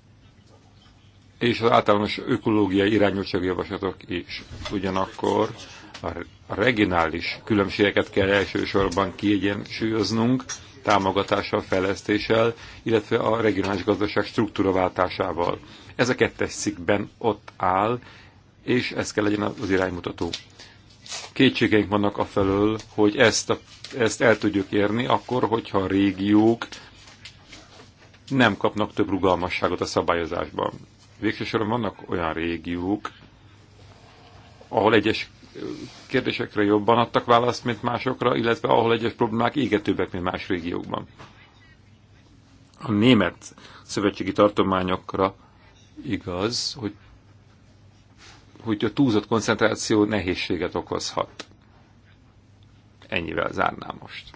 és az általános ökológiai irányultsági javaslatok is. Ugyanakkor a regionális különbségeket kell elsősorban kiegyensúlyoznunk, támogatással, fejlesztéssel, illetve a regionális gazdaság struktúraváltásával. Ez a kettes szikben ott áll, és ez kell legyen az iránymutató. Kétségeink vannak afelől, hogy ezt, a, ezt el tudjuk érni, akkor, hogyha a régiók nem kapnak több rugalmasságot a szabályozásban. Végsősorban soron vannak olyan régiók, ahol egyes kérdésekre jobban adtak választ, mint másokra, illetve ahol egyes problémák égetőbbek, mint más régiókban. A német szövetségi tartományokra igaz, hogy, hogy a túlzott koncentráció nehézséget okozhat. Ennyivel zárnám most.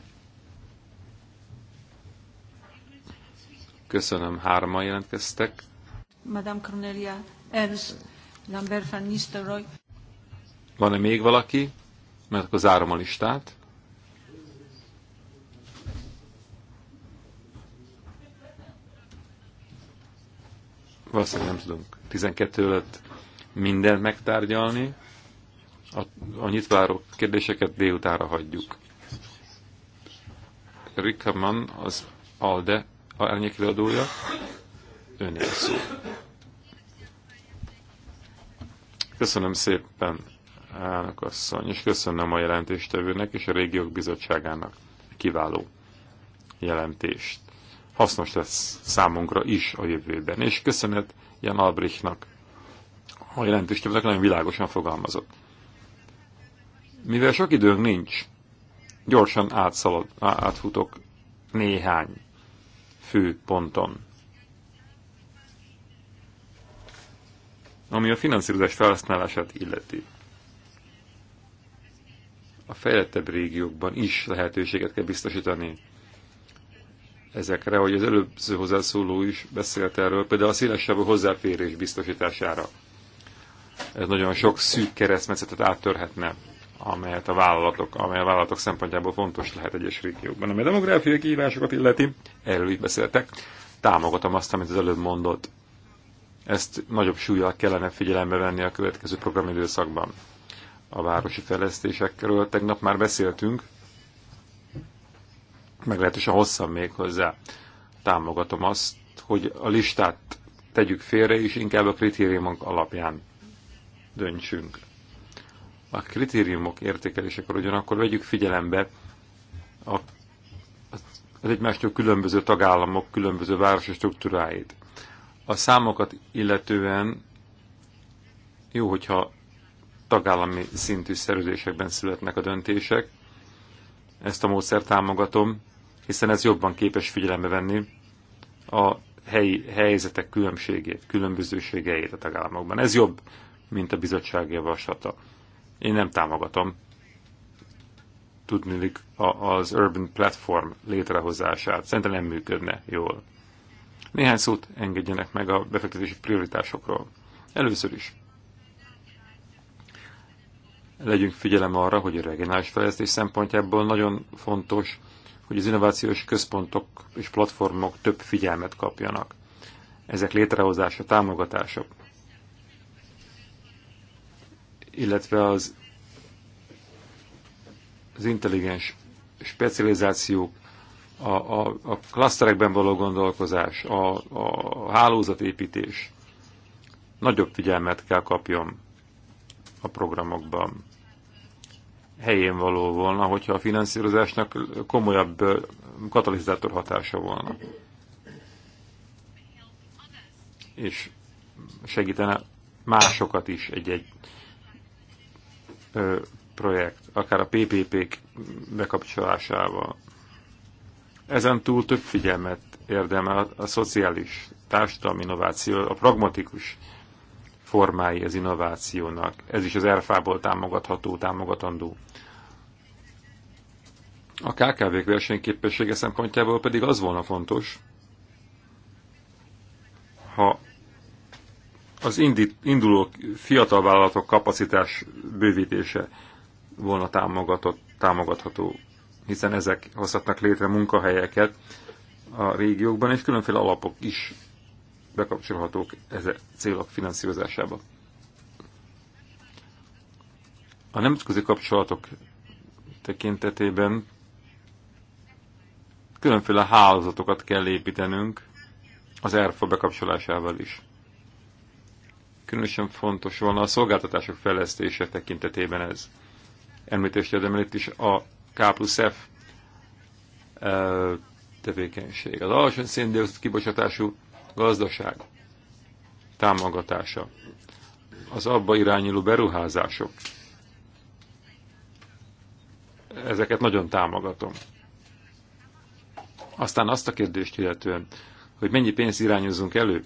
Köszönöm, hárman jelentkeztek. Madame Cornelia Ernst, Lambert van Nistelrooy. Van-e még valaki? Mert akkor zárom a listát. Valószínűleg nem tudunk 12 lett mindent megtárgyalni. A, a nyitváró kérdéseket délutára hagyjuk. Rickerman az ALDE árnyékiradója. Önél szó. Köszönöm szépen, elnök asszony, és köszönöm a jelentéstevőnek és a régiók bizottságának kiváló jelentést. Hasznos lesz számunkra is a jövőben, és köszönet Jan Albrichtnak, a jelentéstevőnek nagyon világosan fogalmazott. Mivel sok időnk nincs, gyorsan átszalad, átfutok néhány fő ponton. Ami a finanszírozás felhasználását illeti a fejlettebb régiókban is lehetőséget kell biztosítani ezekre, hogy az előbbző hozzászóló is beszélt erről, például a szélesebb hozzáférés biztosítására. Ez nagyon sok szűk keresztmetszetet áttörhetne, amelyet a vállalatok, amely a vállalatok szempontjából fontos lehet egyes régiókban. Ami a demográfiai kihívásokat illeti, erről is beszéltek, támogatom azt, amit az előbb mondott. Ezt nagyobb súlyjal kellene figyelembe venni a következő programidőszakban a városi fejlesztésekről tegnap már beszéltünk, meglehetősen hosszan még hozzá. Támogatom azt, hogy a listát tegyük félre, és inkább a kritériumok alapján döntsünk. A kritériumok értékelésekor ugyanakkor vegyük figyelembe a, az egymástól különböző tagállamok, különböző városi struktúráit. A számokat illetően jó, hogyha tagállami szintű szerződésekben születnek a döntések. Ezt a módszert támogatom, hiszen ez jobban képes figyelembe venni a helyi helyzetek különbségét, különbözőségeit a tagállamokban. Ez jobb, mint a bizottság javaslata. Én nem támogatom tudnilik az Urban Platform létrehozását. Szerintem nem működne jól. Néhány szót engedjenek meg a befektetési prioritásokról. Először is legyünk figyelem arra, hogy a regionális fejlesztés szempontjából nagyon fontos, hogy az innovációs központok és platformok több figyelmet kapjanak. Ezek létrehozása, támogatása, illetve az, az intelligens specializációk, a, a, a klaszterekben való gondolkozás, a, a hálózatépítés nagyobb figyelmet kell kapjon a programokban. Helyén való volna, hogyha a finanszírozásnak komolyabb katalizátor hatása volna. És segítene másokat is egy-egy projekt, akár a PPP-k bekapcsolásával. Ezen túl több figyelmet érdemel a szociális, társadalmi innováció, a pragmatikus formái az innovációnak. Ez is az rfa ból támogatható, támogatandó. A KKV-k versenyképessége szempontjából pedig az volna fontos, ha az indít, induló fiatal vállalatok kapacitás bővítése volna támogatott, támogatható, hiszen ezek hozhatnak létre munkahelyeket a régiókban, és különféle alapok is bekapcsolhatók ezen célok finanszírozásába. A nemzetközi kapcsolatok tekintetében különféle hálózatokat kell építenünk az ERFA bekapcsolásával is. Különösen fontos volna a szolgáltatások fejlesztése tekintetében ez. Említést érdemel itt is a K plusz F eh, tevékenység. Az alacsony széndiokszid kibocsátású gazdaság támogatása, az abba irányuló beruházások, ezeket nagyon támogatom. Aztán azt a kérdést illetően, hogy mennyi pénzt irányozunk elő,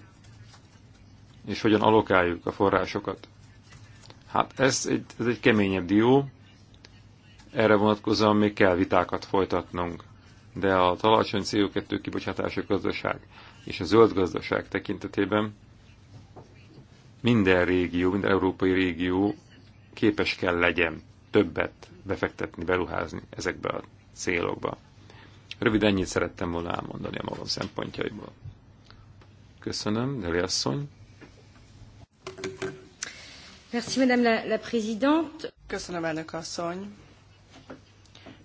és hogyan alokáljuk a forrásokat. Hát ez egy, ez egy keményebb dió, erre vonatkozóan még kell vitákat folytatnunk. De a alacsony CO2 kibocsátású gazdaság és a zöld gazdaság tekintetében minden régió, minden európai régió képes kell legyen többet befektetni, beruházni ezekbe a célokba. Röviden ennyit szerettem volna elmondani a magam szempontjaiból. Köszönöm, Deli asszony. Merci, Madame la, la Présidente. Köszönöm, elnök asszony.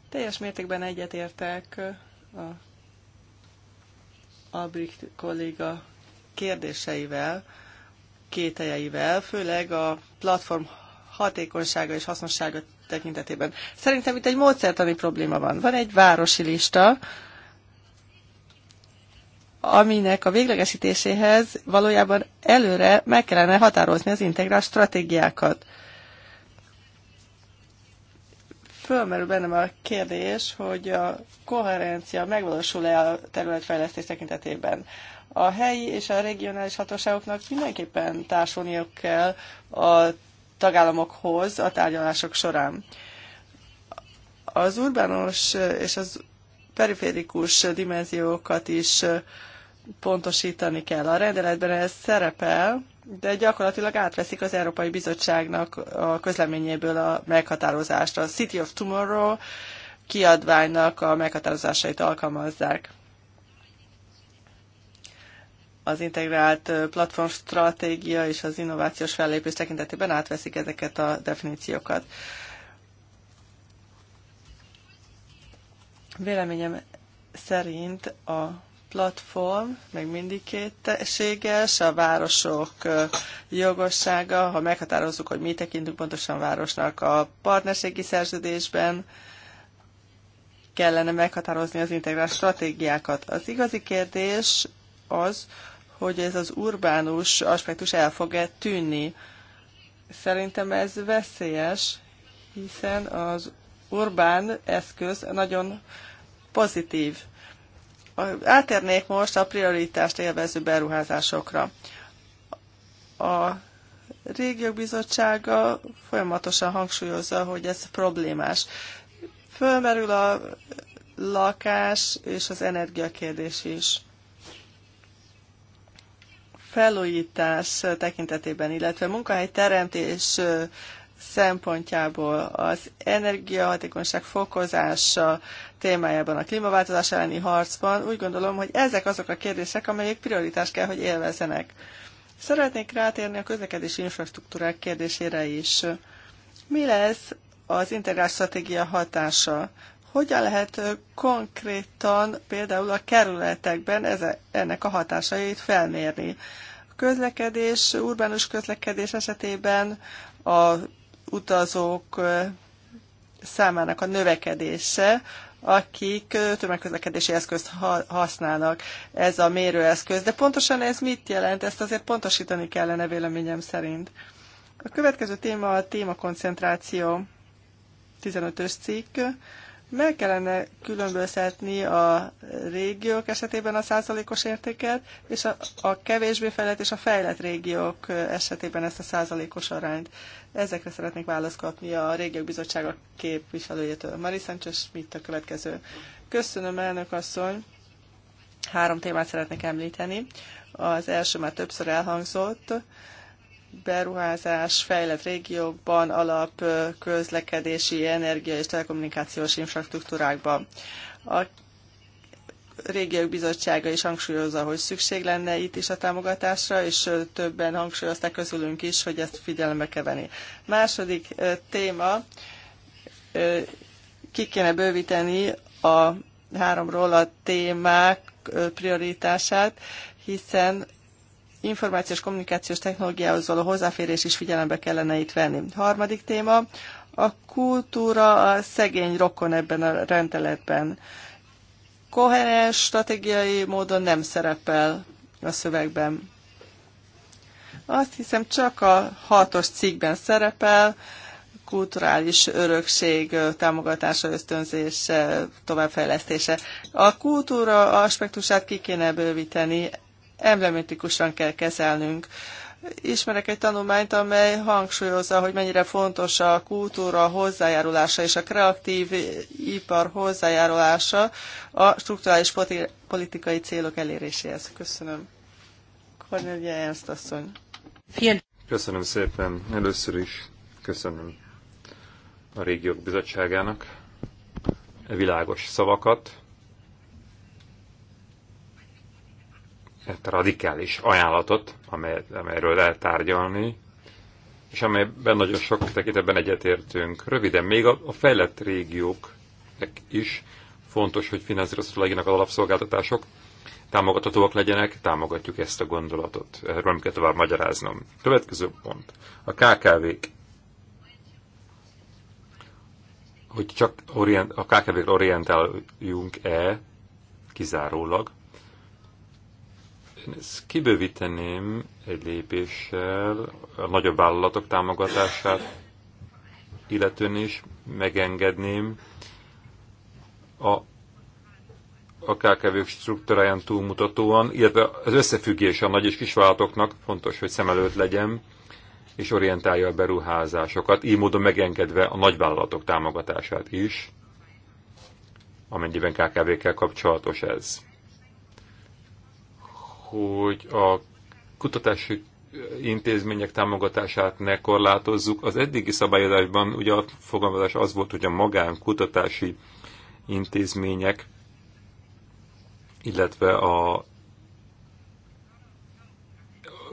Teljes mértékben egyetértek a Albrecht kolléga kérdéseivel, kételjeivel, főleg a platform hatékonysága és hasznossága tekintetében. Szerintem itt egy módszertani probléma van. Van egy városi lista, aminek a véglegesítéséhez valójában előre meg kellene határozni az integrál stratégiákat fölmerül bennem a kérdés, hogy a koherencia megvalósul-e a területfejlesztés tekintetében. A helyi és a regionális hatóságoknak mindenképpen társulniuk kell a tagállamokhoz a tárgyalások során. Az urbános és az periférikus dimenziókat is pontosítani kell. A rendeletben ez szerepel, de gyakorlatilag átveszik az Európai Bizottságnak a közleményéből a meghatározást. A City of Tomorrow kiadványnak a meghatározásait alkalmazzák. Az integrált platformstratégia és az innovációs fellépés tekintetében átveszik ezeket a definíciókat. Véleményem szerint a platform még mindig kétséges, a városok jogossága, ha meghatározzuk, hogy mi tekintünk pontosan városnak a partnerségi szerződésben, kellene meghatározni az integrált stratégiákat. Az igazi kérdés az, hogy ez az urbánus aspektus el fog-e tűnni. Szerintem ez veszélyes, hiszen az urbán eszköz nagyon pozitív Átérnék most a prioritást élvező beruházásokra. A régiók bizottsága folyamatosan hangsúlyozza, hogy ez problémás. Fölmerül a lakás és az energiakérdés is felújítás tekintetében, illetve munkahely teremtés szempontjából az energiahatékonyság fokozása témájában, a klímaváltozás elleni harcban, úgy gondolom, hogy ezek azok a kérdések, amelyek prioritást kell, hogy élvezenek. Szeretnék rátérni a közlekedési infrastruktúrák kérdésére is. Mi lesz az integrált stratégia hatása? Hogyan lehet konkrétan például a kerületekben eze, ennek a hatásait felmérni? A közlekedés, urbánus közlekedés esetében a utazók számának a növekedése, akik tömegközlekedési eszközt használnak. Ez a mérőeszköz. De pontosan ez mit jelent? Ezt azért pontosítani kellene véleményem szerint. A következő téma a témakoncentráció 15-ös cikk. Meg kellene különböztetni a régiók esetében a százalékos értéket, és a, a kevésbé fejlett és a fejlett régiók esetében ezt a százalékos arányt. Ezekre szeretnék választ kapni a Régiók Bizottsága képviselőjétől. Mari Sánchez, mit a következő? Köszönöm, elnök asszony! Három témát szeretnék említeni. Az első már többször elhangzott, beruházás fejlett régiókban, alap közlekedési, energia és telekommunikációs infrastruktúrákban. A régiók bizottsága is hangsúlyozza, hogy szükség lenne itt is a támogatásra, és többen hangsúlyozták közülünk is, hogy ezt figyelembe kell venni. Második téma, ki kéne bővíteni a háromról a témák prioritását, hiszen információs kommunikációs technológiához való hozzáférés is figyelembe kellene itt venni. Harmadik téma, a kultúra a szegény rokon ebben a rendeletben. Koherens stratégiai módon nem szerepel a szövegben. Azt hiszem csak a hatos cikkben szerepel, kulturális örökség támogatása, ösztönzése, továbbfejlesztése. A kultúra aspektusát ki kéne bővíteni, emblematikusan kell kezelnünk. Ismerek egy tanulmányt, amely hangsúlyozza, hogy mennyire fontos a kultúra hozzájárulása és a kreatív ipar hozzájárulása a strukturális politikai célok eléréséhez. Köszönöm. Cornelia Ernst asszony. Köszönöm szépen. Először is köszönöm a régiók bizottságának világos szavakat, ezt radikális ajánlatot, amely, amelyről lehet tárgyalni, és amelyben nagyon sok tekintetben egyetértünk. Röviden, még a, a fejlett régiók is fontos, hogy finanszírozható legyenek az alapszolgáltatások, támogathatóak legyenek, támogatjuk ezt a gondolatot. Erről nem kell tovább magyaráznom. Következő pont. A KKV-k. Hogy csak orient, a KKV-kre orientáljunk-e kizárólag, én ezt kibővíteném egy lépéssel a nagyobb vállalatok támogatását, illetően is megengedném a, a kkv struktúráján túlmutatóan, illetve az összefüggés a nagy és kis vállalatoknak, fontos, hogy szem előtt legyen, és orientálja a beruházásokat, így módon megengedve a nagyvállalatok támogatását is, amennyiben KKV-kkel kapcsolatos ez hogy a kutatási intézmények támogatását ne korlátozzuk. Az eddigi szabályozásban ugye a fogalmazás az volt, hogy a magánkutatási intézmények, illetve a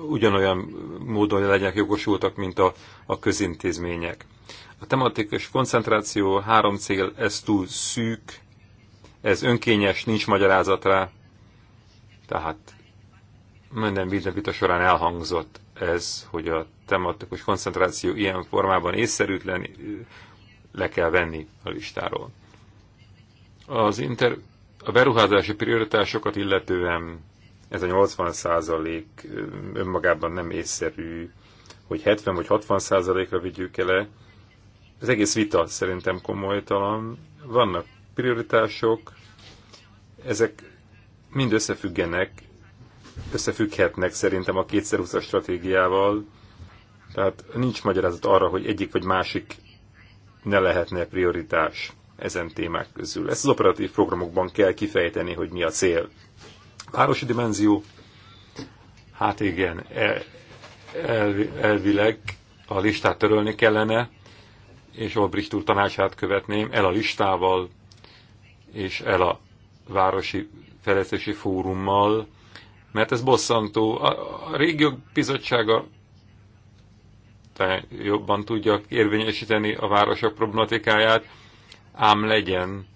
ugyanolyan módon legyenek jogosultak, mint a, a közintézmények. A tematikus koncentráció három cél, ez túl szűk, ez önkényes, nincs magyarázat rá, tehát minden vita során elhangzott ez, hogy a tematikus koncentráció ilyen formában észszerűtlen, le kell venni a listáról. Az inter, a beruházási prioritásokat illetően ez a 80 százalék önmagában nem észszerű, hogy 70 vagy 60 százalékra vigyük el Az egész vita szerintem komolytalan. Vannak prioritások, ezek mind összefüggenek, összefügghetnek szerintem a 2020-as stratégiával, tehát nincs magyarázat arra, hogy egyik vagy másik ne lehetne prioritás ezen témák közül. Ezt az operatív programokban kell kifejteni, hogy mi a cél. Városi dimenzió, hát igen, el, el, elvileg a listát törölni kellene, és Olbricht úr tanácsát követném, el a listával, és el a városi fejlesztési fórummal, mert ez bosszantó. A, a régiók bizottsága jobban tudja érvényesíteni a városok problematikáját, ám legyen.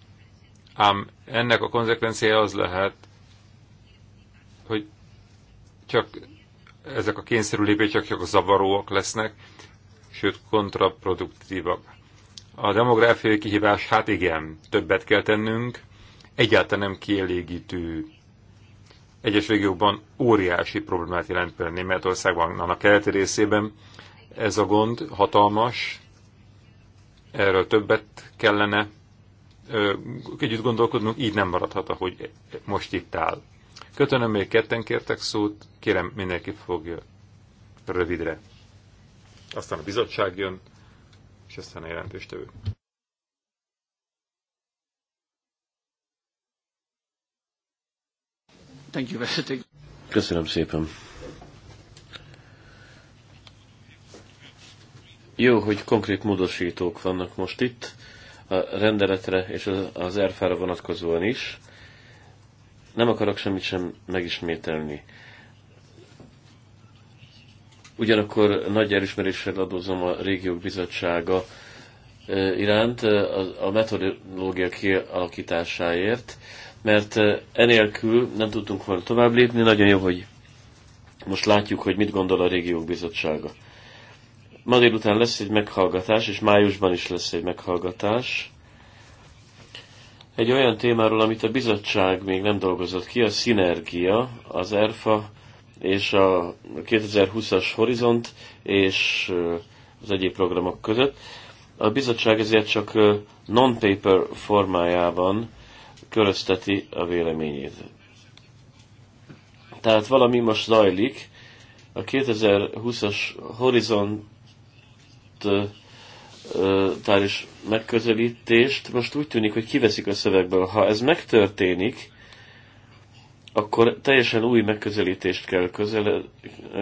Ám ennek a konzekvenciája az lehet, hogy csak ezek a kényszerű lépések csak zavaróak lesznek, sőt kontraproduktívak. A demográfiai kihívás, hát igen, többet kell tennünk, egyáltalán nem kielégítő egyes régiókban óriási problémát jelent, például Németországban, annak keleti részében ez a gond hatalmas, erről többet kellene együtt gondolkodnunk, így nem maradhat, ahogy most itt áll. Köszönöm, még ketten kértek szót, kérem mindenki fogja rövidre. Aztán a bizottság jön, és aztán a jelentéstevő. Thank you. Köszönöm szépen. Jó, hogy konkrét módosítók vannak most itt, a rendeletre és az erfára vonatkozóan is. Nem akarok semmit sem megismételni. Ugyanakkor nagy elismeréssel adózom a régiók bizottsága e, iránt e, a metodológia kialakításáért, mert eh, enélkül nem tudtunk volna tovább lépni. Nagyon jó, hogy most látjuk, hogy mit gondol a régiók bizottsága. Ma délután lesz egy meghallgatás, és májusban is lesz egy meghallgatás. Egy olyan témáról, amit a bizottság még nem dolgozott ki, a szinergia, az ERFA és a 2020-as Horizont és eh, az egyéb programok között. A bizottság ezért csak eh, non-paper formájában körözteti a véleményét. Tehát valami most zajlik. A 2020-as horizont is megközelítést most úgy tűnik, hogy kiveszik a szövegből. Ha ez megtörténik, akkor teljesen új megközelítést kell közel,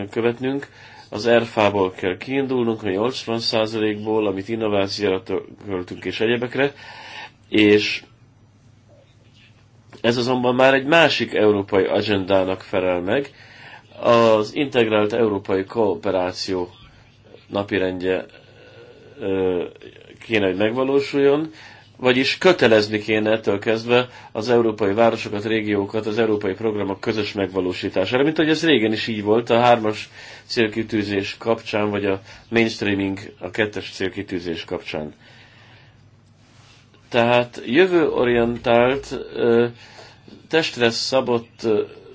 követnünk. Az RFA-ból kell kiindulnunk, a 80%-ból, amit innovációra költünk és egyebekre, és ez azonban már egy másik európai agendának felel meg, az integrált európai kooperáció napirendje kéne, hogy megvalósuljon, vagyis kötelezni kéne ettől kezdve az európai városokat, régiókat, az európai programok közös megvalósítására, mint ahogy ez régen is így volt, a hármas célkitűzés kapcsán, vagy a mainstreaming, a kettes célkitűzés kapcsán. Tehát jövőorientált, testre szabott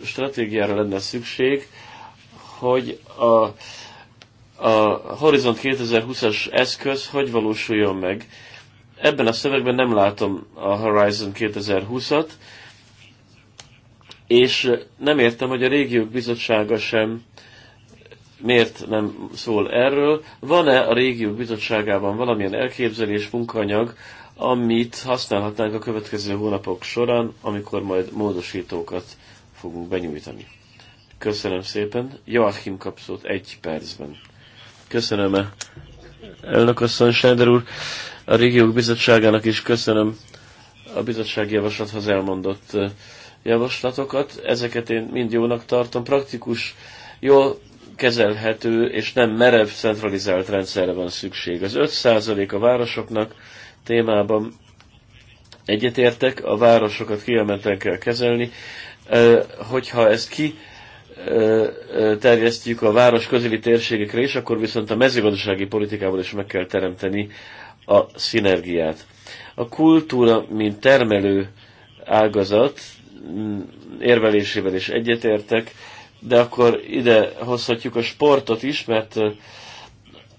stratégiára lenne szükség, hogy a, a Horizont 2020-as eszköz hogy valósuljon meg. Ebben a szövegben nem látom a Horizon 2020-at, és nem értem, hogy a régiók bizottsága sem miért nem szól erről. Van-e a régiók bizottságában valamilyen elképzelés, munkanyag, amit használhatnánk a következő hónapok során, amikor majd módosítókat fogunk benyújtani. Köszönöm szépen. Joachim kapszót egy percben. Köszönöm, -e. elnök asszony Schneider úr. A régiók bizottságának is köszönöm a bizottság javaslathoz elmondott eh, javaslatokat. Ezeket én mind jónak tartom. Praktikus, jól kezelhető és nem merev centralizált rendszerre van szükség. Az 5% a városoknak, témában egyetértek, a városokat kiemelten kell kezelni. Hogyha ezt ki terjesztjük a város közeli térségekre is, akkor viszont a mezőgazdasági politikával is meg kell teremteni a szinergiát. A kultúra, mint termelő ágazat érvelésével is egyetértek, de akkor ide hozhatjuk a sportot is, mert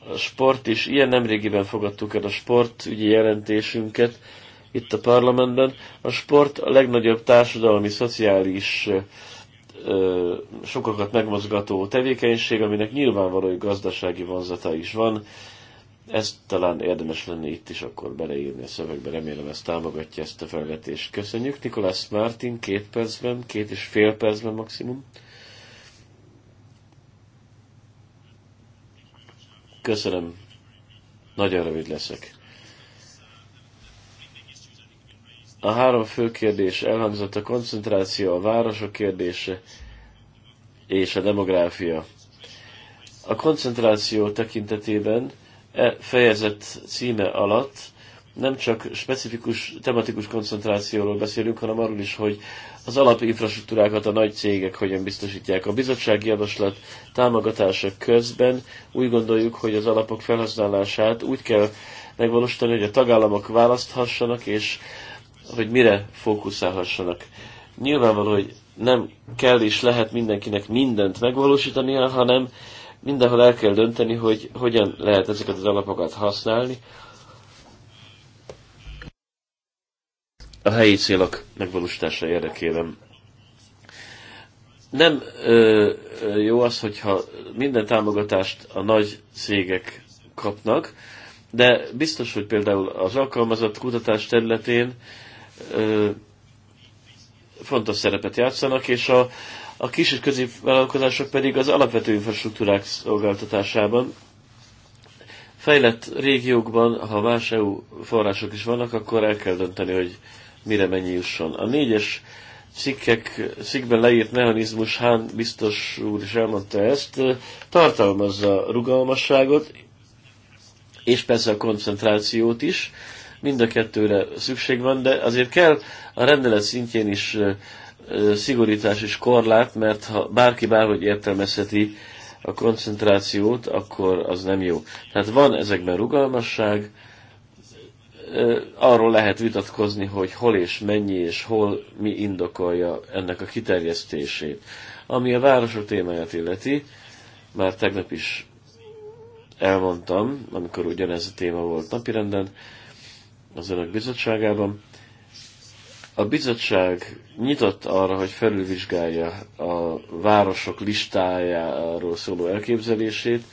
a sport is. Ilyen nemrégiben fogadtuk el a sportügyi jelentésünket itt a parlamentben. A sport a legnagyobb társadalmi, szociális, sokakat megmozgató tevékenység, aminek nyilvánvaló gazdasági vonzata is van. Ezt talán érdemes lenne itt is akkor beleírni a szövegbe. Remélem ezt támogatja ezt a felvetést. Köszönjük. Nikolás Martin két percben, két és fél percben maximum. Köszönöm. Nagyon rövid leszek. A három fő kérdés elhangzott a koncentráció, a városok kérdése és a demográfia. A koncentráció tekintetében e fejezet címe alatt nem csak specifikus, tematikus koncentrációról beszélünk, hanem arról is, hogy az alapinfrastruktúrákat a nagy cégek hogyan biztosítják. A bizottsági javaslat támogatása közben úgy gondoljuk, hogy az alapok felhasználását úgy kell megvalósítani, hogy a tagállamok választhassanak, és hogy mire fókuszálhassanak. Nyilvánvaló, hogy nem kell és lehet mindenkinek mindent megvalósítania, hanem mindenhol el kell dönteni, hogy hogyan lehet ezeket az alapokat használni, a helyi célok megvalósítása érdekében. Nem ö, jó az, hogyha minden támogatást a nagy cégek kapnak, de biztos, hogy például az alkalmazott kutatás területén ö, fontos szerepet játszanak, és a, a kis és középvállalkozások pedig az alapvető infrastruktúrák szolgáltatásában. Fejlett régiókban, ha más EU források is vannak, akkor el kell dönteni, hogy mire mennyi jusson. A négyes cikkek, cikkben leírt mechanizmus, Hán biztos úr is elmondta ezt, tartalmazza rugalmasságot, és persze a koncentrációt is. Mind a kettőre szükség van, de azért kell a rendelet szintjén is szigorítás és korlát, mert ha bárki bárhogy értelmezheti a koncentrációt, akkor az nem jó. Tehát van ezekben rugalmasság, arról lehet vitatkozni, hogy hol és mennyi és hol mi indokolja ennek a kiterjesztését. Ami a városok témáját illeti, már tegnap is elmondtam, amikor ugyanez a téma volt napirenden, az önök bizottságában. A bizottság nyitott arra, hogy felülvizsgálja a városok listájáról szóló elképzelését,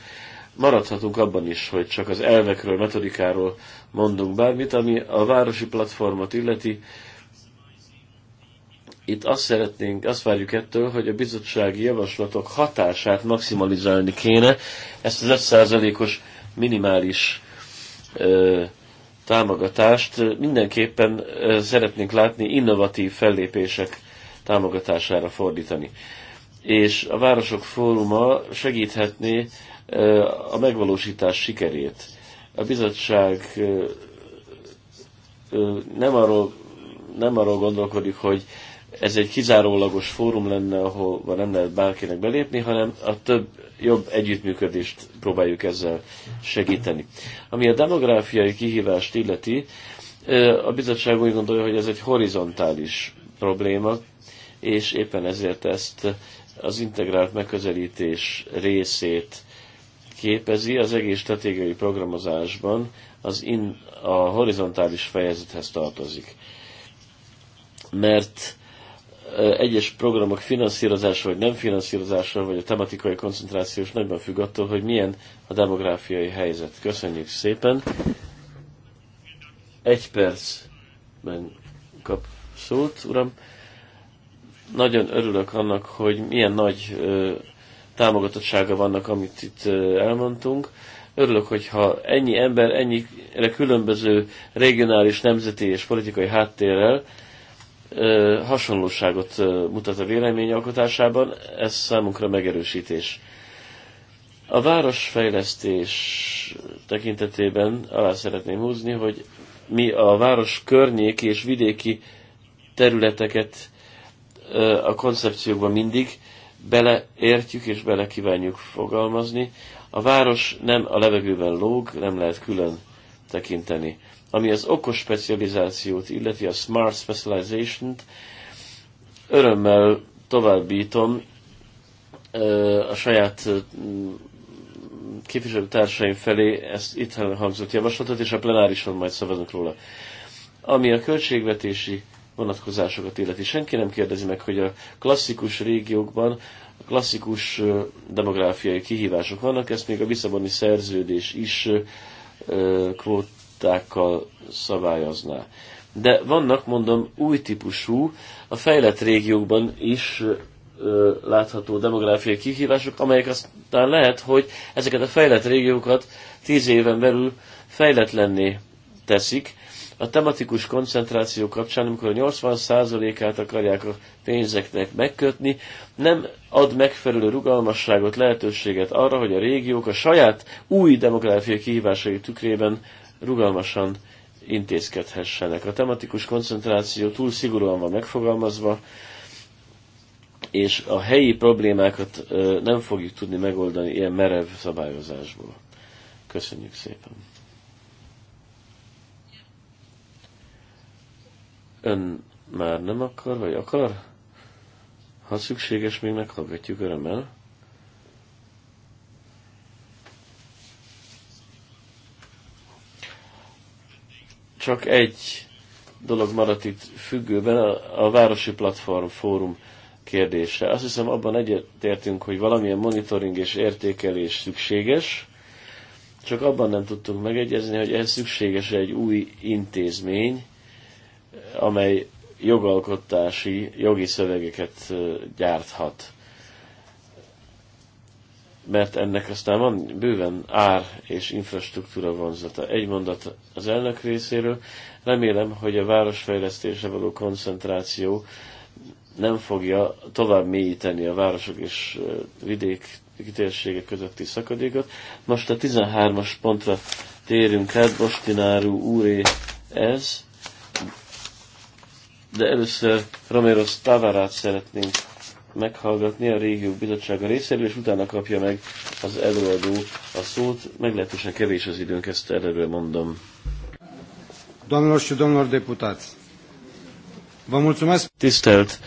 maradhatunk abban is, hogy csak az elvekről, metodikáról mondunk bármit, ami a városi platformot illeti. Itt azt szeretnénk, azt várjuk ettől, hogy a bizottsági javaslatok hatását maximalizálni kéne, ezt az 5%-os minimális ö, támogatást mindenképpen ö, szeretnénk látni innovatív fellépések támogatására fordítani. És a Városok Fóruma segíthetné a megvalósítás sikerét. A bizottság nem arról, nem arról gondolkodik, hogy ez egy kizárólagos fórum lenne, ahova nem lehet bárkinek belépni, hanem a több jobb együttműködést próbáljuk ezzel segíteni. Ami a demográfiai kihívást illeti, a bizottság úgy gondolja, hogy ez egy horizontális probléma, és éppen ezért ezt az integrált megközelítés részét képezi az egész stratégiai programozásban, az in, a horizontális fejezethez tartozik. Mert egyes programok finanszírozása vagy nem finanszírozása, vagy a tematikai koncentrációs nagyban függ attól, hogy milyen a demográfiai helyzet. Köszönjük szépen! Egy percben kap szót, uram. Nagyon örülök annak, hogy milyen nagy támogatottsága vannak, amit itt elmondtunk. Örülök, hogyha ennyi ember, ennyire különböző regionális, nemzeti és politikai háttérrel hasonlóságot mutat a véleményalkotásában, ez számunkra megerősítés. A városfejlesztés tekintetében alá szeretném húzni, hogy mi a város környéki és vidéki területeket a koncepciókban mindig beleértjük és bele kívánjuk fogalmazni. A város nem a levegőben lóg, nem lehet külön tekinteni. Ami az okos specializációt illeti, a smart specialization-t, örömmel továbbítom a saját képviselőtársaim felé ezt itt hangzott javaslatot, és a plenárison majd szavazunk róla. Ami a költségvetési vonatkozásokat illeti. Senki nem kérdezi meg, hogy a klasszikus régiókban a klasszikus demográfiai kihívások vannak, ezt még a visszaboni szerződés is kvótákkal szabályozná. De vannak, mondom, új típusú, a fejlett régiókban is látható demográfiai kihívások, amelyek aztán lehet, hogy ezeket a fejlett régiókat tíz éven belül fejletlenné teszik, a tematikus koncentráció kapcsán, amikor 80%-át akarják a pénzeknek megkötni, nem ad megfelelő rugalmasságot, lehetőséget arra, hogy a régiók a saját új demográfiai kihívásai tükrében rugalmasan intézkedhessenek. A tematikus koncentráció túl szigorúan van megfogalmazva, és a helyi problémákat nem fogjuk tudni megoldani ilyen merev szabályozásból. Köszönjük szépen! Ön már nem akar, vagy akar? Ha szükséges, még meghallgatjuk örömmel. Csak egy dolog maradt itt függőben, a, a Városi Platform Fórum kérdése. Azt hiszem, abban egyetértünk, hogy valamilyen monitoring és értékelés szükséges, csak abban nem tudtunk megegyezni, hogy ez szükséges egy új intézmény, amely jogalkotási, jogi szövegeket gyárthat. Mert ennek aztán van bőven ár és infrastruktúra vonzata. Egy mondat az elnök részéről. Remélem, hogy a városfejlesztésre való koncentráció nem fogja tovább mélyíteni a városok és vidék térségek közötti szakadékot. Most a 13-as pontra térünk át, Bostináru úré ez de először Romero Stavarát szeretnénk meghallgatni a régió bizottsága részéről, és utána kapja meg az előadó a szót. Meglehetősen kevés az időnk, ezt erről mondom. Tisztelt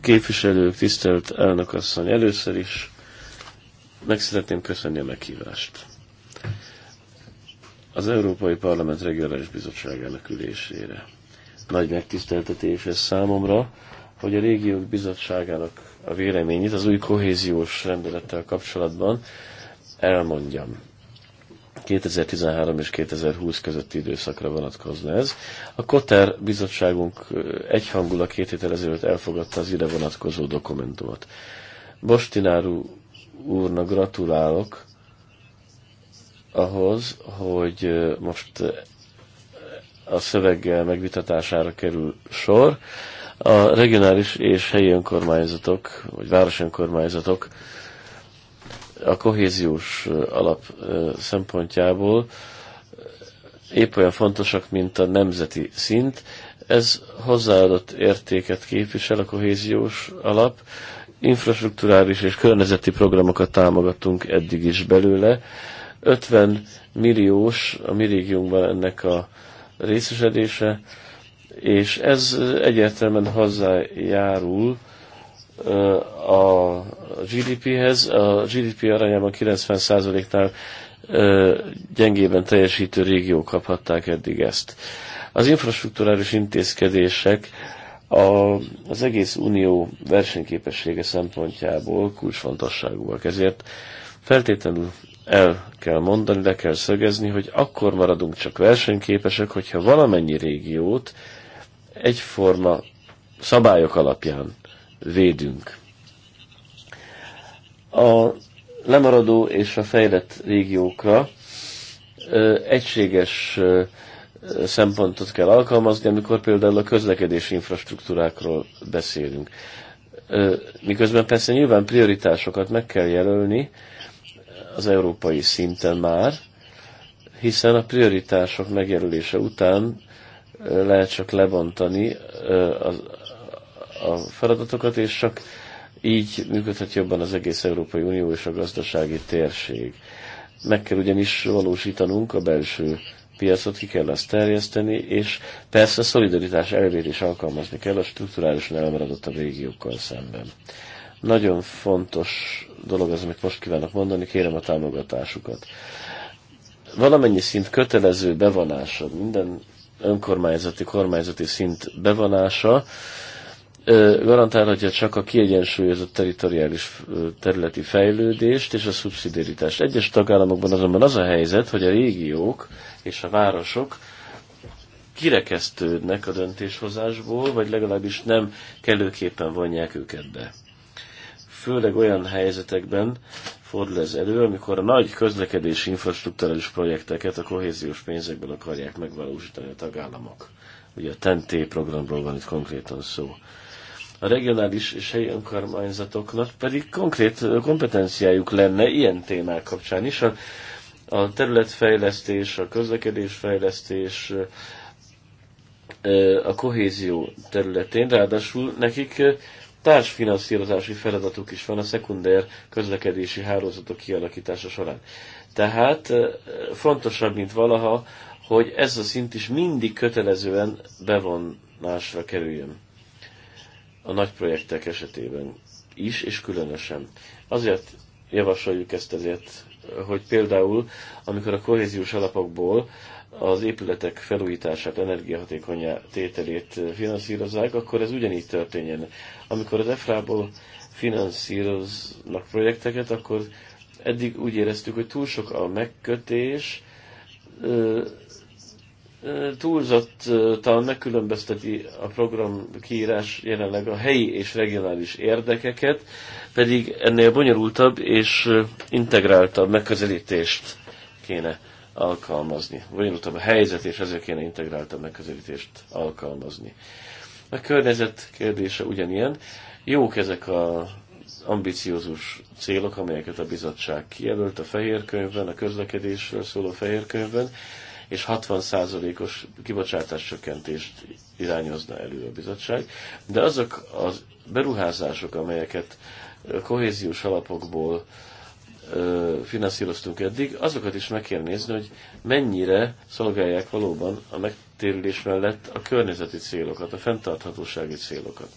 képviselők, tisztelt elnökasszony, először is meg szeretném köszönni a meghívást. Az Európai Parlament Regionális Bizottságának ülésére nagy megtiszteltetés ez számomra, hogy a régiók bizottságának a véleményét az új kohéziós rendelettel kapcsolatban elmondjam. 2013 és 2020 közötti időszakra vonatkozna ez. A Koter bizottságunk egyhangul a két héttel ezelőtt elfogadta az ide vonatkozó dokumentumot. Bostináru úrnak gratulálok ahhoz, hogy most a szöveggel megvitatására kerül sor. A regionális és helyi önkormányzatok, vagy városi önkormányzatok a kohéziós alap szempontjából épp olyan fontosak, mint a nemzeti szint. Ez hozzáadott értéket képvisel a kohéziós alap. Infrastruktúrális és környezeti programokat támogatunk eddig is belőle. 50 milliós a mi régiónkban ennek a részesedése, és ez egyértelműen hozzájárul a GDP-hez. A GDP arányában 90%-nál gyengében teljesítő régiók kaphatták eddig ezt. Az infrastruktúrális intézkedések a, az egész unió versenyképessége szempontjából kulcsfontosságúak, ezért feltétlenül el kell mondani, le kell szögezni, hogy akkor maradunk csak versenyképesek, hogyha valamennyi régiót egyforma szabályok alapján védünk. A lemaradó és a fejlett régiókra ö, egységes ö, szempontot kell alkalmazni, amikor például a közlekedési infrastruktúrákról beszélünk. Ö, miközben persze nyilván prioritásokat meg kell jelölni, az európai szinten már, hiszen a prioritások megjelölése után lehet csak lebontani a feladatokat, és csak így működhet jobban az egész Európai Unió és a gazdasági térség. Meg kell ugyanis valósítanunk a belső piacot, ki kell azt terjeszteni, és persze a szolidaritás elvét is alkalmazni kell a strukturálisan a régiókkal szemben. Nagyon fontos dolog az, amit most kívánok mondani, kérem a támogatásukat. Valamennyi szint kötelező bevonása, minden önkormányzati, kormányzati szint bevonása, garantálhatja csak a kiegyensúlyozott teritoriális területi fejlődést és a szubszidiaritást. Egyes tagállamokban azonban az a helyzet, hogy a régiók és a városok kirekesztődnek a döntéshozásból, vagy legalábbis nem kellőképpen vonják őket be főleg olyan helyzetekben fordul ez elő, amikor a nagy közlekedési infrastruktúrális projekteket a kohéziós pénzekből akarják megvalósítani a tagállamok. Ugye a TNT e programról van itt konkrétan szó. A regionális és helyi önkormányzatoknak pedig konkrét kompetenciájuk lenne ilyen témák kapcsán is. A, a területfejlesztés, a közlekedésfejlesztés, a kohézió területén, ráadásul nekik társfinanszírozási feladatuk is van a szekundér közlekedési hálózatok kialakítása során. Tehát fontosabb, mint valaha, hogy ez a szint is mindig kötelezően bevonásra kerüljön. A nagy projektek esetében is, és különösen. Azért javasoljuk ezt ezért, hogy például, amikor a kohéziós alapokból az épületek felújítását, energiahatékony tételét finanszírozzák, akkor ez ugyanígy történjen. Amikor az EFRA-ból finanszíroznak projekteket, akkor eddig úgy éreztük, hogy túl sok a megkötés, túlzottan megkülönbözteti a program kiírás jelenleg a helyi és regionális érdekeket, pedig ennél bonyolultabb és integráltabb megközelítést kéne alkalmazni. Bonyolultabb a helyzet, és ezért kéne integráltabb megközelítést alkalmazni. A környezet kérdése ugyanilyen. Jók ezek az ambiciózus célok, amelyeket a bizottság kijelölt a fehér könyvben, a közlekedésről szóló fehér könyvben, és 60%-os kibocsátás csökkentést irányozna elő a bizottság. De azok az beruházások, amelyeket kohéziós alapokból finanszíroztunk eddig, azokat is meg kell nézni, hogy mennyire szolgálják valóban a térülés mellett a környezeti célokat, a fenntarthatósági célokat.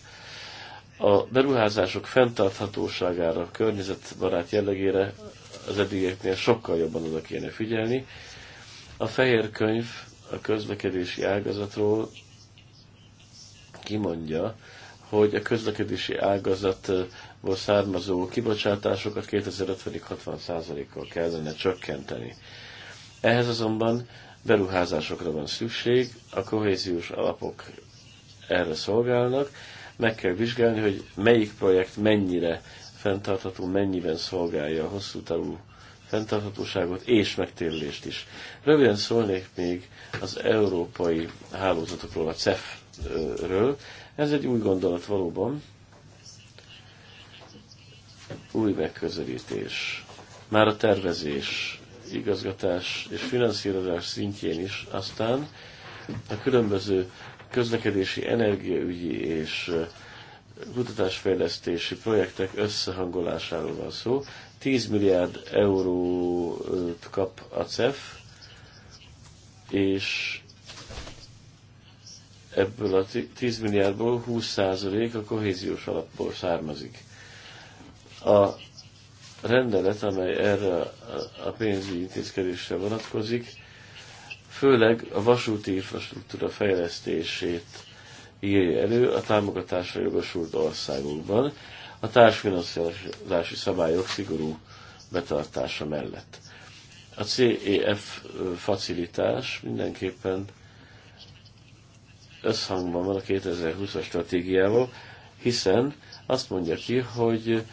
A beruházások fenntarthatóságára, a környezetbarát jellegére az eddigieknél sokkal jobban oda kéne figyelni. A fehér könyv a közlekedési ágazatról kimondja, hogy a közlekedési ágazatból származó kibocsátásokat 2050-ig 60%-kal kellene csökkenteni. Ehhez azonban beruházásokra van szükség, a kohéziós alapok erre szolgálnak, meg kell vizsgálni, hogy melyik projekt mennyire fenntartható, mennyiben szolgálja a hosszú távú fenntarthatóságot és megtérülést is. Röviden szólnék még az európai hálózatokról, a CEF-ről. Ez egy új gondolat valóban, új megközelítés. Már a tervezés igazgatás és finanszírozás szintjén is aztán a különböző közlekedési, energiaügyi és kutatásfejlesztési projektek összehangolásáról van szó. 10 milliárd eurót kap a CEF, és ebből a 10 milliárdból 20% a kohéziós alapból származik. A rendelet, amely erre a pénzügyi intézkedésre vonatkozik, főleg a vasúti infrastruktúra fejlesztését írja elő a támogatásra jogosult országokban, a társfinanszírozási szabályok szigorú betartása mellett. A CEF facilitás mindenképpen összhangban van a 2020-as stratégiával, hiszen azt mondja ki, hogy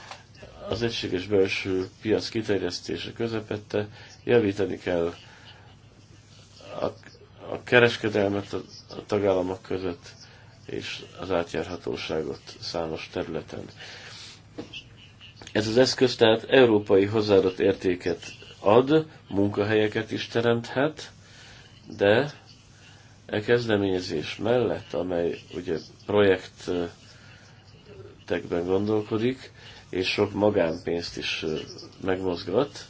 az egységes belső piac kiterjesztése közepette javítani kell a, a kereskedelmet a, a tagállamok között és az átjárhatóságot számos területen. Ez az eszköz tehát európai hozzáadott értéket ad, munkahelyeket is teremthet, de e kezdeményezés mellett, amely ugye projektekben gondolkodik, és sok magánpénzt is megmozgat.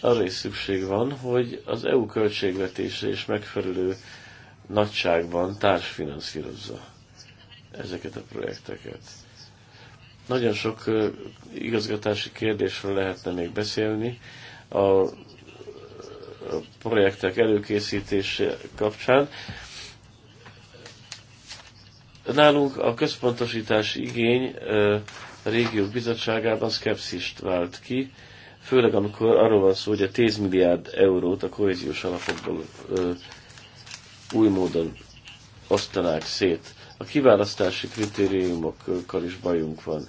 Arra is szükség van, hogy az EU költségvetése is megfelelő nagyságban társfinanszírozza ezeket a projekteket. Nagyon sok igazgatási kérdésről lehetne még beszélni. A projektek előkészítése kapcsán. Nálunk a központosítási igény a régiók bizottságában szkepszist vált ki, főleg amikor arról van szó, hogy a 10 milliárd eurót a kohéziós alapokból ö, új módon osztanák szét. A kiválasztási kritériumokkal is bajunk van.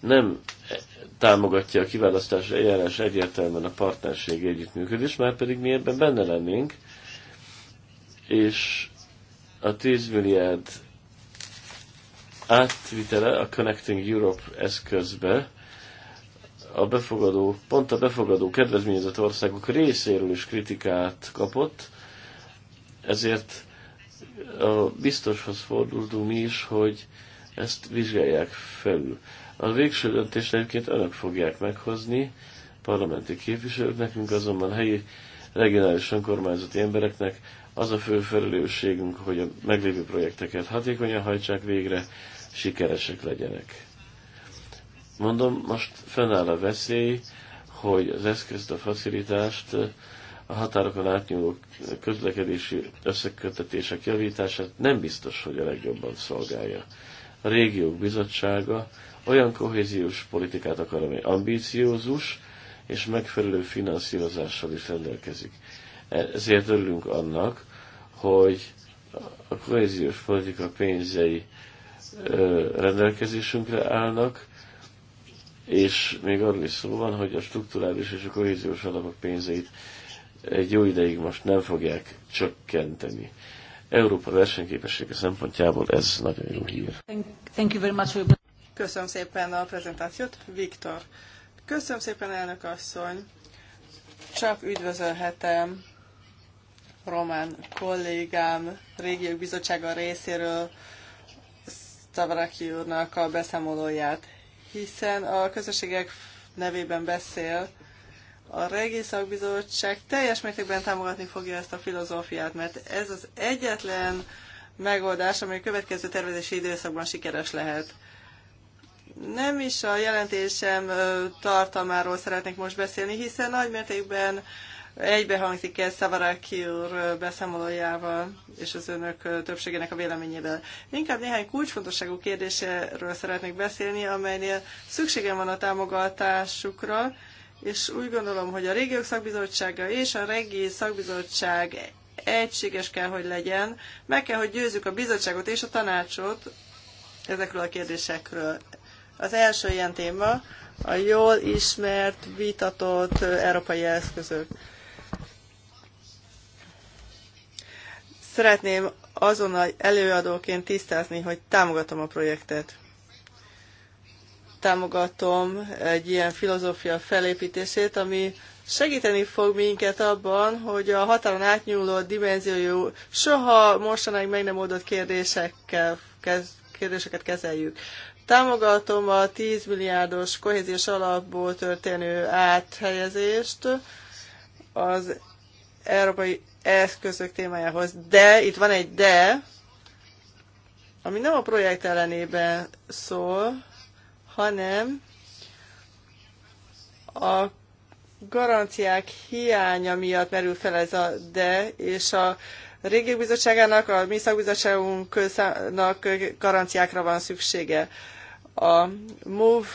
Nem támogatja a kiválasztás eljárás egyértelműen a partnerségi együttműködés, már pedig mi ebben benne lennénk, és a 10 milliárd átvitele a Connecting Europe eszközbe a befogadó, pont a befogadó kedvezményezett országok részéről is kritikát kapott, ezért a biztoshoz fordultunk mi is, hogy ezt vizsgálják felül. A végső döntést egyébként önök fogják meghozni, parlamenti képviselők, nekünk azonban helyi regionális önkormányzati embereknek az a fő felelősségünk, hogy a meglévő projekteket hatékonyan hajtsák végre, sikeresek legyenek. Mondom, most fennáll a veszély, hogy az eszközt, a facilitást, a határokon átnyúló közlekedési összekötetések javítását nem biztos, hogy a legjobban szolgálja. A régiók bizottsága olyan kohéziós politikát akar, amely ambíciózus és megfelelő finanszírozással is rendelkezik. Ezért örülünk annak, hogy a kohéziós politika pénzei rendelkezésünkre állnak, és még arról is szó van, hogy a strukturális és a kohéziós alapok pénzeit egy jó ideig most nem fogják csökkenteni. Európa versenyképessége szempontjából ez nagyon jó hír. Thank you very much. Köszönöm szépen a prezentációt, Viktor. Köszönöm szépen, elnök asszony. Csak üdvözölhetem román kollégám régiók bizottsága részéről Tavaraki úrnak a beszámolóját, hiszen a közösségek nevében beszél, a Régi Szakbizottság teljes mértékben támogatni fogja ezt a filozófiát, mert ez az egyetlen megoldás, ami a következő tervezési időszakban sikeres lehet. Nem is a jelentésem tartalmáról szeretnék most beszélni, hiszen nagy mértékben egybehangzik ez Szavaraki úr beszámolójával és az önök többségének a véleményével. Inkább néhány kulcsfontosságú kérdéséről szeretnék beszélni, amelynél szükségem van a támogatásukra, és úgy gondolom, hogy a régiók szakbizottsága és a regi szakbizottság egységes kell, hogy legyen. Meg kell, hogy győzzük a bizottságot és a tanácsot ezekről a kérdésekről. Az első ilyen téma a jól ismert, vitatott európai eszközök. Szeretném azonnal előadóként tisztázni, hogy támogatom a projektet. Támogatom egy ilyen filozófia felépítését, ami segíteni fog minket abban, hogy a határon átnyúló dimenziójú, soha mostanáig meg nem oldott kérdésekkel, kez, kérdéseket kezeljük. Támogatom a 10 milliárdos kohéziós alapból történő áthelyezést az Európai eszközök témájához. De, itt van egy de, ami nem a projekt ellenében szól, hanem a garanciák hiánya miatt merül fel ez a de, és a régi bizottságának, a mi szakbizottságunknak garanciákra van szüksége. A MOV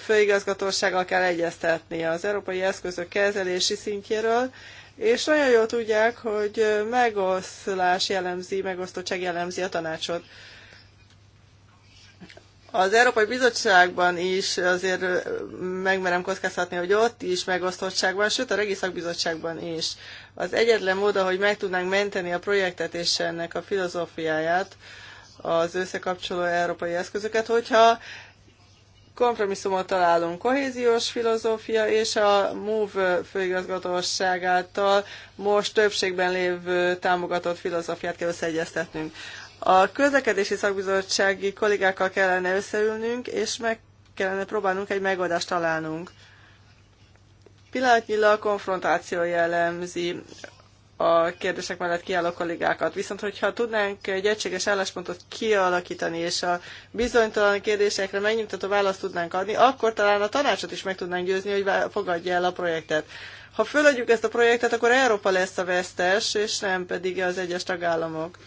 főigazgatósággal kell egyeztetni az európai eszközök kezelési szintjéről, és nagyon jól tudják, hogy megoszlás jellemzi, megosztottság jellemzi a tanácsot. Az Európai Bizottságban is azért megmerem kockáztatni, hogy ott is megosztottság van, sőt a Regi Szakbizottságban is. Az egyetlen mód, hogy meg tudnánk menteni a projektet és ennek a filozófiáját, az összekapcsoló európai eszközöket, hogyha kompromisszumot találunk kohéziós filozófia és a MOVE főigazgatóság által most többségben lévő támogatott filozófiát kell összeegyeztetnünk. A közlekedési szakbizottsági kollégákkal kellene összeülnünk, és meg kellene próbálnunk egy megoldást találnunk. Pillanatnyilag konfrontáció jellemzi a kérdések mellett kiálló kollégákat. Viszont, hogyha tudnánk egy egységes álláspontot kialakítani, és a bizonytalan kérdésekre megnyugtató választ tudnánk adni, akkor talán a tanácsot is meg tudnánk győzni, hogy fogadja el a projektet. Ha föladjuk ezt a projektet, akkor Európa lesz a vesztes, és nem pedig az egyes tagállamok.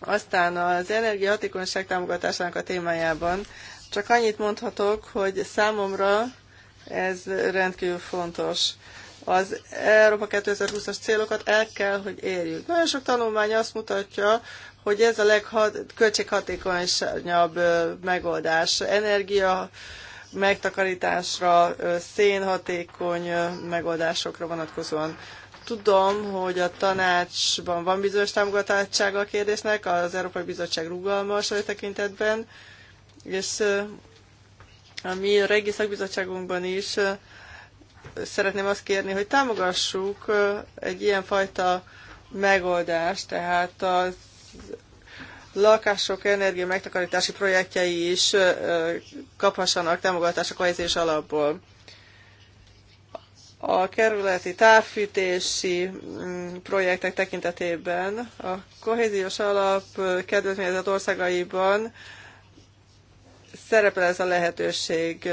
Aztán az energiahatékonyság támogatásának a témájában csak annyit mondhatok, hogy számomra ez rendkívül fontos az Európa 2020-as célokat el kell, hogy érjük. Nagyon sok tanulmány azt mutatja, hogy ez a legköltséghatékonyabb megoldás. Energia megtakarításra, szénhatékony megoldásokra vonatkozóan. Tudom, hogy a tanácsban van bizonyos támogatottsága a kérdésnek, az Európai Bizottság rugalmas a tekintetben, és a mi regi szakbizottságunkban is szeretném azt kérni, hogy támogassuk egy ilyen fajta megoldást, tehát a lakások energia megtakarítási projektjei is kaphassanak támogatást a kohézés alapból. A kerületi távfűtési mm, projektek tekintetében a kohéziós alap kedvezményezett országaiban szerepel ez a lehetőség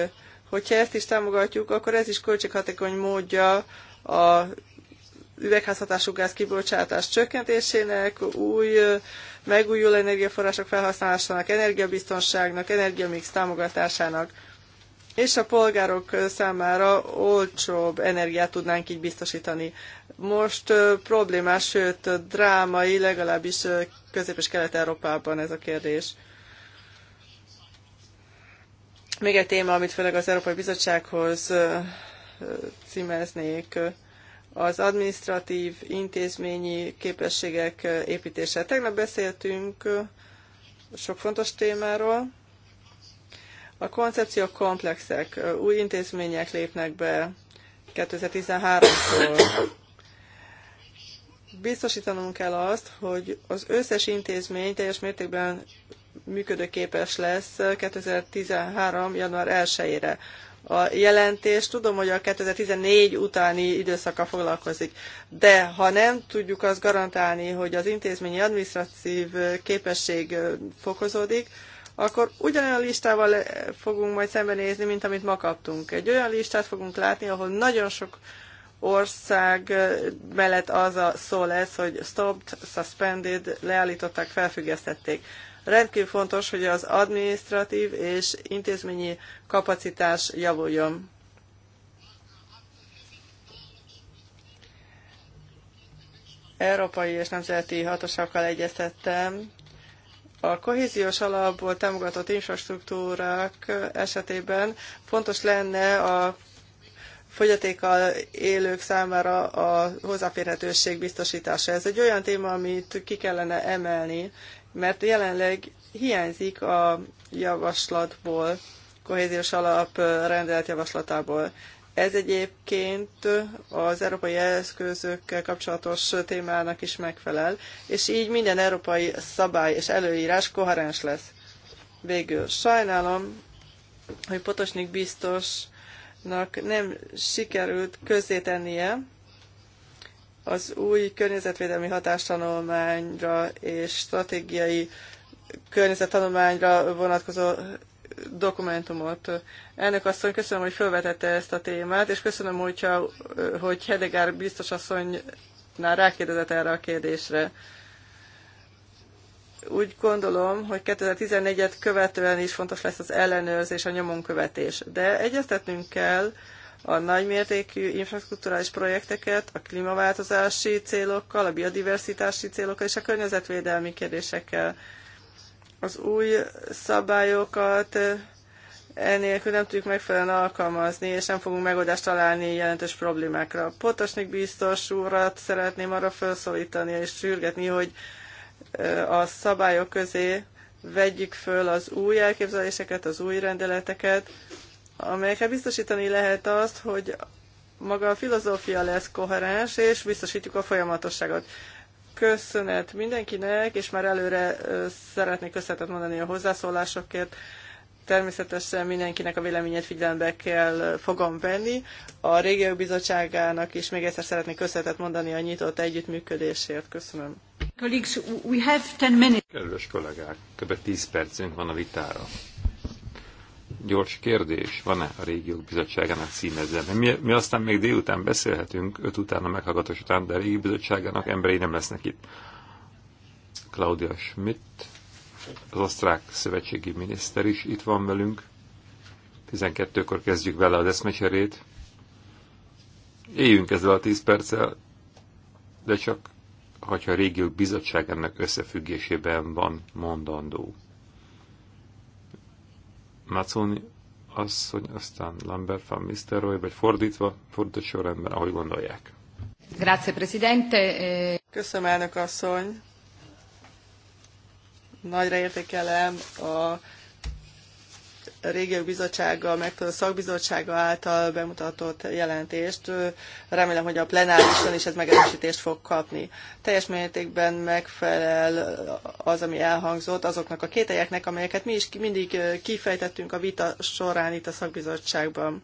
Hogyha ezt is támogatjuk, akkor ez is költséghatékony módja a üvegházhatású gáz kibocsátás csökkentésének, új megújuló energiaforrások felhasználásának, energiabiztonságnak, energiamix támogatásának, és a polgárok számára olcsóbb energiát tudnánk így biztosítani. Most problémás, sőt drámai, legalábbis Közép- és Kelet-Európában ez a kérdés. Még egy téma, amit főleg az Európai Bizottsághoz címeznék, az administratív intézményi képességek építése. Tegnap beszéltünk sok fontos témáról. A koncepciók komplexek, új intézmények lépnek be 2013-tól. Biztosítanunk kell azt, hogy az összes intézmény teljes mértékben működőképes lesz 2013. január 1-ére. A jelentés tudom, hogy a 2014 utáni időszakkal foglalkozik, de ha nem tudjuk azt garantálni, hogy az intézményi adminisztratív képesség fokozódik, akkor ugyanolyan listával fogunk majd szembenézni, mint amit ma kaptunk. Egy olyan listát fogunk látni, ahol nagyon sok ország mellett az a szó lesz, hogy stopped, suspended, leállították, felfüggesztették. Rendkívül fontos, hogy az administratív és intézményi kapacitás javuljon. Európai és nemzeti hatóságokkal egyeztettem. A kohéziós alapból támogatott infrastruktúrák esetében fontos lenne a fogyatékkal élők számára a hozzáférhetőség biztosítása. Ez egy olyan téma, amit ki kellene emelni, mert jelenleg hiányzik a javaslatból, kohéziós alap rendelet javaslatából. Ez egyébként az európai eszközökkel kapcsolatos témának is megfelel, és így minden európai szabály és előírás koherens lesz. Végül sajnálom, hogy Potosnik biztosnak nem sikerült közzétennie az új környezetvédelmi hatástanulmányra és stratégiai környezettanulmányra vonatkozó dokumentumot. Elnök asszony, köszönöm, hogy felvetette ezt a témát, és köszönöm, hogyha, hogy Hedegár biztos asszonynál rákérdezett erre a kérdésre. Úgy gondolom, hogy 2014-et követően is fontos lesz az ellenőrzés, a nyomonkövetés. De egyeztetnünk kell, a nagymértékű infrastruktúrális projekteket a klímaváltozási célokkal, a biodiversitási célokkal és a környezetvédelmi kérdésekkel. Az új szabályokat eh, enélkül nem tudjuk megfelelően alkalmazni, és nem fogunk megoldást találni jelentős problémákra. Potosnik biztos úrat szeretném arra felszólítani és sürgetni, hogy eh, a szabályok közé vegyük föl az új elképzeléseket, az új rendeleteket, amelyekkel biztosítani lehet azt, hogy maga a filozófia lesz koherens, és biztosítjuk a folyamatosságot. Köszönet mindenkinek, és már előre szeretnék köszönetet mondani a hozzászólásokért. Természetesen mindenkinek a véleményét figyelembe kell fogom venni. A Régiók Bizottságának is még egyszer szeretnék köszönetet mondani a nyitott együttműködésért. Köszönöm. Colleagues, we have minutes. Kedves kollégák, kb. 10 percünk van a vitára gyors kérdés, van-e a régiók bizottságának címezve? Mi, mi aztán még délután beszélhetünk, öt után a meghallgatás után, de a régiók bizottságának emberei nem lesznek itt. Claudia Schmidt, az osztrák szövetségi miniszter is itt van velünk. 12-kor kezdjük vele az eszmecserét. Éljünk ezzel a 10 perccel, de csak, hogyha a régiók bizottságának összefüggésében van mondandó. Maconi asszony, aztán Lambert van Misteroy, vagy fordítva, fordított sorrendben, ahogy gondolják. Grazie, Presidente. Köszönöm, elnök asszony. Nagyra értékelem a Régiók Bizottsága, meg a szakbizottsága által bemutatott jelentést. Remélem, hogy a plenárison is ez megerősítést fog kapni. Teljes mértékben megfelel az, ami elhangzott, azoknak a kételyeknek, amelyeket mi is mindig kifejtettünk a vita során itt a szakbizottságban.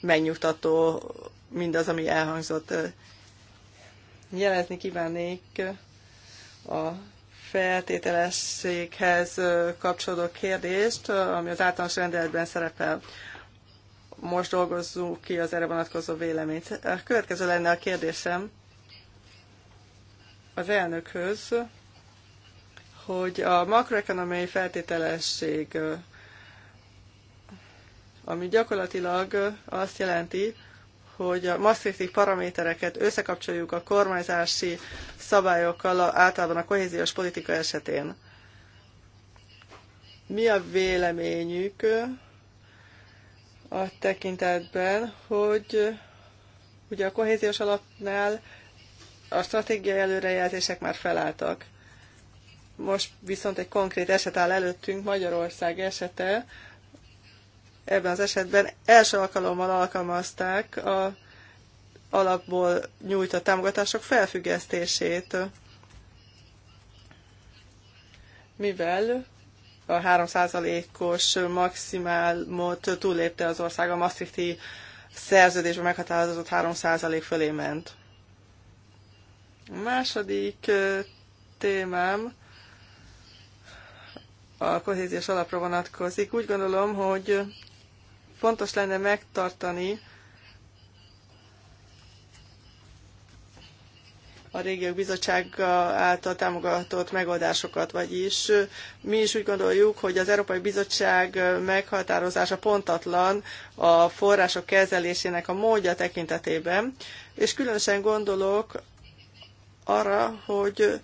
Megnyugtató mindaz, ami elhangzott. Jelezni kívánnék a feltételességhez kapcsolódó kérdést, ami az általános rendeletben szerepel. Most dolgozzunk ki az erre vonatkozó véleményt. A következő lenne a kérdésem az elnökhöz, hogy a makroekonomiai feltételesség, ami gyakorlatilag azt jelenti, hogy a masszíti paramétereket összekapcsoljuk a kormányzási szabályokkal általában a kohéziós politika esetén. Mi a véleményük a tekintetben, hogy ugye a kohéziós alapnál a stratégiai előrejelzések már felálltak. Most viszont egy konkrét eset áll előttünk, Magyarország esete, ebben az esetben első alkalommal alkalmazták a alapból nyújtott támogatások felfüggesztését, mivel a 3%-os maximálmot túllépte az ország a Maastrichti szerződésben meghatározott 3% fölé ment. A második témám a kohéziós alapra vonatkozik. Úgy gondolom, hogy fontos lenne megtartani a régiók bizottság által támogatott megoldásokat, vagyis mi is úgy gondoljuk, hogy az Európai Bizottság meghatározása pontatlan a források kezelésének a módja tekintetében, és különösen gondolok arra, hogy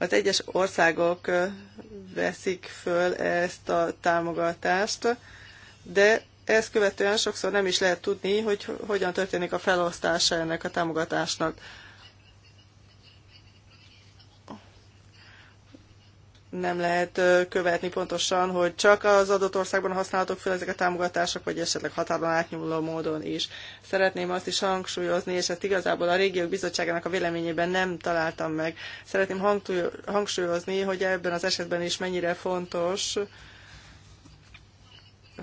az egyes országok veszik föl ezt a támogatást, de ezt követően sokszor nem is lehet tudni, hogy hogyan történik a felosztása ennek a támogatásnak. nem lehet követni pontosan, hogy csak az adott országban használhatók fel ezek a támogatások, vagy esetleg határon átnyúló módon is. Szeretném azt is hangsúlyozni, és ezt igazából a régiók bizottságának a véleményében nem találtam meg. Szeretném hangsúlyozni, hogy ebben az esetben is mennyire fontos,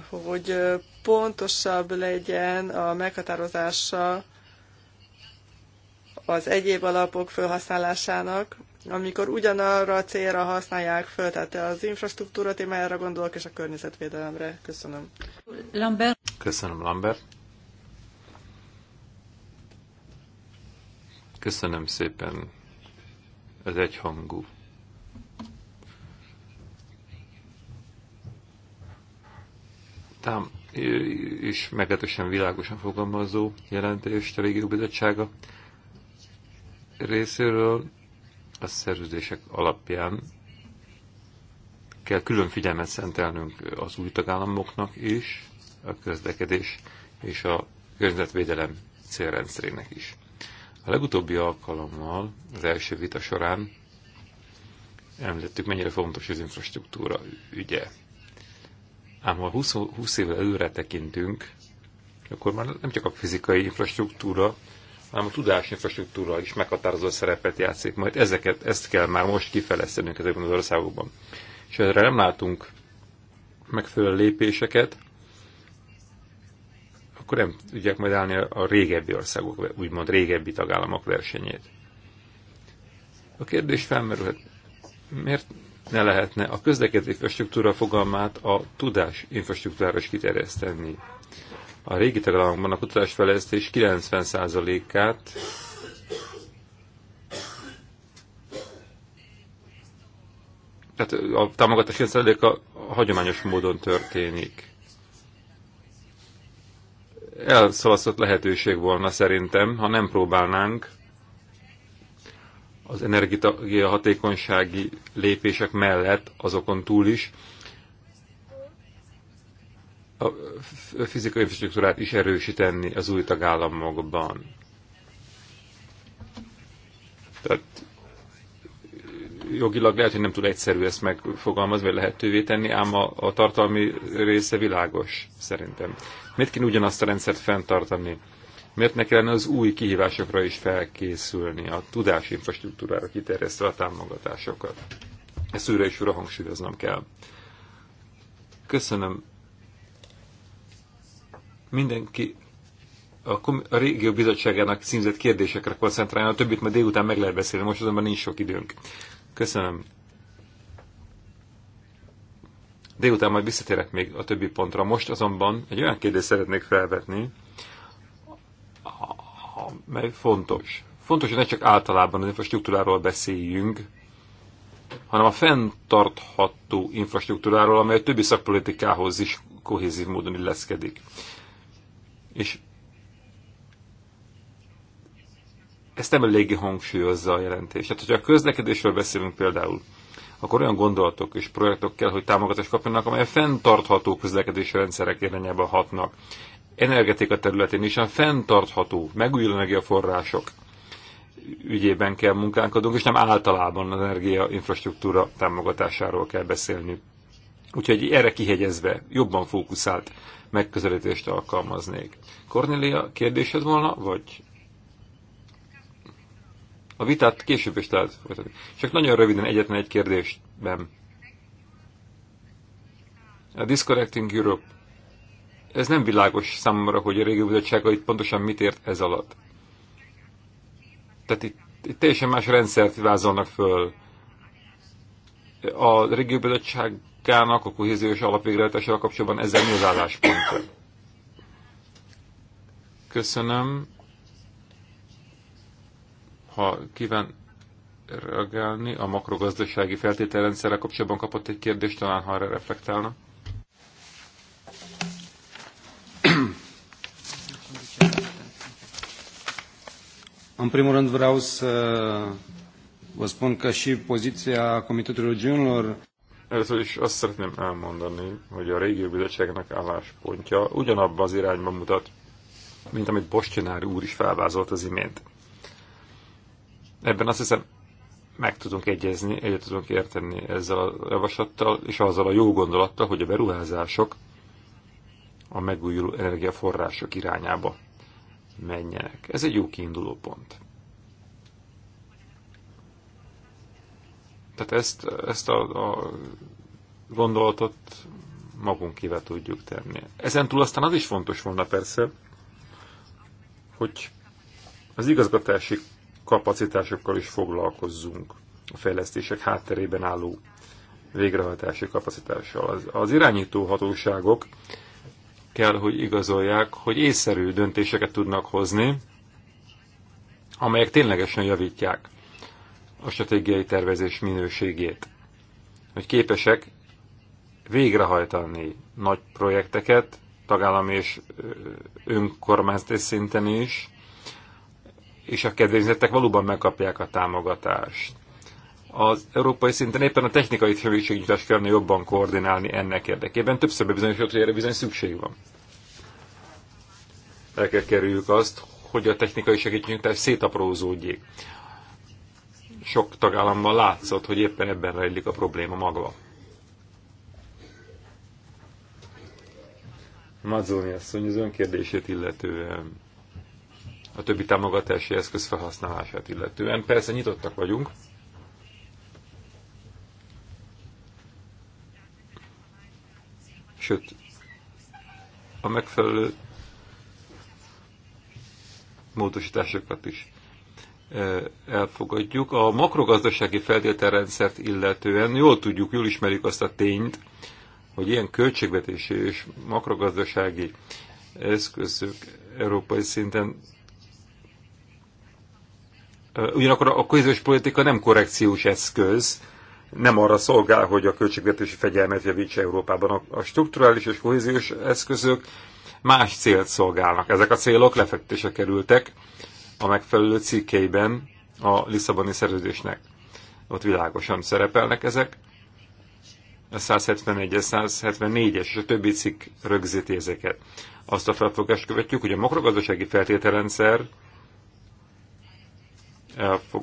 hogy pontosabb legyen a meghatározása az egyéb alapok felhasználásának, amikor ugyanarra a célra használják föl, tehát az infrastruktúra témájára gondolok, és a környezetvédelemre. Köszönöm. Lambert. Köszönöm, Lambert. Köszönöm szépen. Ez hangú. Tám, és meglehetősen világosan fogalmazó jelentést a régió bizottsága részéről a szerződések alapján kell külön figyelmet szentelnünk az új tagállamoknak is, a közlekedés és a környezetvédelem célrendszerének is. A legutóbbi alkalommal, az első vita során említettük, mennyire fontos az infrastruktúra ügye. Ám ha 20, 20 évvel előre tekintünk, akkor már nem csak a fizikai infrastruktúra, ám a tudás infrastruktúra is meghatározó szerepet játszik. Majd ezeket, ezt kell már most kifejlesztenünk ezekben az országokban. És erre nem látunk megfelelő lépéseket, akkor nem tudják majd állni a régebbi országok, úgymond régebbi tagállamok versenyét. A kérdés felmerülhet, miért ne lehetne a közlekedés infrastruktúra fogalmát a tudás infrastruktúrára is kiterjeszteni? A régi tagállamokban a kutatásfejlesztés 90%-át tehát a támogatás 90%-a hagyományos módon történik. Elszalasztott lehetőség volna szerintem, ha nem próbálnánk az energiahatékonysági lépések mellett azokon túl is a fizikai infrastruktúrát is erősíteni az új tagállamokban. Tehát jogilag lehet, hogy nem tud egyszerű ezt megfogalmazni, vagy lehetővé tenni, ám a, a tartalmi része világos, szerintem. Miért kéne ugyanazt a rendszert fenntartani? Miért ne kellene az új kihívásokra is felkészülni, a tudási infrastruktúrára kiterjesztve a támogatásokat? Ezt újra és újra hangsúlyoznom kell. Köszönöm mindenki a, a régió bizottságának címzett kérdésekre koncentrálni, a többit ma délután meg lehet beszélni, most azonban nincs sok időnk. Köszönöm. Délután majd visszatérek még a többi pontra. Most azonban egy olyan kérdést szeretnék felvetni, mely fontos. Fontos, hogy ne csak általában az infrastruktúráról beszéljünk, hanem a fenntartható infrastruktúráról, amely a többi szakpolitikához is kohézív módon illeszkedik. És ezt nem eléggé hangsúlyozza a jelentés. Tehát, hogyha a közlekedésről beszélünk például, akkor olyan gondolatok és projektok kell, hogy támogatást kapjanak, amelyek fenntartható közlekedési rendszerek érdekében hatnak. Energetika területén is a fenntartható, megújuló energiaforrások ügyében kell munkálkodunk, és nem általában az energia infrastruktúra támogatásáról kell beszélni. Úgyhogy erre kihegyezve, jobban fókuszált megközelítést alkalmaznék. Cornelia, kérdésed volna, vagy a vitát később is lehet folytatni. Csak nagyon röviden egyetlen egy kérdésben. A Disconnecting Europe. Ez nem világos számomra, hogy a régi bizottsága itt pontosan mit ért ez alatt. Tehát itt, itt teljesen más rendszert vázolnak föl. A régi bizottság politikának, a kohéziós alapvégrehajtással kapcsolatban ezzel mi az álláspont? Köszönöm. Ha kíván reagálni, a makrogazdasági feltételrendszerrel kapcsolatban kapott egy kérdést, talán ha erre reflektálna. În primul rând vreau să vă spun că și poziția Comitetului Regiunilor Először is azt szeretném elmondani, hogy a régió bizottságnak álláspontja ugyanabba az irányba mutat, mint amit Bostinár úr is felvázolt az imént. Ebben azt hiszem meg tudunk egyezni, egyet tudunk érteni ezzel a javaslattal, és azzal a jó gondolattal, hogy a beruházások a megújuló energiaforrások irányába menjenek. Ez egy jó kiinduló pont. Tehát ezt, ezt a, a gondolatot kivel tudjuk tenni. Ezen túl aztán az is fontos volna persze, hogy az igazgatási kapacitásokkal is foglalkozzunk a fejlesztések hátterében álló végrehajtási kapacitással. Az, az irányító hatóságok kell, hogy igazolják, hogy észszerű döntéseket tudnak hozni, amelyek ténylegesen javítják a stratégiai tervezés minőségét, hogy képesek végrehajtani nagy projekteket, tagállami és önkormányzati szinten is, és a kedvezményezettek valóban megkapják a támogatást. Az európai szinten éppen a technikai segítségnyújtást kellene jobban koordinálni ennek érdekében. Többször bebizonyosodott, hogy erre bizony szükség van. El kell kerüljük azt, hogy a technikai segítségnyitás szétaprózódjék sok tagállamban látszott, hogy éppen ebben rejlik a probléma maga. Mazzoni asszony az önkérdését illetően, a többi támogatási eszköz felhasználását illetően. Persze nyitottak vagyunk. Sőt, a megfelelő módosításokat is elfogadjuk. A makrogazdasági feltételrendszert illetően jól tudjuk, jól ismerjük azt a tényt, hogy ilyen költségvetési és makrogazdasági eszközök európai szinten ugyanakkor a kohéziós politika nem korrekciós eszköz, nem arra szolgál, hogy a költségvetési fegyelmet javítsa Európában. A strukturális és kohéziós eszközök más célt szolgálnak. Ezek a célok lefektése kerültek a megfelelő cikkeiben a Lisszaboni szerződésnek. Ott világosan szerepelnek ezek. A 171-es, 174-es és a többi cikk rögzíti ezeket. Azt a felfogást követjük, hogy a makrogazdasági feltételrendszer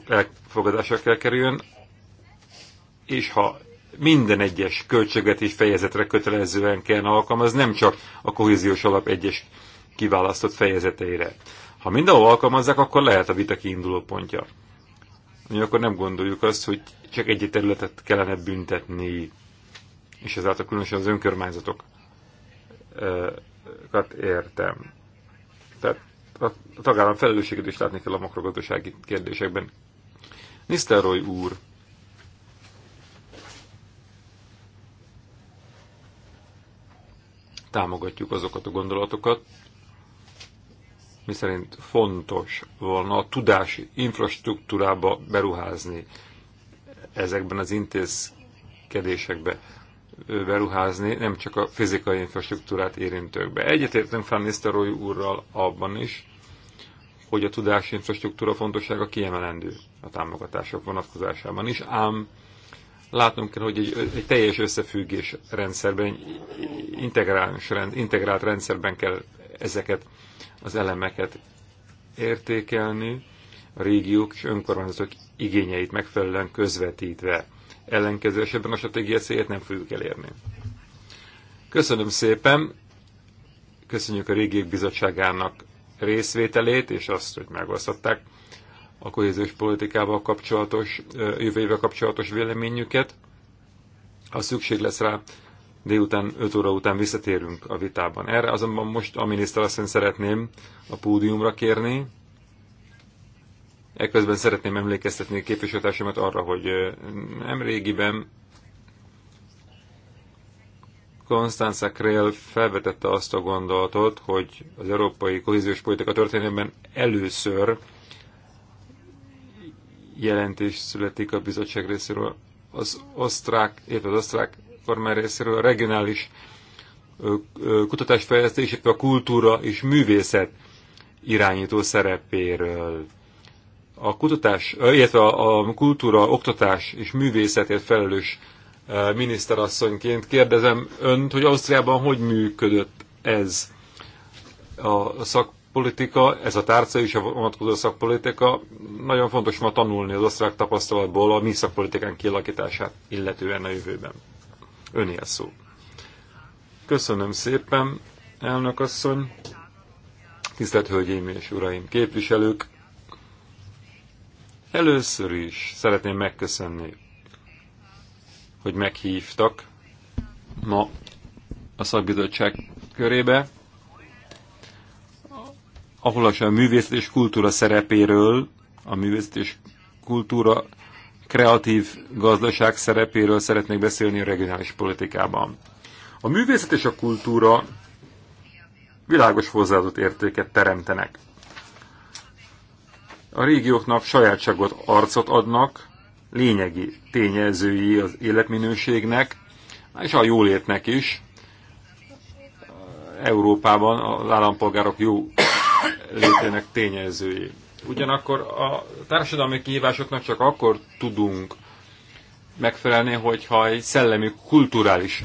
elfogadásra kell kerüljön, és ha minden egyes költségvetés fejezetre kötelezően kell alkalmazni, nem csak a kohéziós alap egyes kiválasztott fejezeteire. Ha mindenhol alkalmazzák, akkor lehet a vita kiinduló pontja. akkor nem gondoljuk azt, hogy csak egy területet kellene büntetni, és ezáltal különösen az önkormányzatokat értem. Tehát a tagállam felelősséget is látni kell a makrogazdasági kérdésekben. Nisztelrooy úr, támogatjuk azokat a gondolatokat, miszerint fontos volna a tudási infrastruktúrába beruházni, ezekben az intézkedésekbe beruházni, nem csak a fizikai infrastruktúrát érintőkbe. Egyetértünk Mr. Roy úrral abban is, hogy a tudási infrastruktúra fontossága kiemelendő a támogatások vonatkozásában is, ám látnunk kell, hogy egy, egy teljes összefüggés rendszerben, integrált rendszerben kell ezeket az elemeket értékelni, a régiók és önkormányzatok igényeit megfelelően közvetítve. Ellenkező esetben a stratégia célját nem fogjuk elérni. Köszönöm szépen, köszönjük a régiók bizottságának részvételét, és azt, hogy megosztották a kohéziós politikával kapcsolatos, jövőjével kapcsolatos véleményüket. Ha szükség lesz rá, délután 5 óra után visszatérünk a vitában. Erre azonban most a miniszterasszony szeretném a pódiumra kérni. Ekközben szeretném emlékeztetni a képviselőtársamat arra, hogy nem régiben Konstanza Krél felvetette azt a gondolatot, hogy az európai kohéziós politika történetben először jelentés születik a bizottság részéről az osztrák, illetve az osztrák kormány részéről a regionális kutatásfejlesztés, a kultúra és művészet irányító szerepéről. A kutatás, illetve a kultúra, oktatás és művészetért felelős miniszterasszonyként kérdezem önt, hogy Ausztriában hogy működött ez a szakpolitika, ez a tárca is a vonatkozó szakpolitika. Nagyon fontos ma tanulni az osztrák tapasztalatból a mi szakpolitikán kialakítását illetően a jövőben. Önél szó. Köszönöm szépen, elnök asszony, tisztelt hölgyeim és uraim, képviselők. Először is szeretném megköszönni, hogy meghívtak ma a szakbizottság körébe, ahol a művészet és kultúra szerepéről, a művészet és kultúra kreatív gazdaság szerepéről szeretnék beszélni a regionális politikában. A művészet és a kultúra világos hozzáadott értéket teremtenek. A régióknak sajátságot, arcot adnak, lényegi tényezői az életminőségnek, és a jólétnek is. Európában az állampolgárok jó létének tényezői. Ugyanakkor a társadalmi kihívásoknak csak akkor tudunk megfelelni, hogyha egy szellemi, kulturális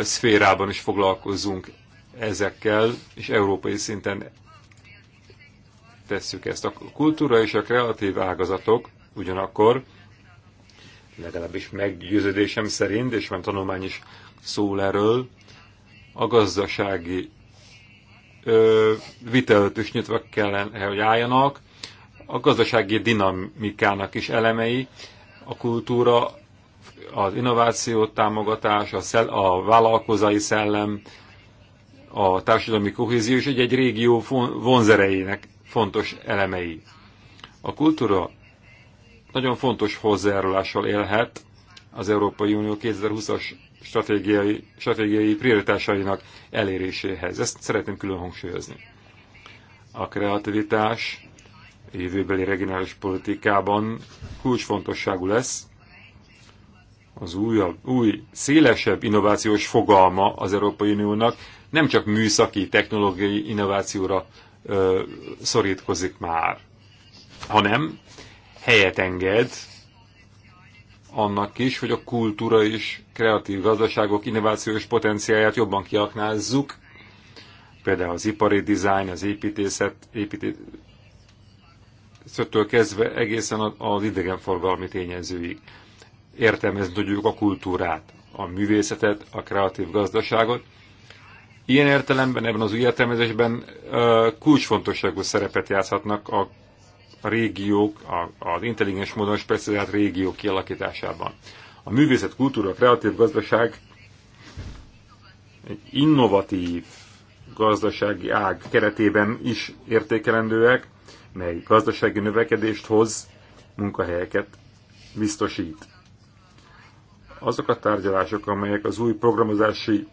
szférában is foglalkozzunk ezekkel, és európai szinten tesszük ezt. A kultúra és a kreatív ágazatok ugyanakkor, legalábbis meggyőződésem szerint, és van tanulmány is szól erről, a gazdasági vita is nyitva kellene, hogy álljanak. A gazdasági dinamikának is elemei, a kultúra, az innováció támogatás, a, szell, a vállalkozai szellem, a társadalmi kohézió és egy-egy régió vonzerejének fontos elemei. A kultúra nagyon fontos hozzájárulással élhet az Európai Unió 2020-as stratégiai, stratégiai prioritásainak eléréséhez. Ezt szeretném külön hangsúlyozni. A kreativitás jövőbeli regionális politikában kulcsfontosságú lesz. Az újabb, új, szélesebb innovációs fogalma az Európai Uniónak nem csak műszaki, technológiai innovációra ö, szorítkozik már, hanem helyet enged annak is, hogy a kultúra és kreatív gazdaságok innovációs potenciáját jobban kiaknázzuk, például az ipari dizájn, az építészet, építészettől kezdve egészen az idegenforgalmi tényezőig. Értelmezni tudjuk a kultúrát, a művészetet, a kreatív gazdaságot. Ilyen értelemben, ebben az új értelmezésben kulcsfontosságú szerepet játszhatnak a a régiók, a, az intelligens módon specializált régiók kialakításában. A művészet, kultúra, kreatív gazdaság egy innovatív gazdasági ág keretében is értékelendőek, mely gazdasági növekedést hoz, munkahelyeket biztosít. Azok a tárgyalások, amelyek az új programozási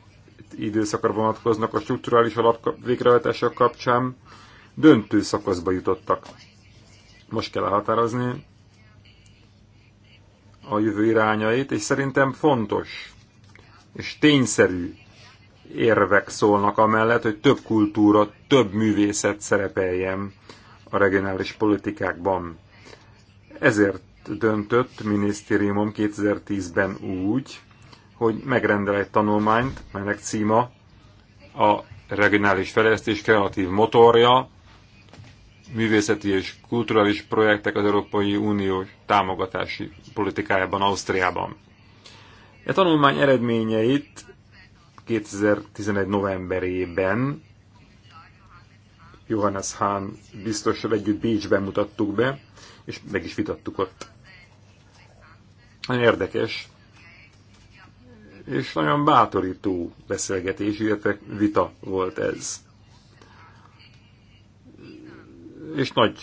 időszakra vonatkoznak a strukturális alap végrehajtása kapcsán, döntő szakaszba jutottak. Most kell elhatározni a jövő irányait, és szerintem fontos és tényszerű érvek szólnak amellett, hogy több kultúra, több művészet szerepeljen a regionális politikákban. Ezért döntött minisztériumom 2010-ben úgy, hogy megrendel egy tanulmányt, melynek címa a regionális fejlesztés kreatív motorja, művészeti és kulturális projektek az Európai Unió támogatási politikájában, Ausztriában. A e tanulmány eredményeit 2011. novemberében Johannes Hahn biztossal együtt Bécsben mutattuk be, és meg is vitattuk ott. Nagyon érdekes, és nagyon bátorító beszélgetés, illetve vita volt ez és nagy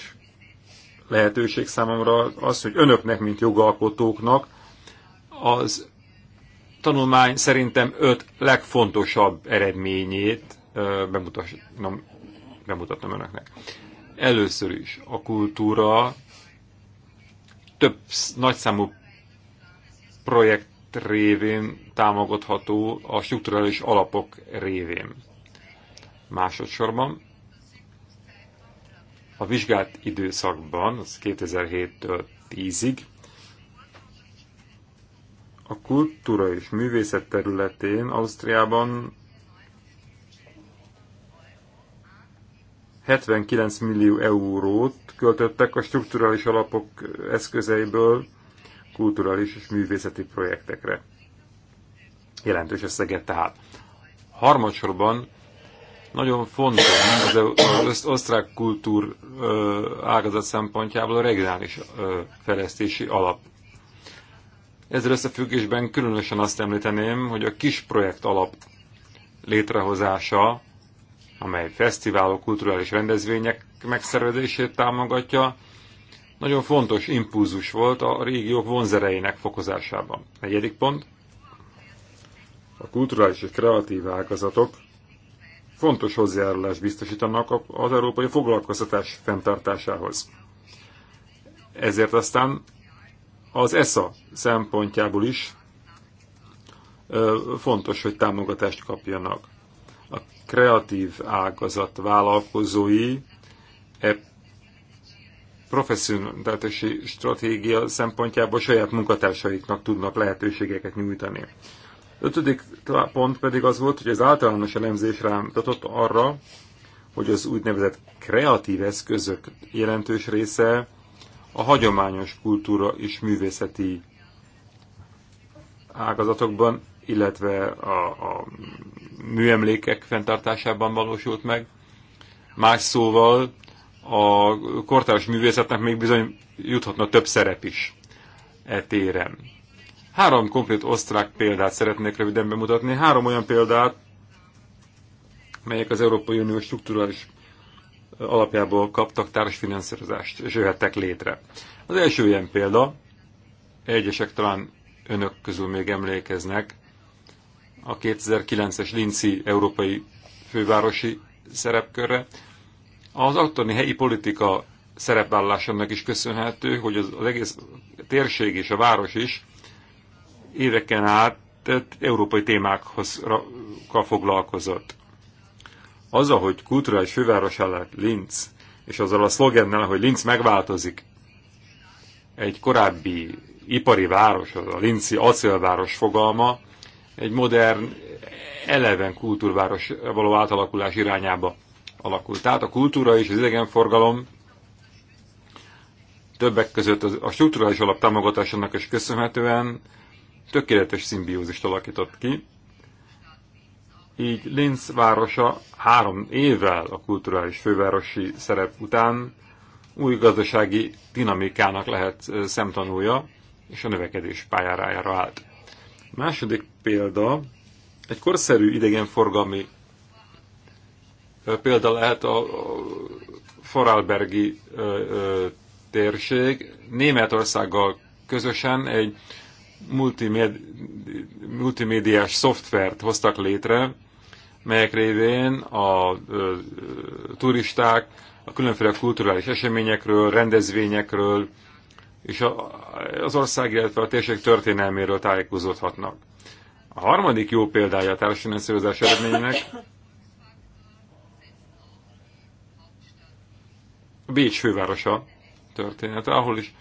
lehetőség számomra az, hogy önöknek, mint jogalkotóknak az tanulmány szerintem öt legfontosabb eredményét bemutatnom, bemutatnom önöknek. Először is a kultúra több nagyszámú projekt révén támogatható a strukturális alapok révén. Másodszorban a vizsgált időszakban, az 2007-től 10-ig, a kultúra és művészet területén Ausztriában 79 millió eurót költöttek a strukturális alapok eszközeiből kulturális és művészeti projektekre. Jelentős összeget tehát. Harmadsorban nagyon fontos az, az osztrák kultúr ágazat szempontjából a regionális fejlesztési alap. Ezzel összefüggésben különösen azt említeném, hogy a kis projekt alap létrehozása, amely fesztiválok, kulturális rendezvények megszervezését támogatja, nagyon fontos impulzus volt a régiók vonzereinek fokozásában. Negyedik pont. A kulturális és kreatív ágazatok fontos hozzájárulást biztosítanak az európai foglalkoztatás fenntartásához. Ezért aztán az ESA szempontjából is fontos, hogy támogatást kapjanak. A kreatív ágazat vállalkozói e professzionális stratégia szempontjából saját munkatársaiknak tudnak lehetőségeket nyújtani. Ötödik pont pedig az volt, hogy az általános elemzés rámutatott arra, hogy az úgynevezett kreatív eszközök jelentős része a hagyományos kultúra és művészeti ágazatokban, illetve a, a műemlékek fenntartásában valósult meg. Más szóval a kortárs művészetnek még bizony juthatna több szerep is e téren. Három konkrét osztrák példát szeretnék röviden bemutatni. Három olyan példát, melyek az Európai Unió strukturális alapjából kaptak társfinanszírozást, és jöhettek létre. Az első ilyen példa, egyesek talán önök közül még emlékeznek, a 2009-es Linci európai fővárosi szerepkörre. Az attoni helyi politika szerepvállásának is köszönhető, hogy az, az egész térség és a város is éveken át európai témákhoz foglalkozott. Azzal, hogy egy fővárosá lett Linz, és azzal a szlogennel, hogy Linz megváltozik, egy korábbi ipari város, az a Linci acélváros fogalma, egy modern, eleven kultúrváros való átalakulás irányába alakult. Tehát a kultúra és az idegenforgalom többek között a strukturális alap támogatásának is köszönhetően tökéletes szimbiózist alakított ki. Így Linz városa három évvel a kulturális fővárosi szerep után új gazdasági dinamikának lehet szemtanúja, és a növekedés pályára állt. A második példa egy korszerű idegenforgalmi példa lehet a Foralbergi térség. Németországgal közösen egy multimédiás szoftvert hoztak létre, melyek révén a turisták a különféle kulturális eseményekről, rendezvényekről és a, az ország, illetve a térség történelméről tájékozódhatnak. A harmadik jó példája a társadalmi eredménynek Bécs fővárosa története, ahol is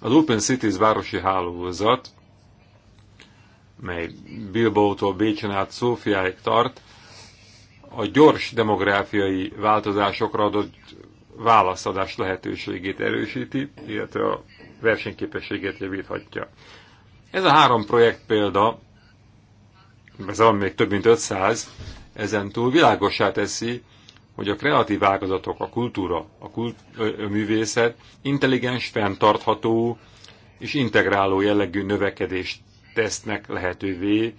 az Open Cities városi hálózat mely Bilbótól Bécsen át Szófiáig tart, a gyors demográfiai változásokra adott válaszadás lehetőségét erősíti, illetve a versenyképességet javíthatja. Ez a három projekt példa, ez van még több mint 500, ezen túl világosá teszi, hogy a kreatív ágazatok, a kultúra, a, kult, a művészet intelligens, fenntartható és integráló jellegű növekedést tesznek lehetővé,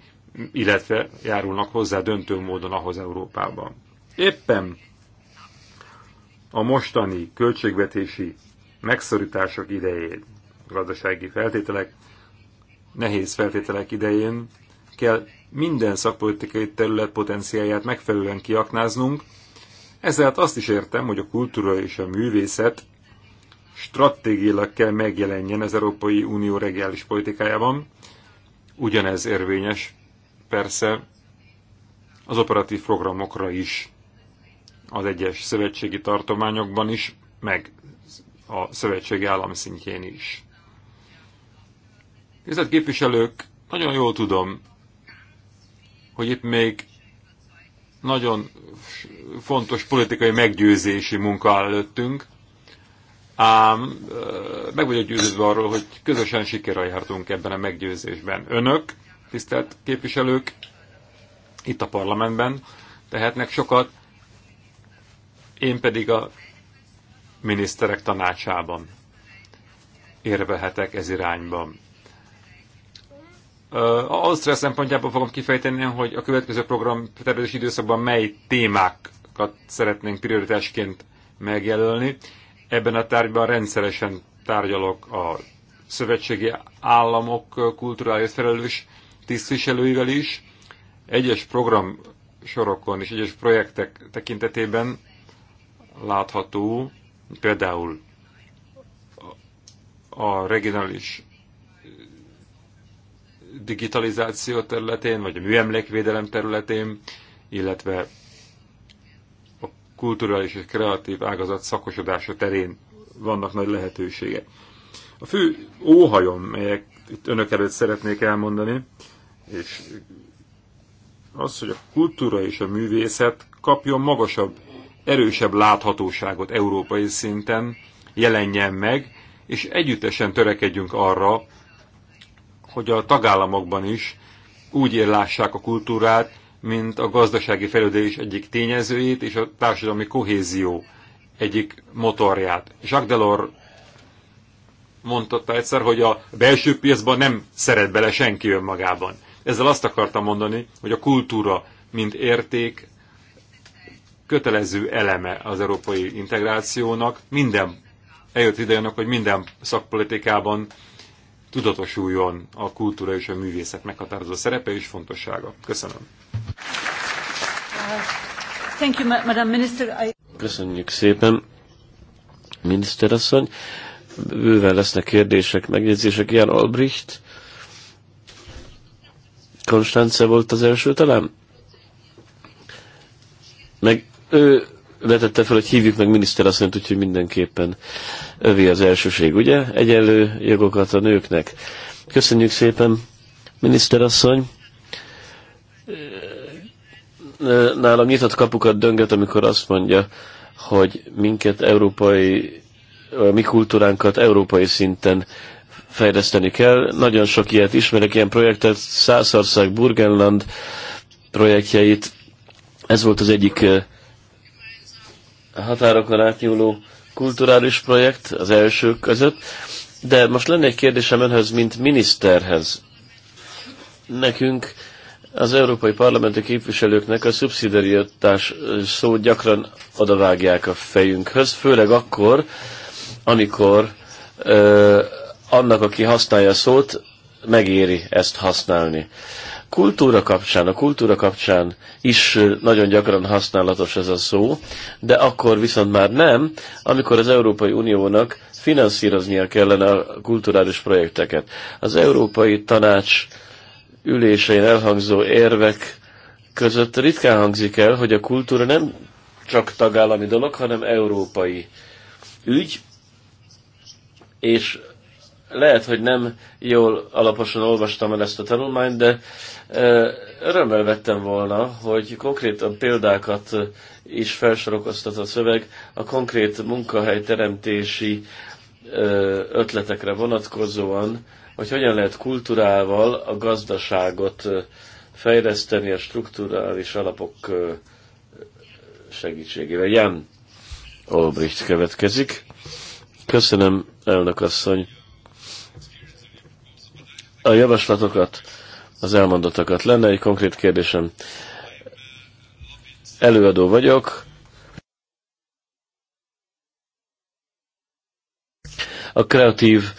illetve járulnak hozzá döntő módon ahhoz Európában. Éppen a mostani költségvetési megszorítások idején, gazdasági feltételek, nehéz feltételek idején kell minden szakpolitikai terület potenciáját megfelelően kiaknáznunk, ezzel azt is értem, hogy a kultúra és a művészet stratégiailag kell megjelenjen az Európai Unió regionális politikájában, Ugyanez érvényes persze az operatív programokra is, az egyes szövetségi tartományokban is, meg a szövetségi állam szintjén is. Tisztelt képviselők, nagyon jól tudom, hogy itt még nagyon fontos politikai meggyőzési munka áll előttünk, ám meg vagyok győződve arról, hogy közösen sikerrel jártunk ebben a meggyőzésben. Önök, tisztelt képviselők, itt a parlamentben tehetnek sokat, én pedig a miniszterek tanácsában érvehetek ez irányban. Ausztria szempontjából fogom kifejteni, hogy a következő program tervezési időszakban mely témákat szeretnénk prioritásként megjelölni, Ebben a tárgyban rendszeresen tárgyalok a szövetségi államok kulturális felelős tisztviselőivel is. Egyes program sorokon és egyes projektek tekintetében látható, például a regionális digitalizáció területén, vagy a műemlékvédelem területén, illetve kulturális és kreatív ágazat szakosodása terén vannak nagy lehetőségek. A fő óhajom, melyek itt önök előtt szeretnék elmondani, és az, hogy a kultúra és a művészet kapjon magasabb, erősebb láthatóságot európai szinten, jelenjen meg, és együttesen törekedjünk arra, hogy a tagállamokban is úgy érlássák a kultúrát, mint a gazdasági fejlődés egyik tényezőjét és a társadalmi kohézió egyik motorját. Jacques Delors mondta egyszer, hogy a belső piacban nem szeret bele senki önmagában. Ezzel azt akartam mondani, hogy a kultúra, mint érték, kötelező eleme az európai integrációnak. Minden, eljött idejönnek, hogy minden szakpolitikában tudatosuljon a kultúra és a művészet meghatározó szerepe és fontossága. Köszönöm. Köszönjük szépen, miniszterasszony. Bőven lesznek kérdések, megjegyzések. Jan Albrecht, Konstance volt az első talán? Meg ő vetette fel, hogy hívjuk meg miniszterasszonyt, úgyhogy mindenképpen övi az elsőség, ugye? Egyenlő jogokat a nőknek. Köszönjük szépen, miniszterasszony! nálam nyitott kapukat dönget, amikor azt mondja, hogy minket európai, mi kultúránkat európai szinten fejleszteni kell. Nagyon sok ilyet ismerek, ilyen projektet, Szászország, Burgenland projektjeit. Ez volt az egyik határokon átnyúló kulturális projekt, az elsők között. De most lenne egy kérdésem önhöz, mint miniszterhez. Nekünk az európai parlamenti képviselőknek a szubszidiaritás szót gyakran odavágják a fejünkhöz, főleg akkor, amikor ö, annak, aki használja a szót, megéri ezt használni. Kultúra kapcsán, a kultúra kapcsán is nagyon gyakran használatos ez a szó, de akkor viszont már nem, amikor az Európai Uniónak finanszíroznia kellene a kulturális projekteket. Az Európai Tanács ülésein elhangzó érvek között ritkán hangzik el, hogy a kultúra nem csak tagállami dolog, hanem európai ügy, és lehet, hogy nem jól alaposan olvastam el ezt a tanulmányt, de e, örömmel vettem volna, hogy konkrétan példákat is felsorokoztat a szöveg a konkrét munkahely teremtési e, ötletekre vonatkozóan, hogy hogyan lehet kultúrával a gazdaságot fejleszteni a strukturális alapok segítségével. Jan Olbricht következik. Köszönöm, elnök asszony. A javaslatokat, az elmondottakat lenne egy konkrét kérdésem. Előadó vagyok. A kreatív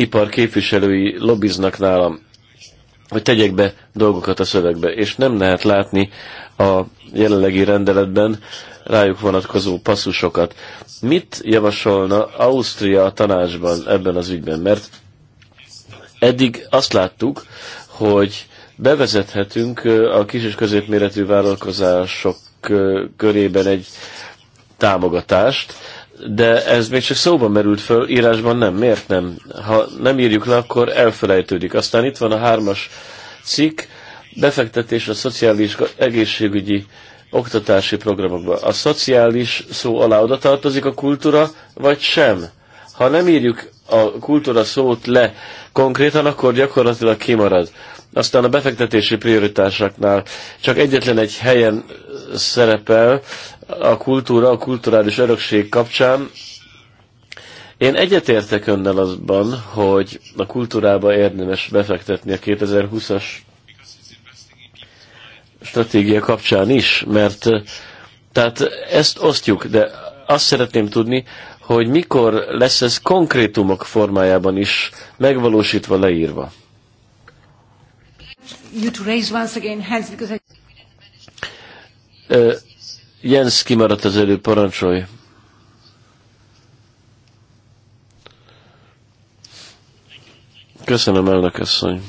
ipar képviselői lobbiznak nálam, hogy tegyek be dolgokat a szövegbe, és nem lehet látni a jelenlegi rendeletben rájuk vonatkozó passzusokat. Mit javasolna Ausztria a tanácsban ebben az ügyben? Mert eddig azt láttuk, hogy bevezethetünk a kis és középméretű vállalkozások körében egy támogatást, de ez még csak szóban merült föl, írásban nem. Miért nem? Ha nem írjuk le, akkor elfelejtődik. Aztán itt van a hármas cikk, befektetés a szociális egészségügyi oktatási programokba. A szociális szó alá oda tartozik a kultúra, vagy sem? Ha nem írjuk a kultúra szót le konkrétan, akkor gyakorlatilag kimarad. Aztán a befektetési prioritásoknál csak egyetlen egy helyen szerepel a kultúra, a kulturális örökség kapcsán. Én egyetértek önnel azban, hogy a kultúrába érdemes befektetni a 2020-as stratégia kapcsán is, mert tehát ezt osztjuk, de azt szeretném tudni, hogy mikor lesz ez konkrétumok formájában is megvalósítva, leírva. Ö, Jens kimaradt az elő, parancsolj. Köszönöm, elnök asszony.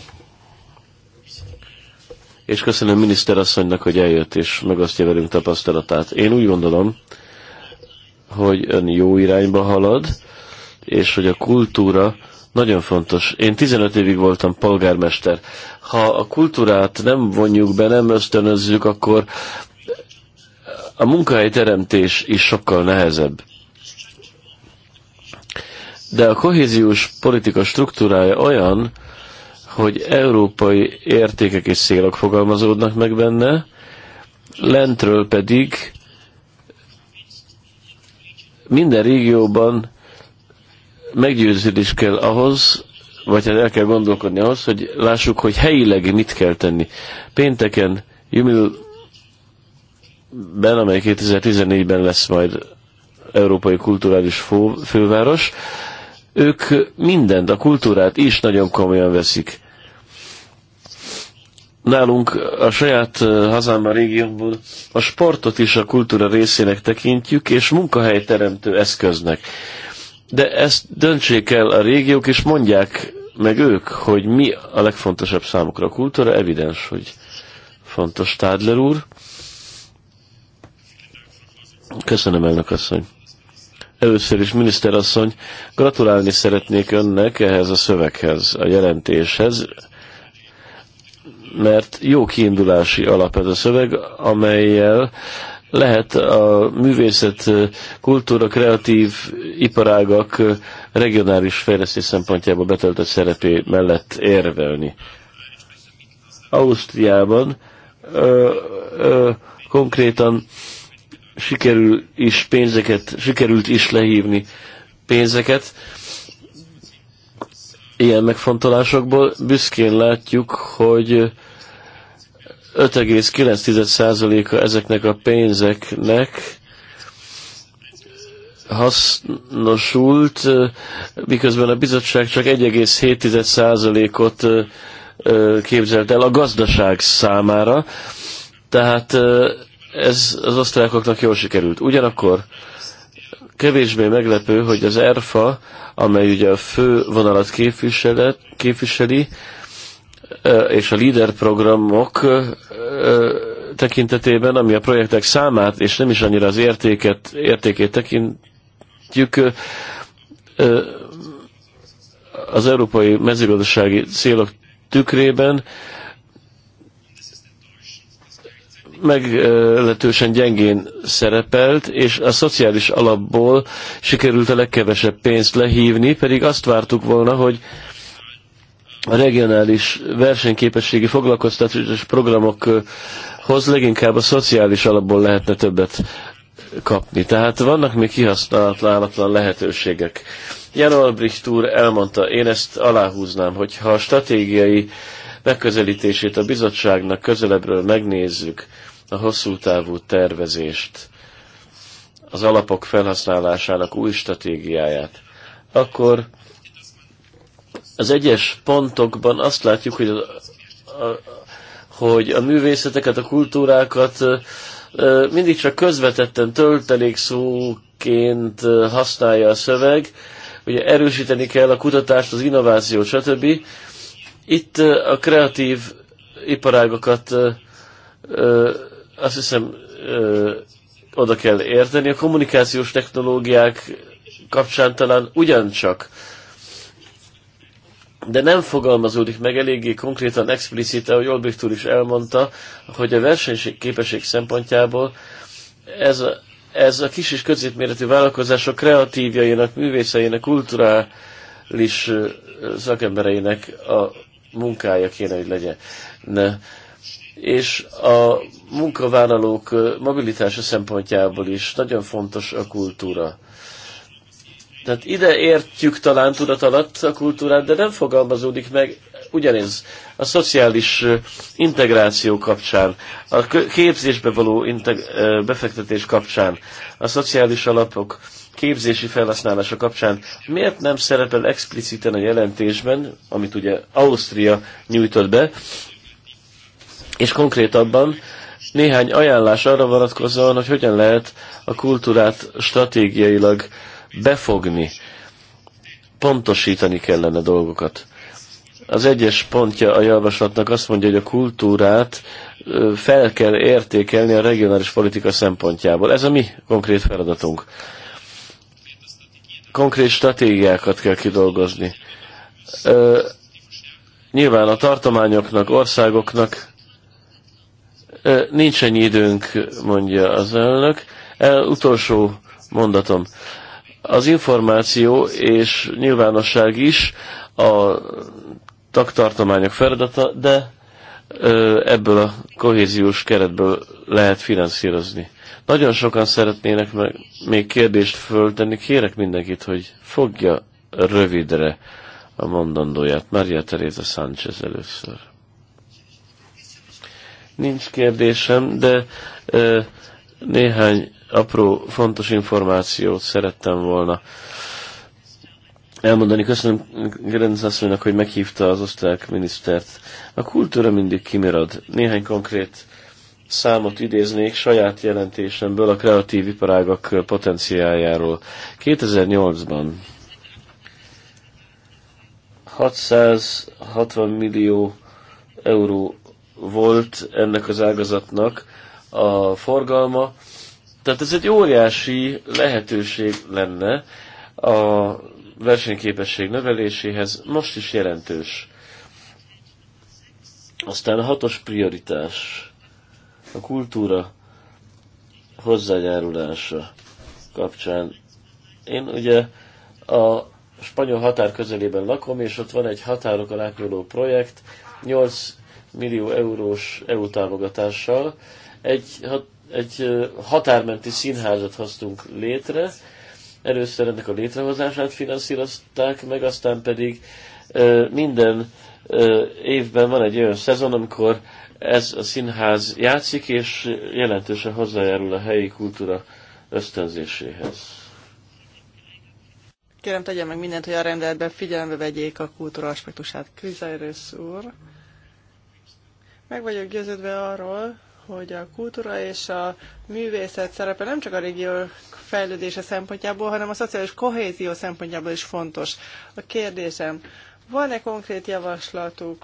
És köszönöm miniszterasszonynak, hogy eljött és megosztja velünk tapasztalatát. Én úgy gondolom, hogy ön jó irányba halad, és hogy a kultúra nagyon fontos. Én 15 évig voltam polgármester. Ha a kultúrát nem vonjuk be, nem ösztönözzük, akkor a munkahelyteremtés is sokkal nehezebb. De a kohéziós politika struktúrája olyan, hogy európai értékek és szélok fogalmazódnak meg benne, lentről pedig minden régióban meggyőződés kell ahhoz, vagy hát el kell gondolkodni ahhoz, hogy lássuk, hogy helyileg mit kell tenni. Pénteken Jumil ben, amely 2014-ben lesz majd Európai Kulturális Főváros, ők mindent, a kultúrát is nagyon komolyan veszik. Nálunk a saját hazámban, régiónkban a sportot is a kultúra részének tekintjük, és munkahelyteremtő eszköznek. De ezt döntsék el a régiók, és mondják meg ők, hogy mi a legfontosabb számukra a kultúra. Evidens, hogy fontos Tádler úr. Köszönöm, elnök asszony. Először is, miniszterasszony, gratulálni szeretnék önnek ehhez a szöveghez, a jelentéshez, mert jó kiindulási alap ez a szöveg, amelyel lehet a művészet, kultúra, kreatív iparágak regionális fejlesztés szempontjából betöltött szerepé mellett érvelni. Ausztriában ö, ö, konkrétan sikerül is pénzeket, sikerült is lehívni pénzeket ilyen megfontolásokból. Büszkén látjuk, hogy 5,9%-a ezeknek a pénzeknek hasznosult, miközben a bizottság csak 1,7%-ot képzelt el a gazdaság számára. Tehát ez az osztrákoknak jól sikerült. Ugyanakkor kevésbé meglepő, hogy az ERFA, amely ugye a fő vonalat képviseli, és a LEADER programok tekintetében, ami a projektek számát, és nem is annyira az értéket, értékét tekintjük, az európai mezőgazdasági célok tükrében meglehetősen gyengén szerepelt, és a szociális alapból sikerült a legkevesebb pénzt lehívni, pedig azt vártuk volna, hogy a regionális versenyképességi foglalkoztatás programokhoz leginkább a szociális alapból lehetne többet kapni. Tehát vannak még kihasználatlan lehetőségek. Jan Albrecht úr elmondta, én ezt aláhúznám, hogy ha a stratégiai megközelítését a bizottságnak közelebbről megnézzük, a hosszú távú tervezést, az alapok felhasználásának új stratégiáját, akkor az egyes pontokban azt látjuk, hogy a, a, hogy a művészeteket, a kultúrákat mindig csak közvetetten töltelékszóként használja a szöveg, ugye erősíteni kell a kutatást, az innovációt, stb. Itt a kreatív iparágokat azt hiszem ö, oda kell érteni. A kommunikációs technológiák kapcsán talán ugyancsak, de nem fogalmazódik meg eléggé konkrétan, explicite, ahogy Olbrich túl is elmondta, hogy a versenyképesség szempontjából ez a, ez a kis és középméretű vállalkozások kreatívjainak, művészeinek, kulturális szakembereinek a munkája kéne, hogy legyen. Ne és a munkavállalók mobilitása szempontjából is nagyon fontos a kultúra. Tehát ide értjük talán tudat alatt a kultúrát, de nem fogalmazódik meg ugyanez a szociális integráció kapcsán, a képzésbe való befektetés kapcsán, a szociális alapok képzési felhasználása kapcsán miért nem szerepel expliciten a jelentésben, amit ugye Ausztria nyújtott be, és konkrétabban néhány ajánlás arra vonatkozóan, hogy hogyan lehet a kultúrát stratégiailag befogni. Pontosítani kellene dolgokat. Az egyes pontja a javaslatnak azt mondja, hogy a kultúrát fel kell értékelni a regionális politika szempontjából. Ez a mi konkrét feladatunk. Konkrét stratégiákat kell kidolgozni. Nyilván a tartományoknak, országoknak Nincs ennyi időnk, mondja az elnök. El, utolsó mondatom. Az információ és nyilvánosság is a tagtartományok feladata, de ebből a kohéziós keretből lehet finanszírozni. Nagyon sokan szeretnének meg még kérdést föltenni. Kérek mindenkit, hogy fogja rövidre a mondandóját. Maria Teresa Sánchez először. Nincs kérdésem, de e, néhány apró, fontos információt szerettem volna elmondani. Köszönöm Gerenc asszonynak, hogy meghívta az osztrák minisztert. A kultúra mindig kimarad. Néhány konkrét számot idéznék saját jelentésemből a kreatív iparágak potenciáljáról. 2008-ban 660 millió euró volt ennek az ágazatnak a forgalma. Tehát ez egy óriási lehetőség lenne a versenyképesség növeléséhez, most is jelentős. Aztán a hatos prioritás, a kultúra hozzájárulása kapcsán. Én ugye a spanyol határ közelében lakom, és ott van egy határokon átnyúló projekt, 8 millió eurós EU támogatással egy, hat, egy határmenti színházat hoztunk létre. Először ennek a létrehozását finanszírozták, meg aztán pedig minden évben van egy olyan szezon, amikor ez a színház játszik, és jelentősen hozzájárul a helyi kultúra ösztönzéséhez. Kérem, tegyen meg mindent, hogy a rendeletben figyelembe vegyék a kultúra aspektusát. Krizairősz úr. Meg vagyok győződve arról, hogy a kultúra és a művészet szerepe nem csak a régió fejlődése szempontjából, hanem a szociális kohézió szempontjából is fontos. A kérdésem, van-e konkrét javaslatuk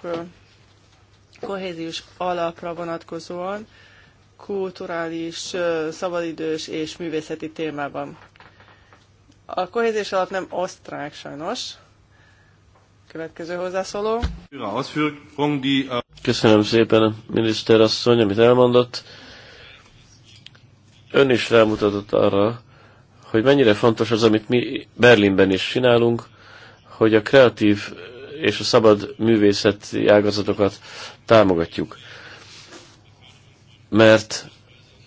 kohéziós alapra vonatkozóan kulturális, szabadidős és művészeti témában? A kohéziós alap nem osztrák sajnos. Következő hozzászóló. Köszönöm szépen a miniszter asszony, amit elmondott. Ön is rámutatott arra, hogy mennyire fontos az, amit mi Berlinben is csinálunk, hogy a kreatív és a szabad művészeti ágazatokat támogatjuk. Mert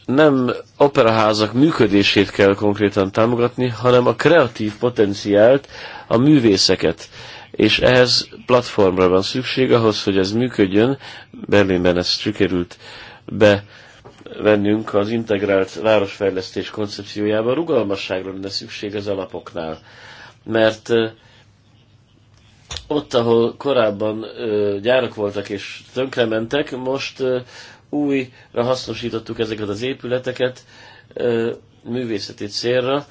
nem operaházak működését kell konkrétan támogatni, hanem a kreatív potenciált, a művészeket és ehhez platformra van szükség ahhoz, hogy ez működjön. Berlinben ezt sikerült be vennünk az integrált városfejlesztés koncepciójába, rugalmasságra lenne szükség az alapoknál. Mert ott, ahol korábban gyárak voltak és tönkrementek, most újra hasznosítottuk ezeket az épületeket művészeti célra,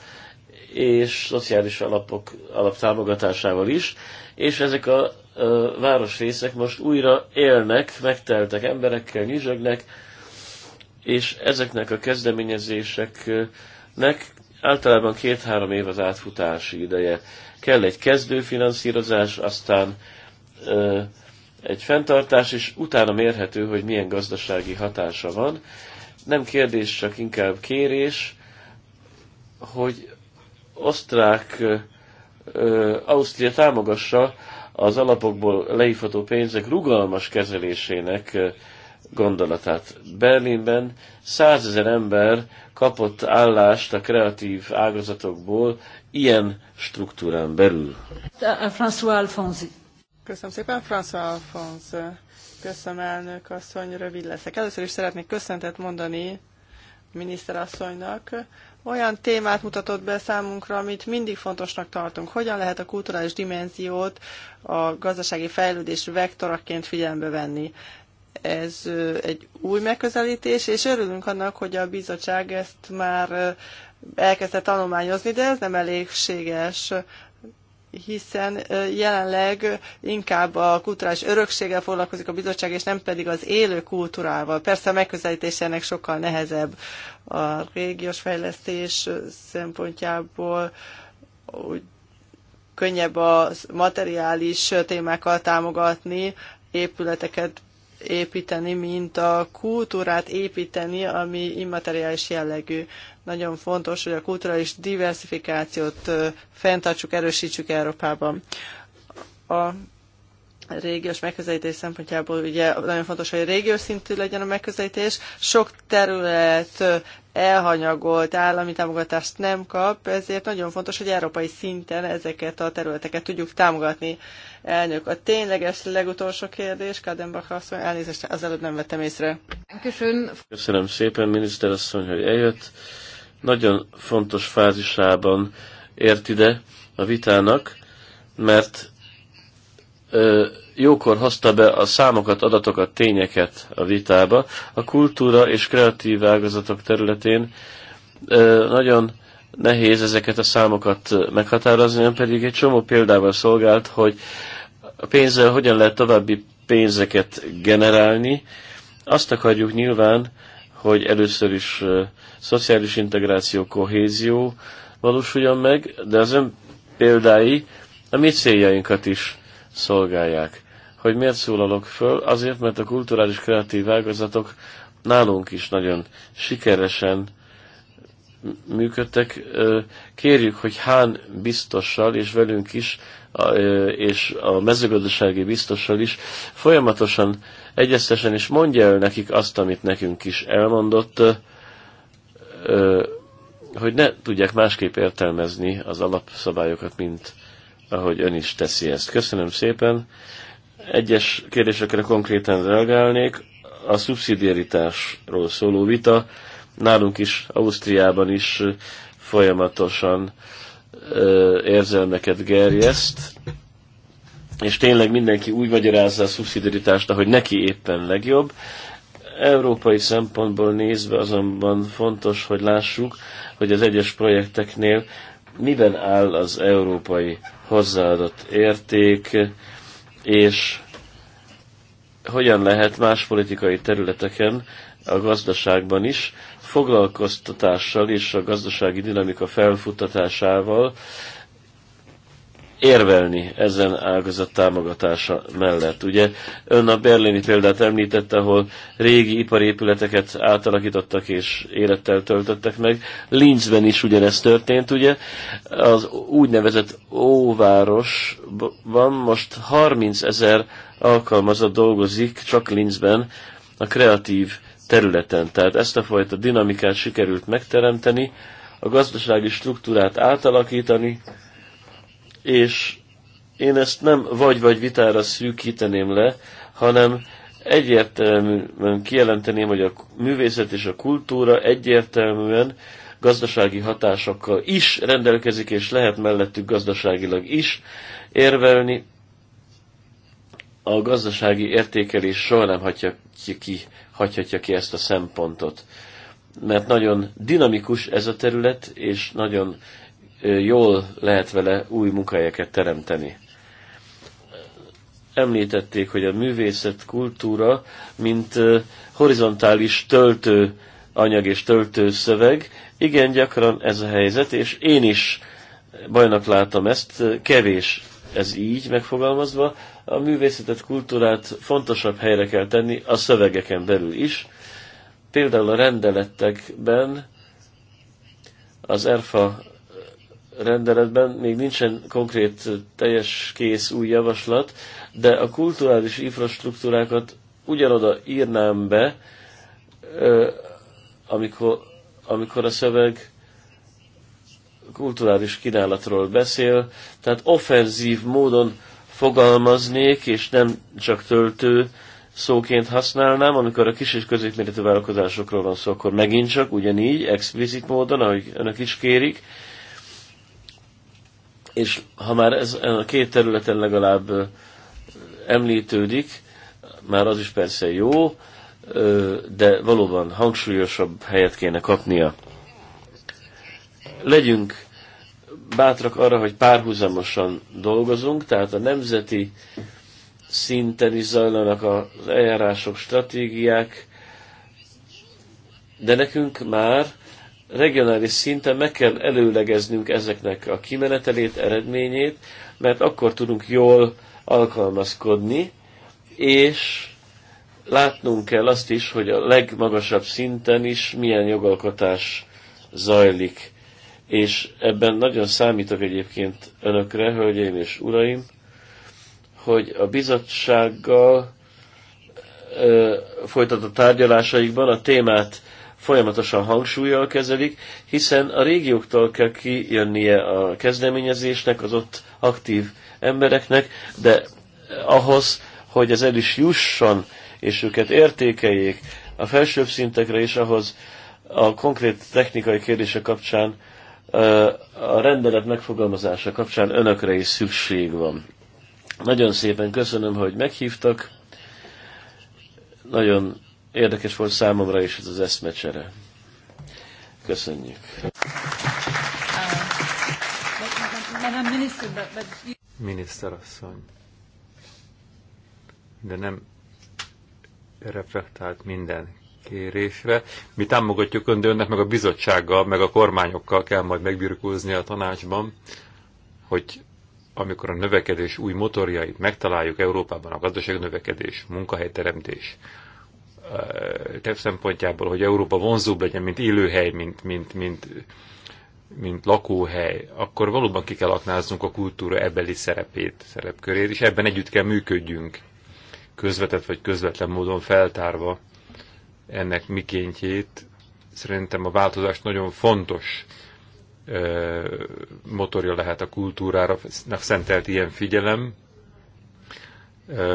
és szociális alapok alaptámogatásával is, és ezek a ö, városrészek most újra élnek, megteltek emberekkel, nyizsögnek, és ezeknek a kezdeményezéseknek általában két-három év az átfutási ideje. Kell egy kezdőfinanszírozás, aztán ö, egy fenntartás, és utána mérhető, hogy milyen gazdasági hatása van. Nem kérdés, csak inkább kérés, hogy osztrák Ausztria támogassa az alapokból leifató pénzek rugalmas kezelésének gondolatát. Berlinben százezer ember kapott állást a kreatív ágazatokból ilyen struktúrán belül. François Alfonsi. Köszönöm szépen, François Alfonsi. Köszönöm, elnök asszony, rövid leszek. Először is szeretnék köszöntet mondani miniszterasszonynak olyan témát mutatott be számunkra, amit mindig fontosnak tartunk. Hogyan lehet a kulturális dimenziót a gazdasági fejlődés vektoraként figyelembe venni? Ez egy új megközelítés, és örülünk annak, hogy a bizottság ezt már elkezdte tanulmányozni, de ez nem elégséges hiszen jelenleg inkább a kulturális örökséggel foglalkozik a bizottság, és nem pedig az élő kultúrával. Persze a megközelítés ennek sokkal nehezebb a régiós fejlesztés szempontjából, úgy könnyebb a materiális témákkal támogatni, épületeket építeni, mint a kultúrát építeni, ami immateriális jellegű. Nagyon fontos, hogy a kulturális diversifikációt fenntartsuk, erősítsük Európában. A régiós megközelítés szempontjából ugye nagyon fontos, hogy régiós szintű legyen a megközelítés. Sok terület elhanyagolt állami támogatást nem kap, ezért nagyon fontos, hogy európai szinten ezeket a területeket tudjuk támogatni. Elnök, a tényleges legutolsó kérdés, Kadenbach asszony, elnézést, az előbb nem vettem észre. Köszönöm, Köszönöm szépen, miniszter asszony, hogy eljött. Nagyon fontos fázisában ért ide a vitának, mert ö, jókor hozta be a számokat, adatokat, tényeket a vitába. A kultúra és kreatív ágazatok területén nagyon nehéz ezeket a számokat meghatározni, nem pedig egy csomó példával szolgált, hogy a pénzzel hogyan lehet további pénzeket generálni. Azt akarjuk nyilván, hogy először is szociális integráció, kohézió valósuljon meg, de az ön példái a mi céljainkat is szolgálják hogy miért szólalok föl, azért, mert a kulturális kreatív ágazatok nálunk is nagyon sikeresen működtek. Kérjük, hogy Hán biztossal, és velünk is, és a mezőgazdasági biztossal is folyamatosan egyeztesen, és mondja el nekik azt, amit nekünk is elmondott, hogy ne tudják másképp értelmezni az alapszabályokat, mint ahogy ön is teszi ezt. Köszönöm szépen! Egyes kérdésekre konkrétan reagálnék. A szubszidiaritásról szóló vita nálunk is, Ausztriában is folyamatosan ö, érzelmeket gerjeszt, és tényleg mindenki úgy magyarázza a szubszidiaritást, ahogy neki éppen legjobb. Európai szempontból nézve azonban fontos, hogy lássuk, hogy az egyes projekteknél miben áll az európai hozzáadott érték, és hogyan lehet más politikai területeken, a gazdaságban is, foglalkoztatással és a gazdasági dinamika felfuttatásával érvelni ezen ágazat támogatása mellett. Ugye ön a berlini példát említette, ahol régi ipari épületeket átalakítottak és élettel töltöttek meg. Linzben is ugyanezt történt, ugye? Az úgynevezett óvárosban most 30 ezer alkalmazott dolgozik csak Linzben a kreatív területen. Tehát ezt a fajta dinamikát sikerült megteremteni, a gazdasági struktúrát átalakítani, és én ezt nem vagy-vagy vitára szűkíteném le, hanem egyértelműen kijelenteném, hogy a művészet és a kultúra egyértelműen gazdasági hatásokkal is rendelkezik, és lehet mellettük gazdaságilag is érvelni. A gazdasági értékelés soha nem hagyja ki, hagyhatja ki ezt a szempontot, mert nagyon dinamikus ez a terület, és nagyon jól lehet vele új munkahelyeket teremteni. Említették, hogy a művészet kultúra, mint horizontális töltő anyag és töltő szöveg, igen gyakran ez a helyzet, és én is bajnak látom ezt, kevés ez így megfogalmazva, a művészetet, kultúrát fontosabb helyre kell tenni a szövegeken belül is. Például a rendeletekben az ERFA rendeletben még nincsen konkrét teljes kész új javaslat, de a kulturális infrastruktúrákat ugyanoda írnám be, amikor, amikor a szöveg kulturális kínálatról beszél, tehát offenzív módon fogalmaznék, és nem csak töltő szóként használnám, amikor a kis és középméretű vállalkozásokról van szó, akkor megint csak ugyanígy, explicit módon, ahogy önök is kérik, és ha már ez a két területen legalább említődik, már az is persze jó, de valóban hangsúlyosabb helyet kéne kapnia. Legyünk bátrak arra, hogy párhuzamosan dolgozunk, tehát a nemzeti szinten is zajlanak az eljárások, stratégiák, de nekünk már regionális szinten meg kell előlegeznünk ezeknek a kimenetelét, eredményét, mert akkor tudunk jól alkalmazkodni, és látnunk kell azt is, hogy a legmagasabb szinten is milyen jogalkotás zajlik. És ebben nagyon számítok egyébként önökre, hölgyeim és uraim, hogy a bizottsággal ö, folytatott tárgyalásaikban a témát folyamatosan hangsúlyjal kezelik, hiszen a régióktól kell kijönnie a kezdeményezésnek, az ott aktív embereknek, de ahhoz, hogy ez el is jusson, és őket értékeljék a felsőbb szintekre, és ahhoz a konkrét technikai kérdése kapcsán, a rendelet megfogalmazása kapcsán önökre is szükség van. Nagyon szépen köszönöm, hogy meghívtak. Nagyon Érdekes volt számomra is ez az eszmecsere. Köszönjük. Miniszterasszony. De nem reflektált minden kérésre. Mi támogatjuk ön, önnek meg a bizottsággal, meg a kormányokkal kell majd megbirkózni a tanácsban, hogy amikor a növekedés új motorjait megtaláljuk Európában, a gazdaság növekedés, munkahelyteremtés, Eh, több szempontjából, hogy Európa vonzóbb legyen, mint élőhely, mint, mint, mint, mint lakóhely, akkor valóban ki kell aknáznunk a kultúra ebbeli szerepét, szerepkörét, és ebben együtt kell működjünk, közvetett vagy közvetlen módon feltárva ennek mikéntjét. Szerintem a változás nagyon fontos eh, motorja lehet a kultúrára szentelt ilyen figyelem,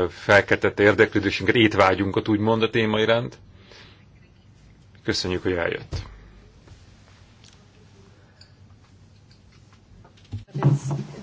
felkeltette érdeklődésünket, étvágyunkat úgymond a téma iránt. Köszönjük, hogy eljött. Thanks.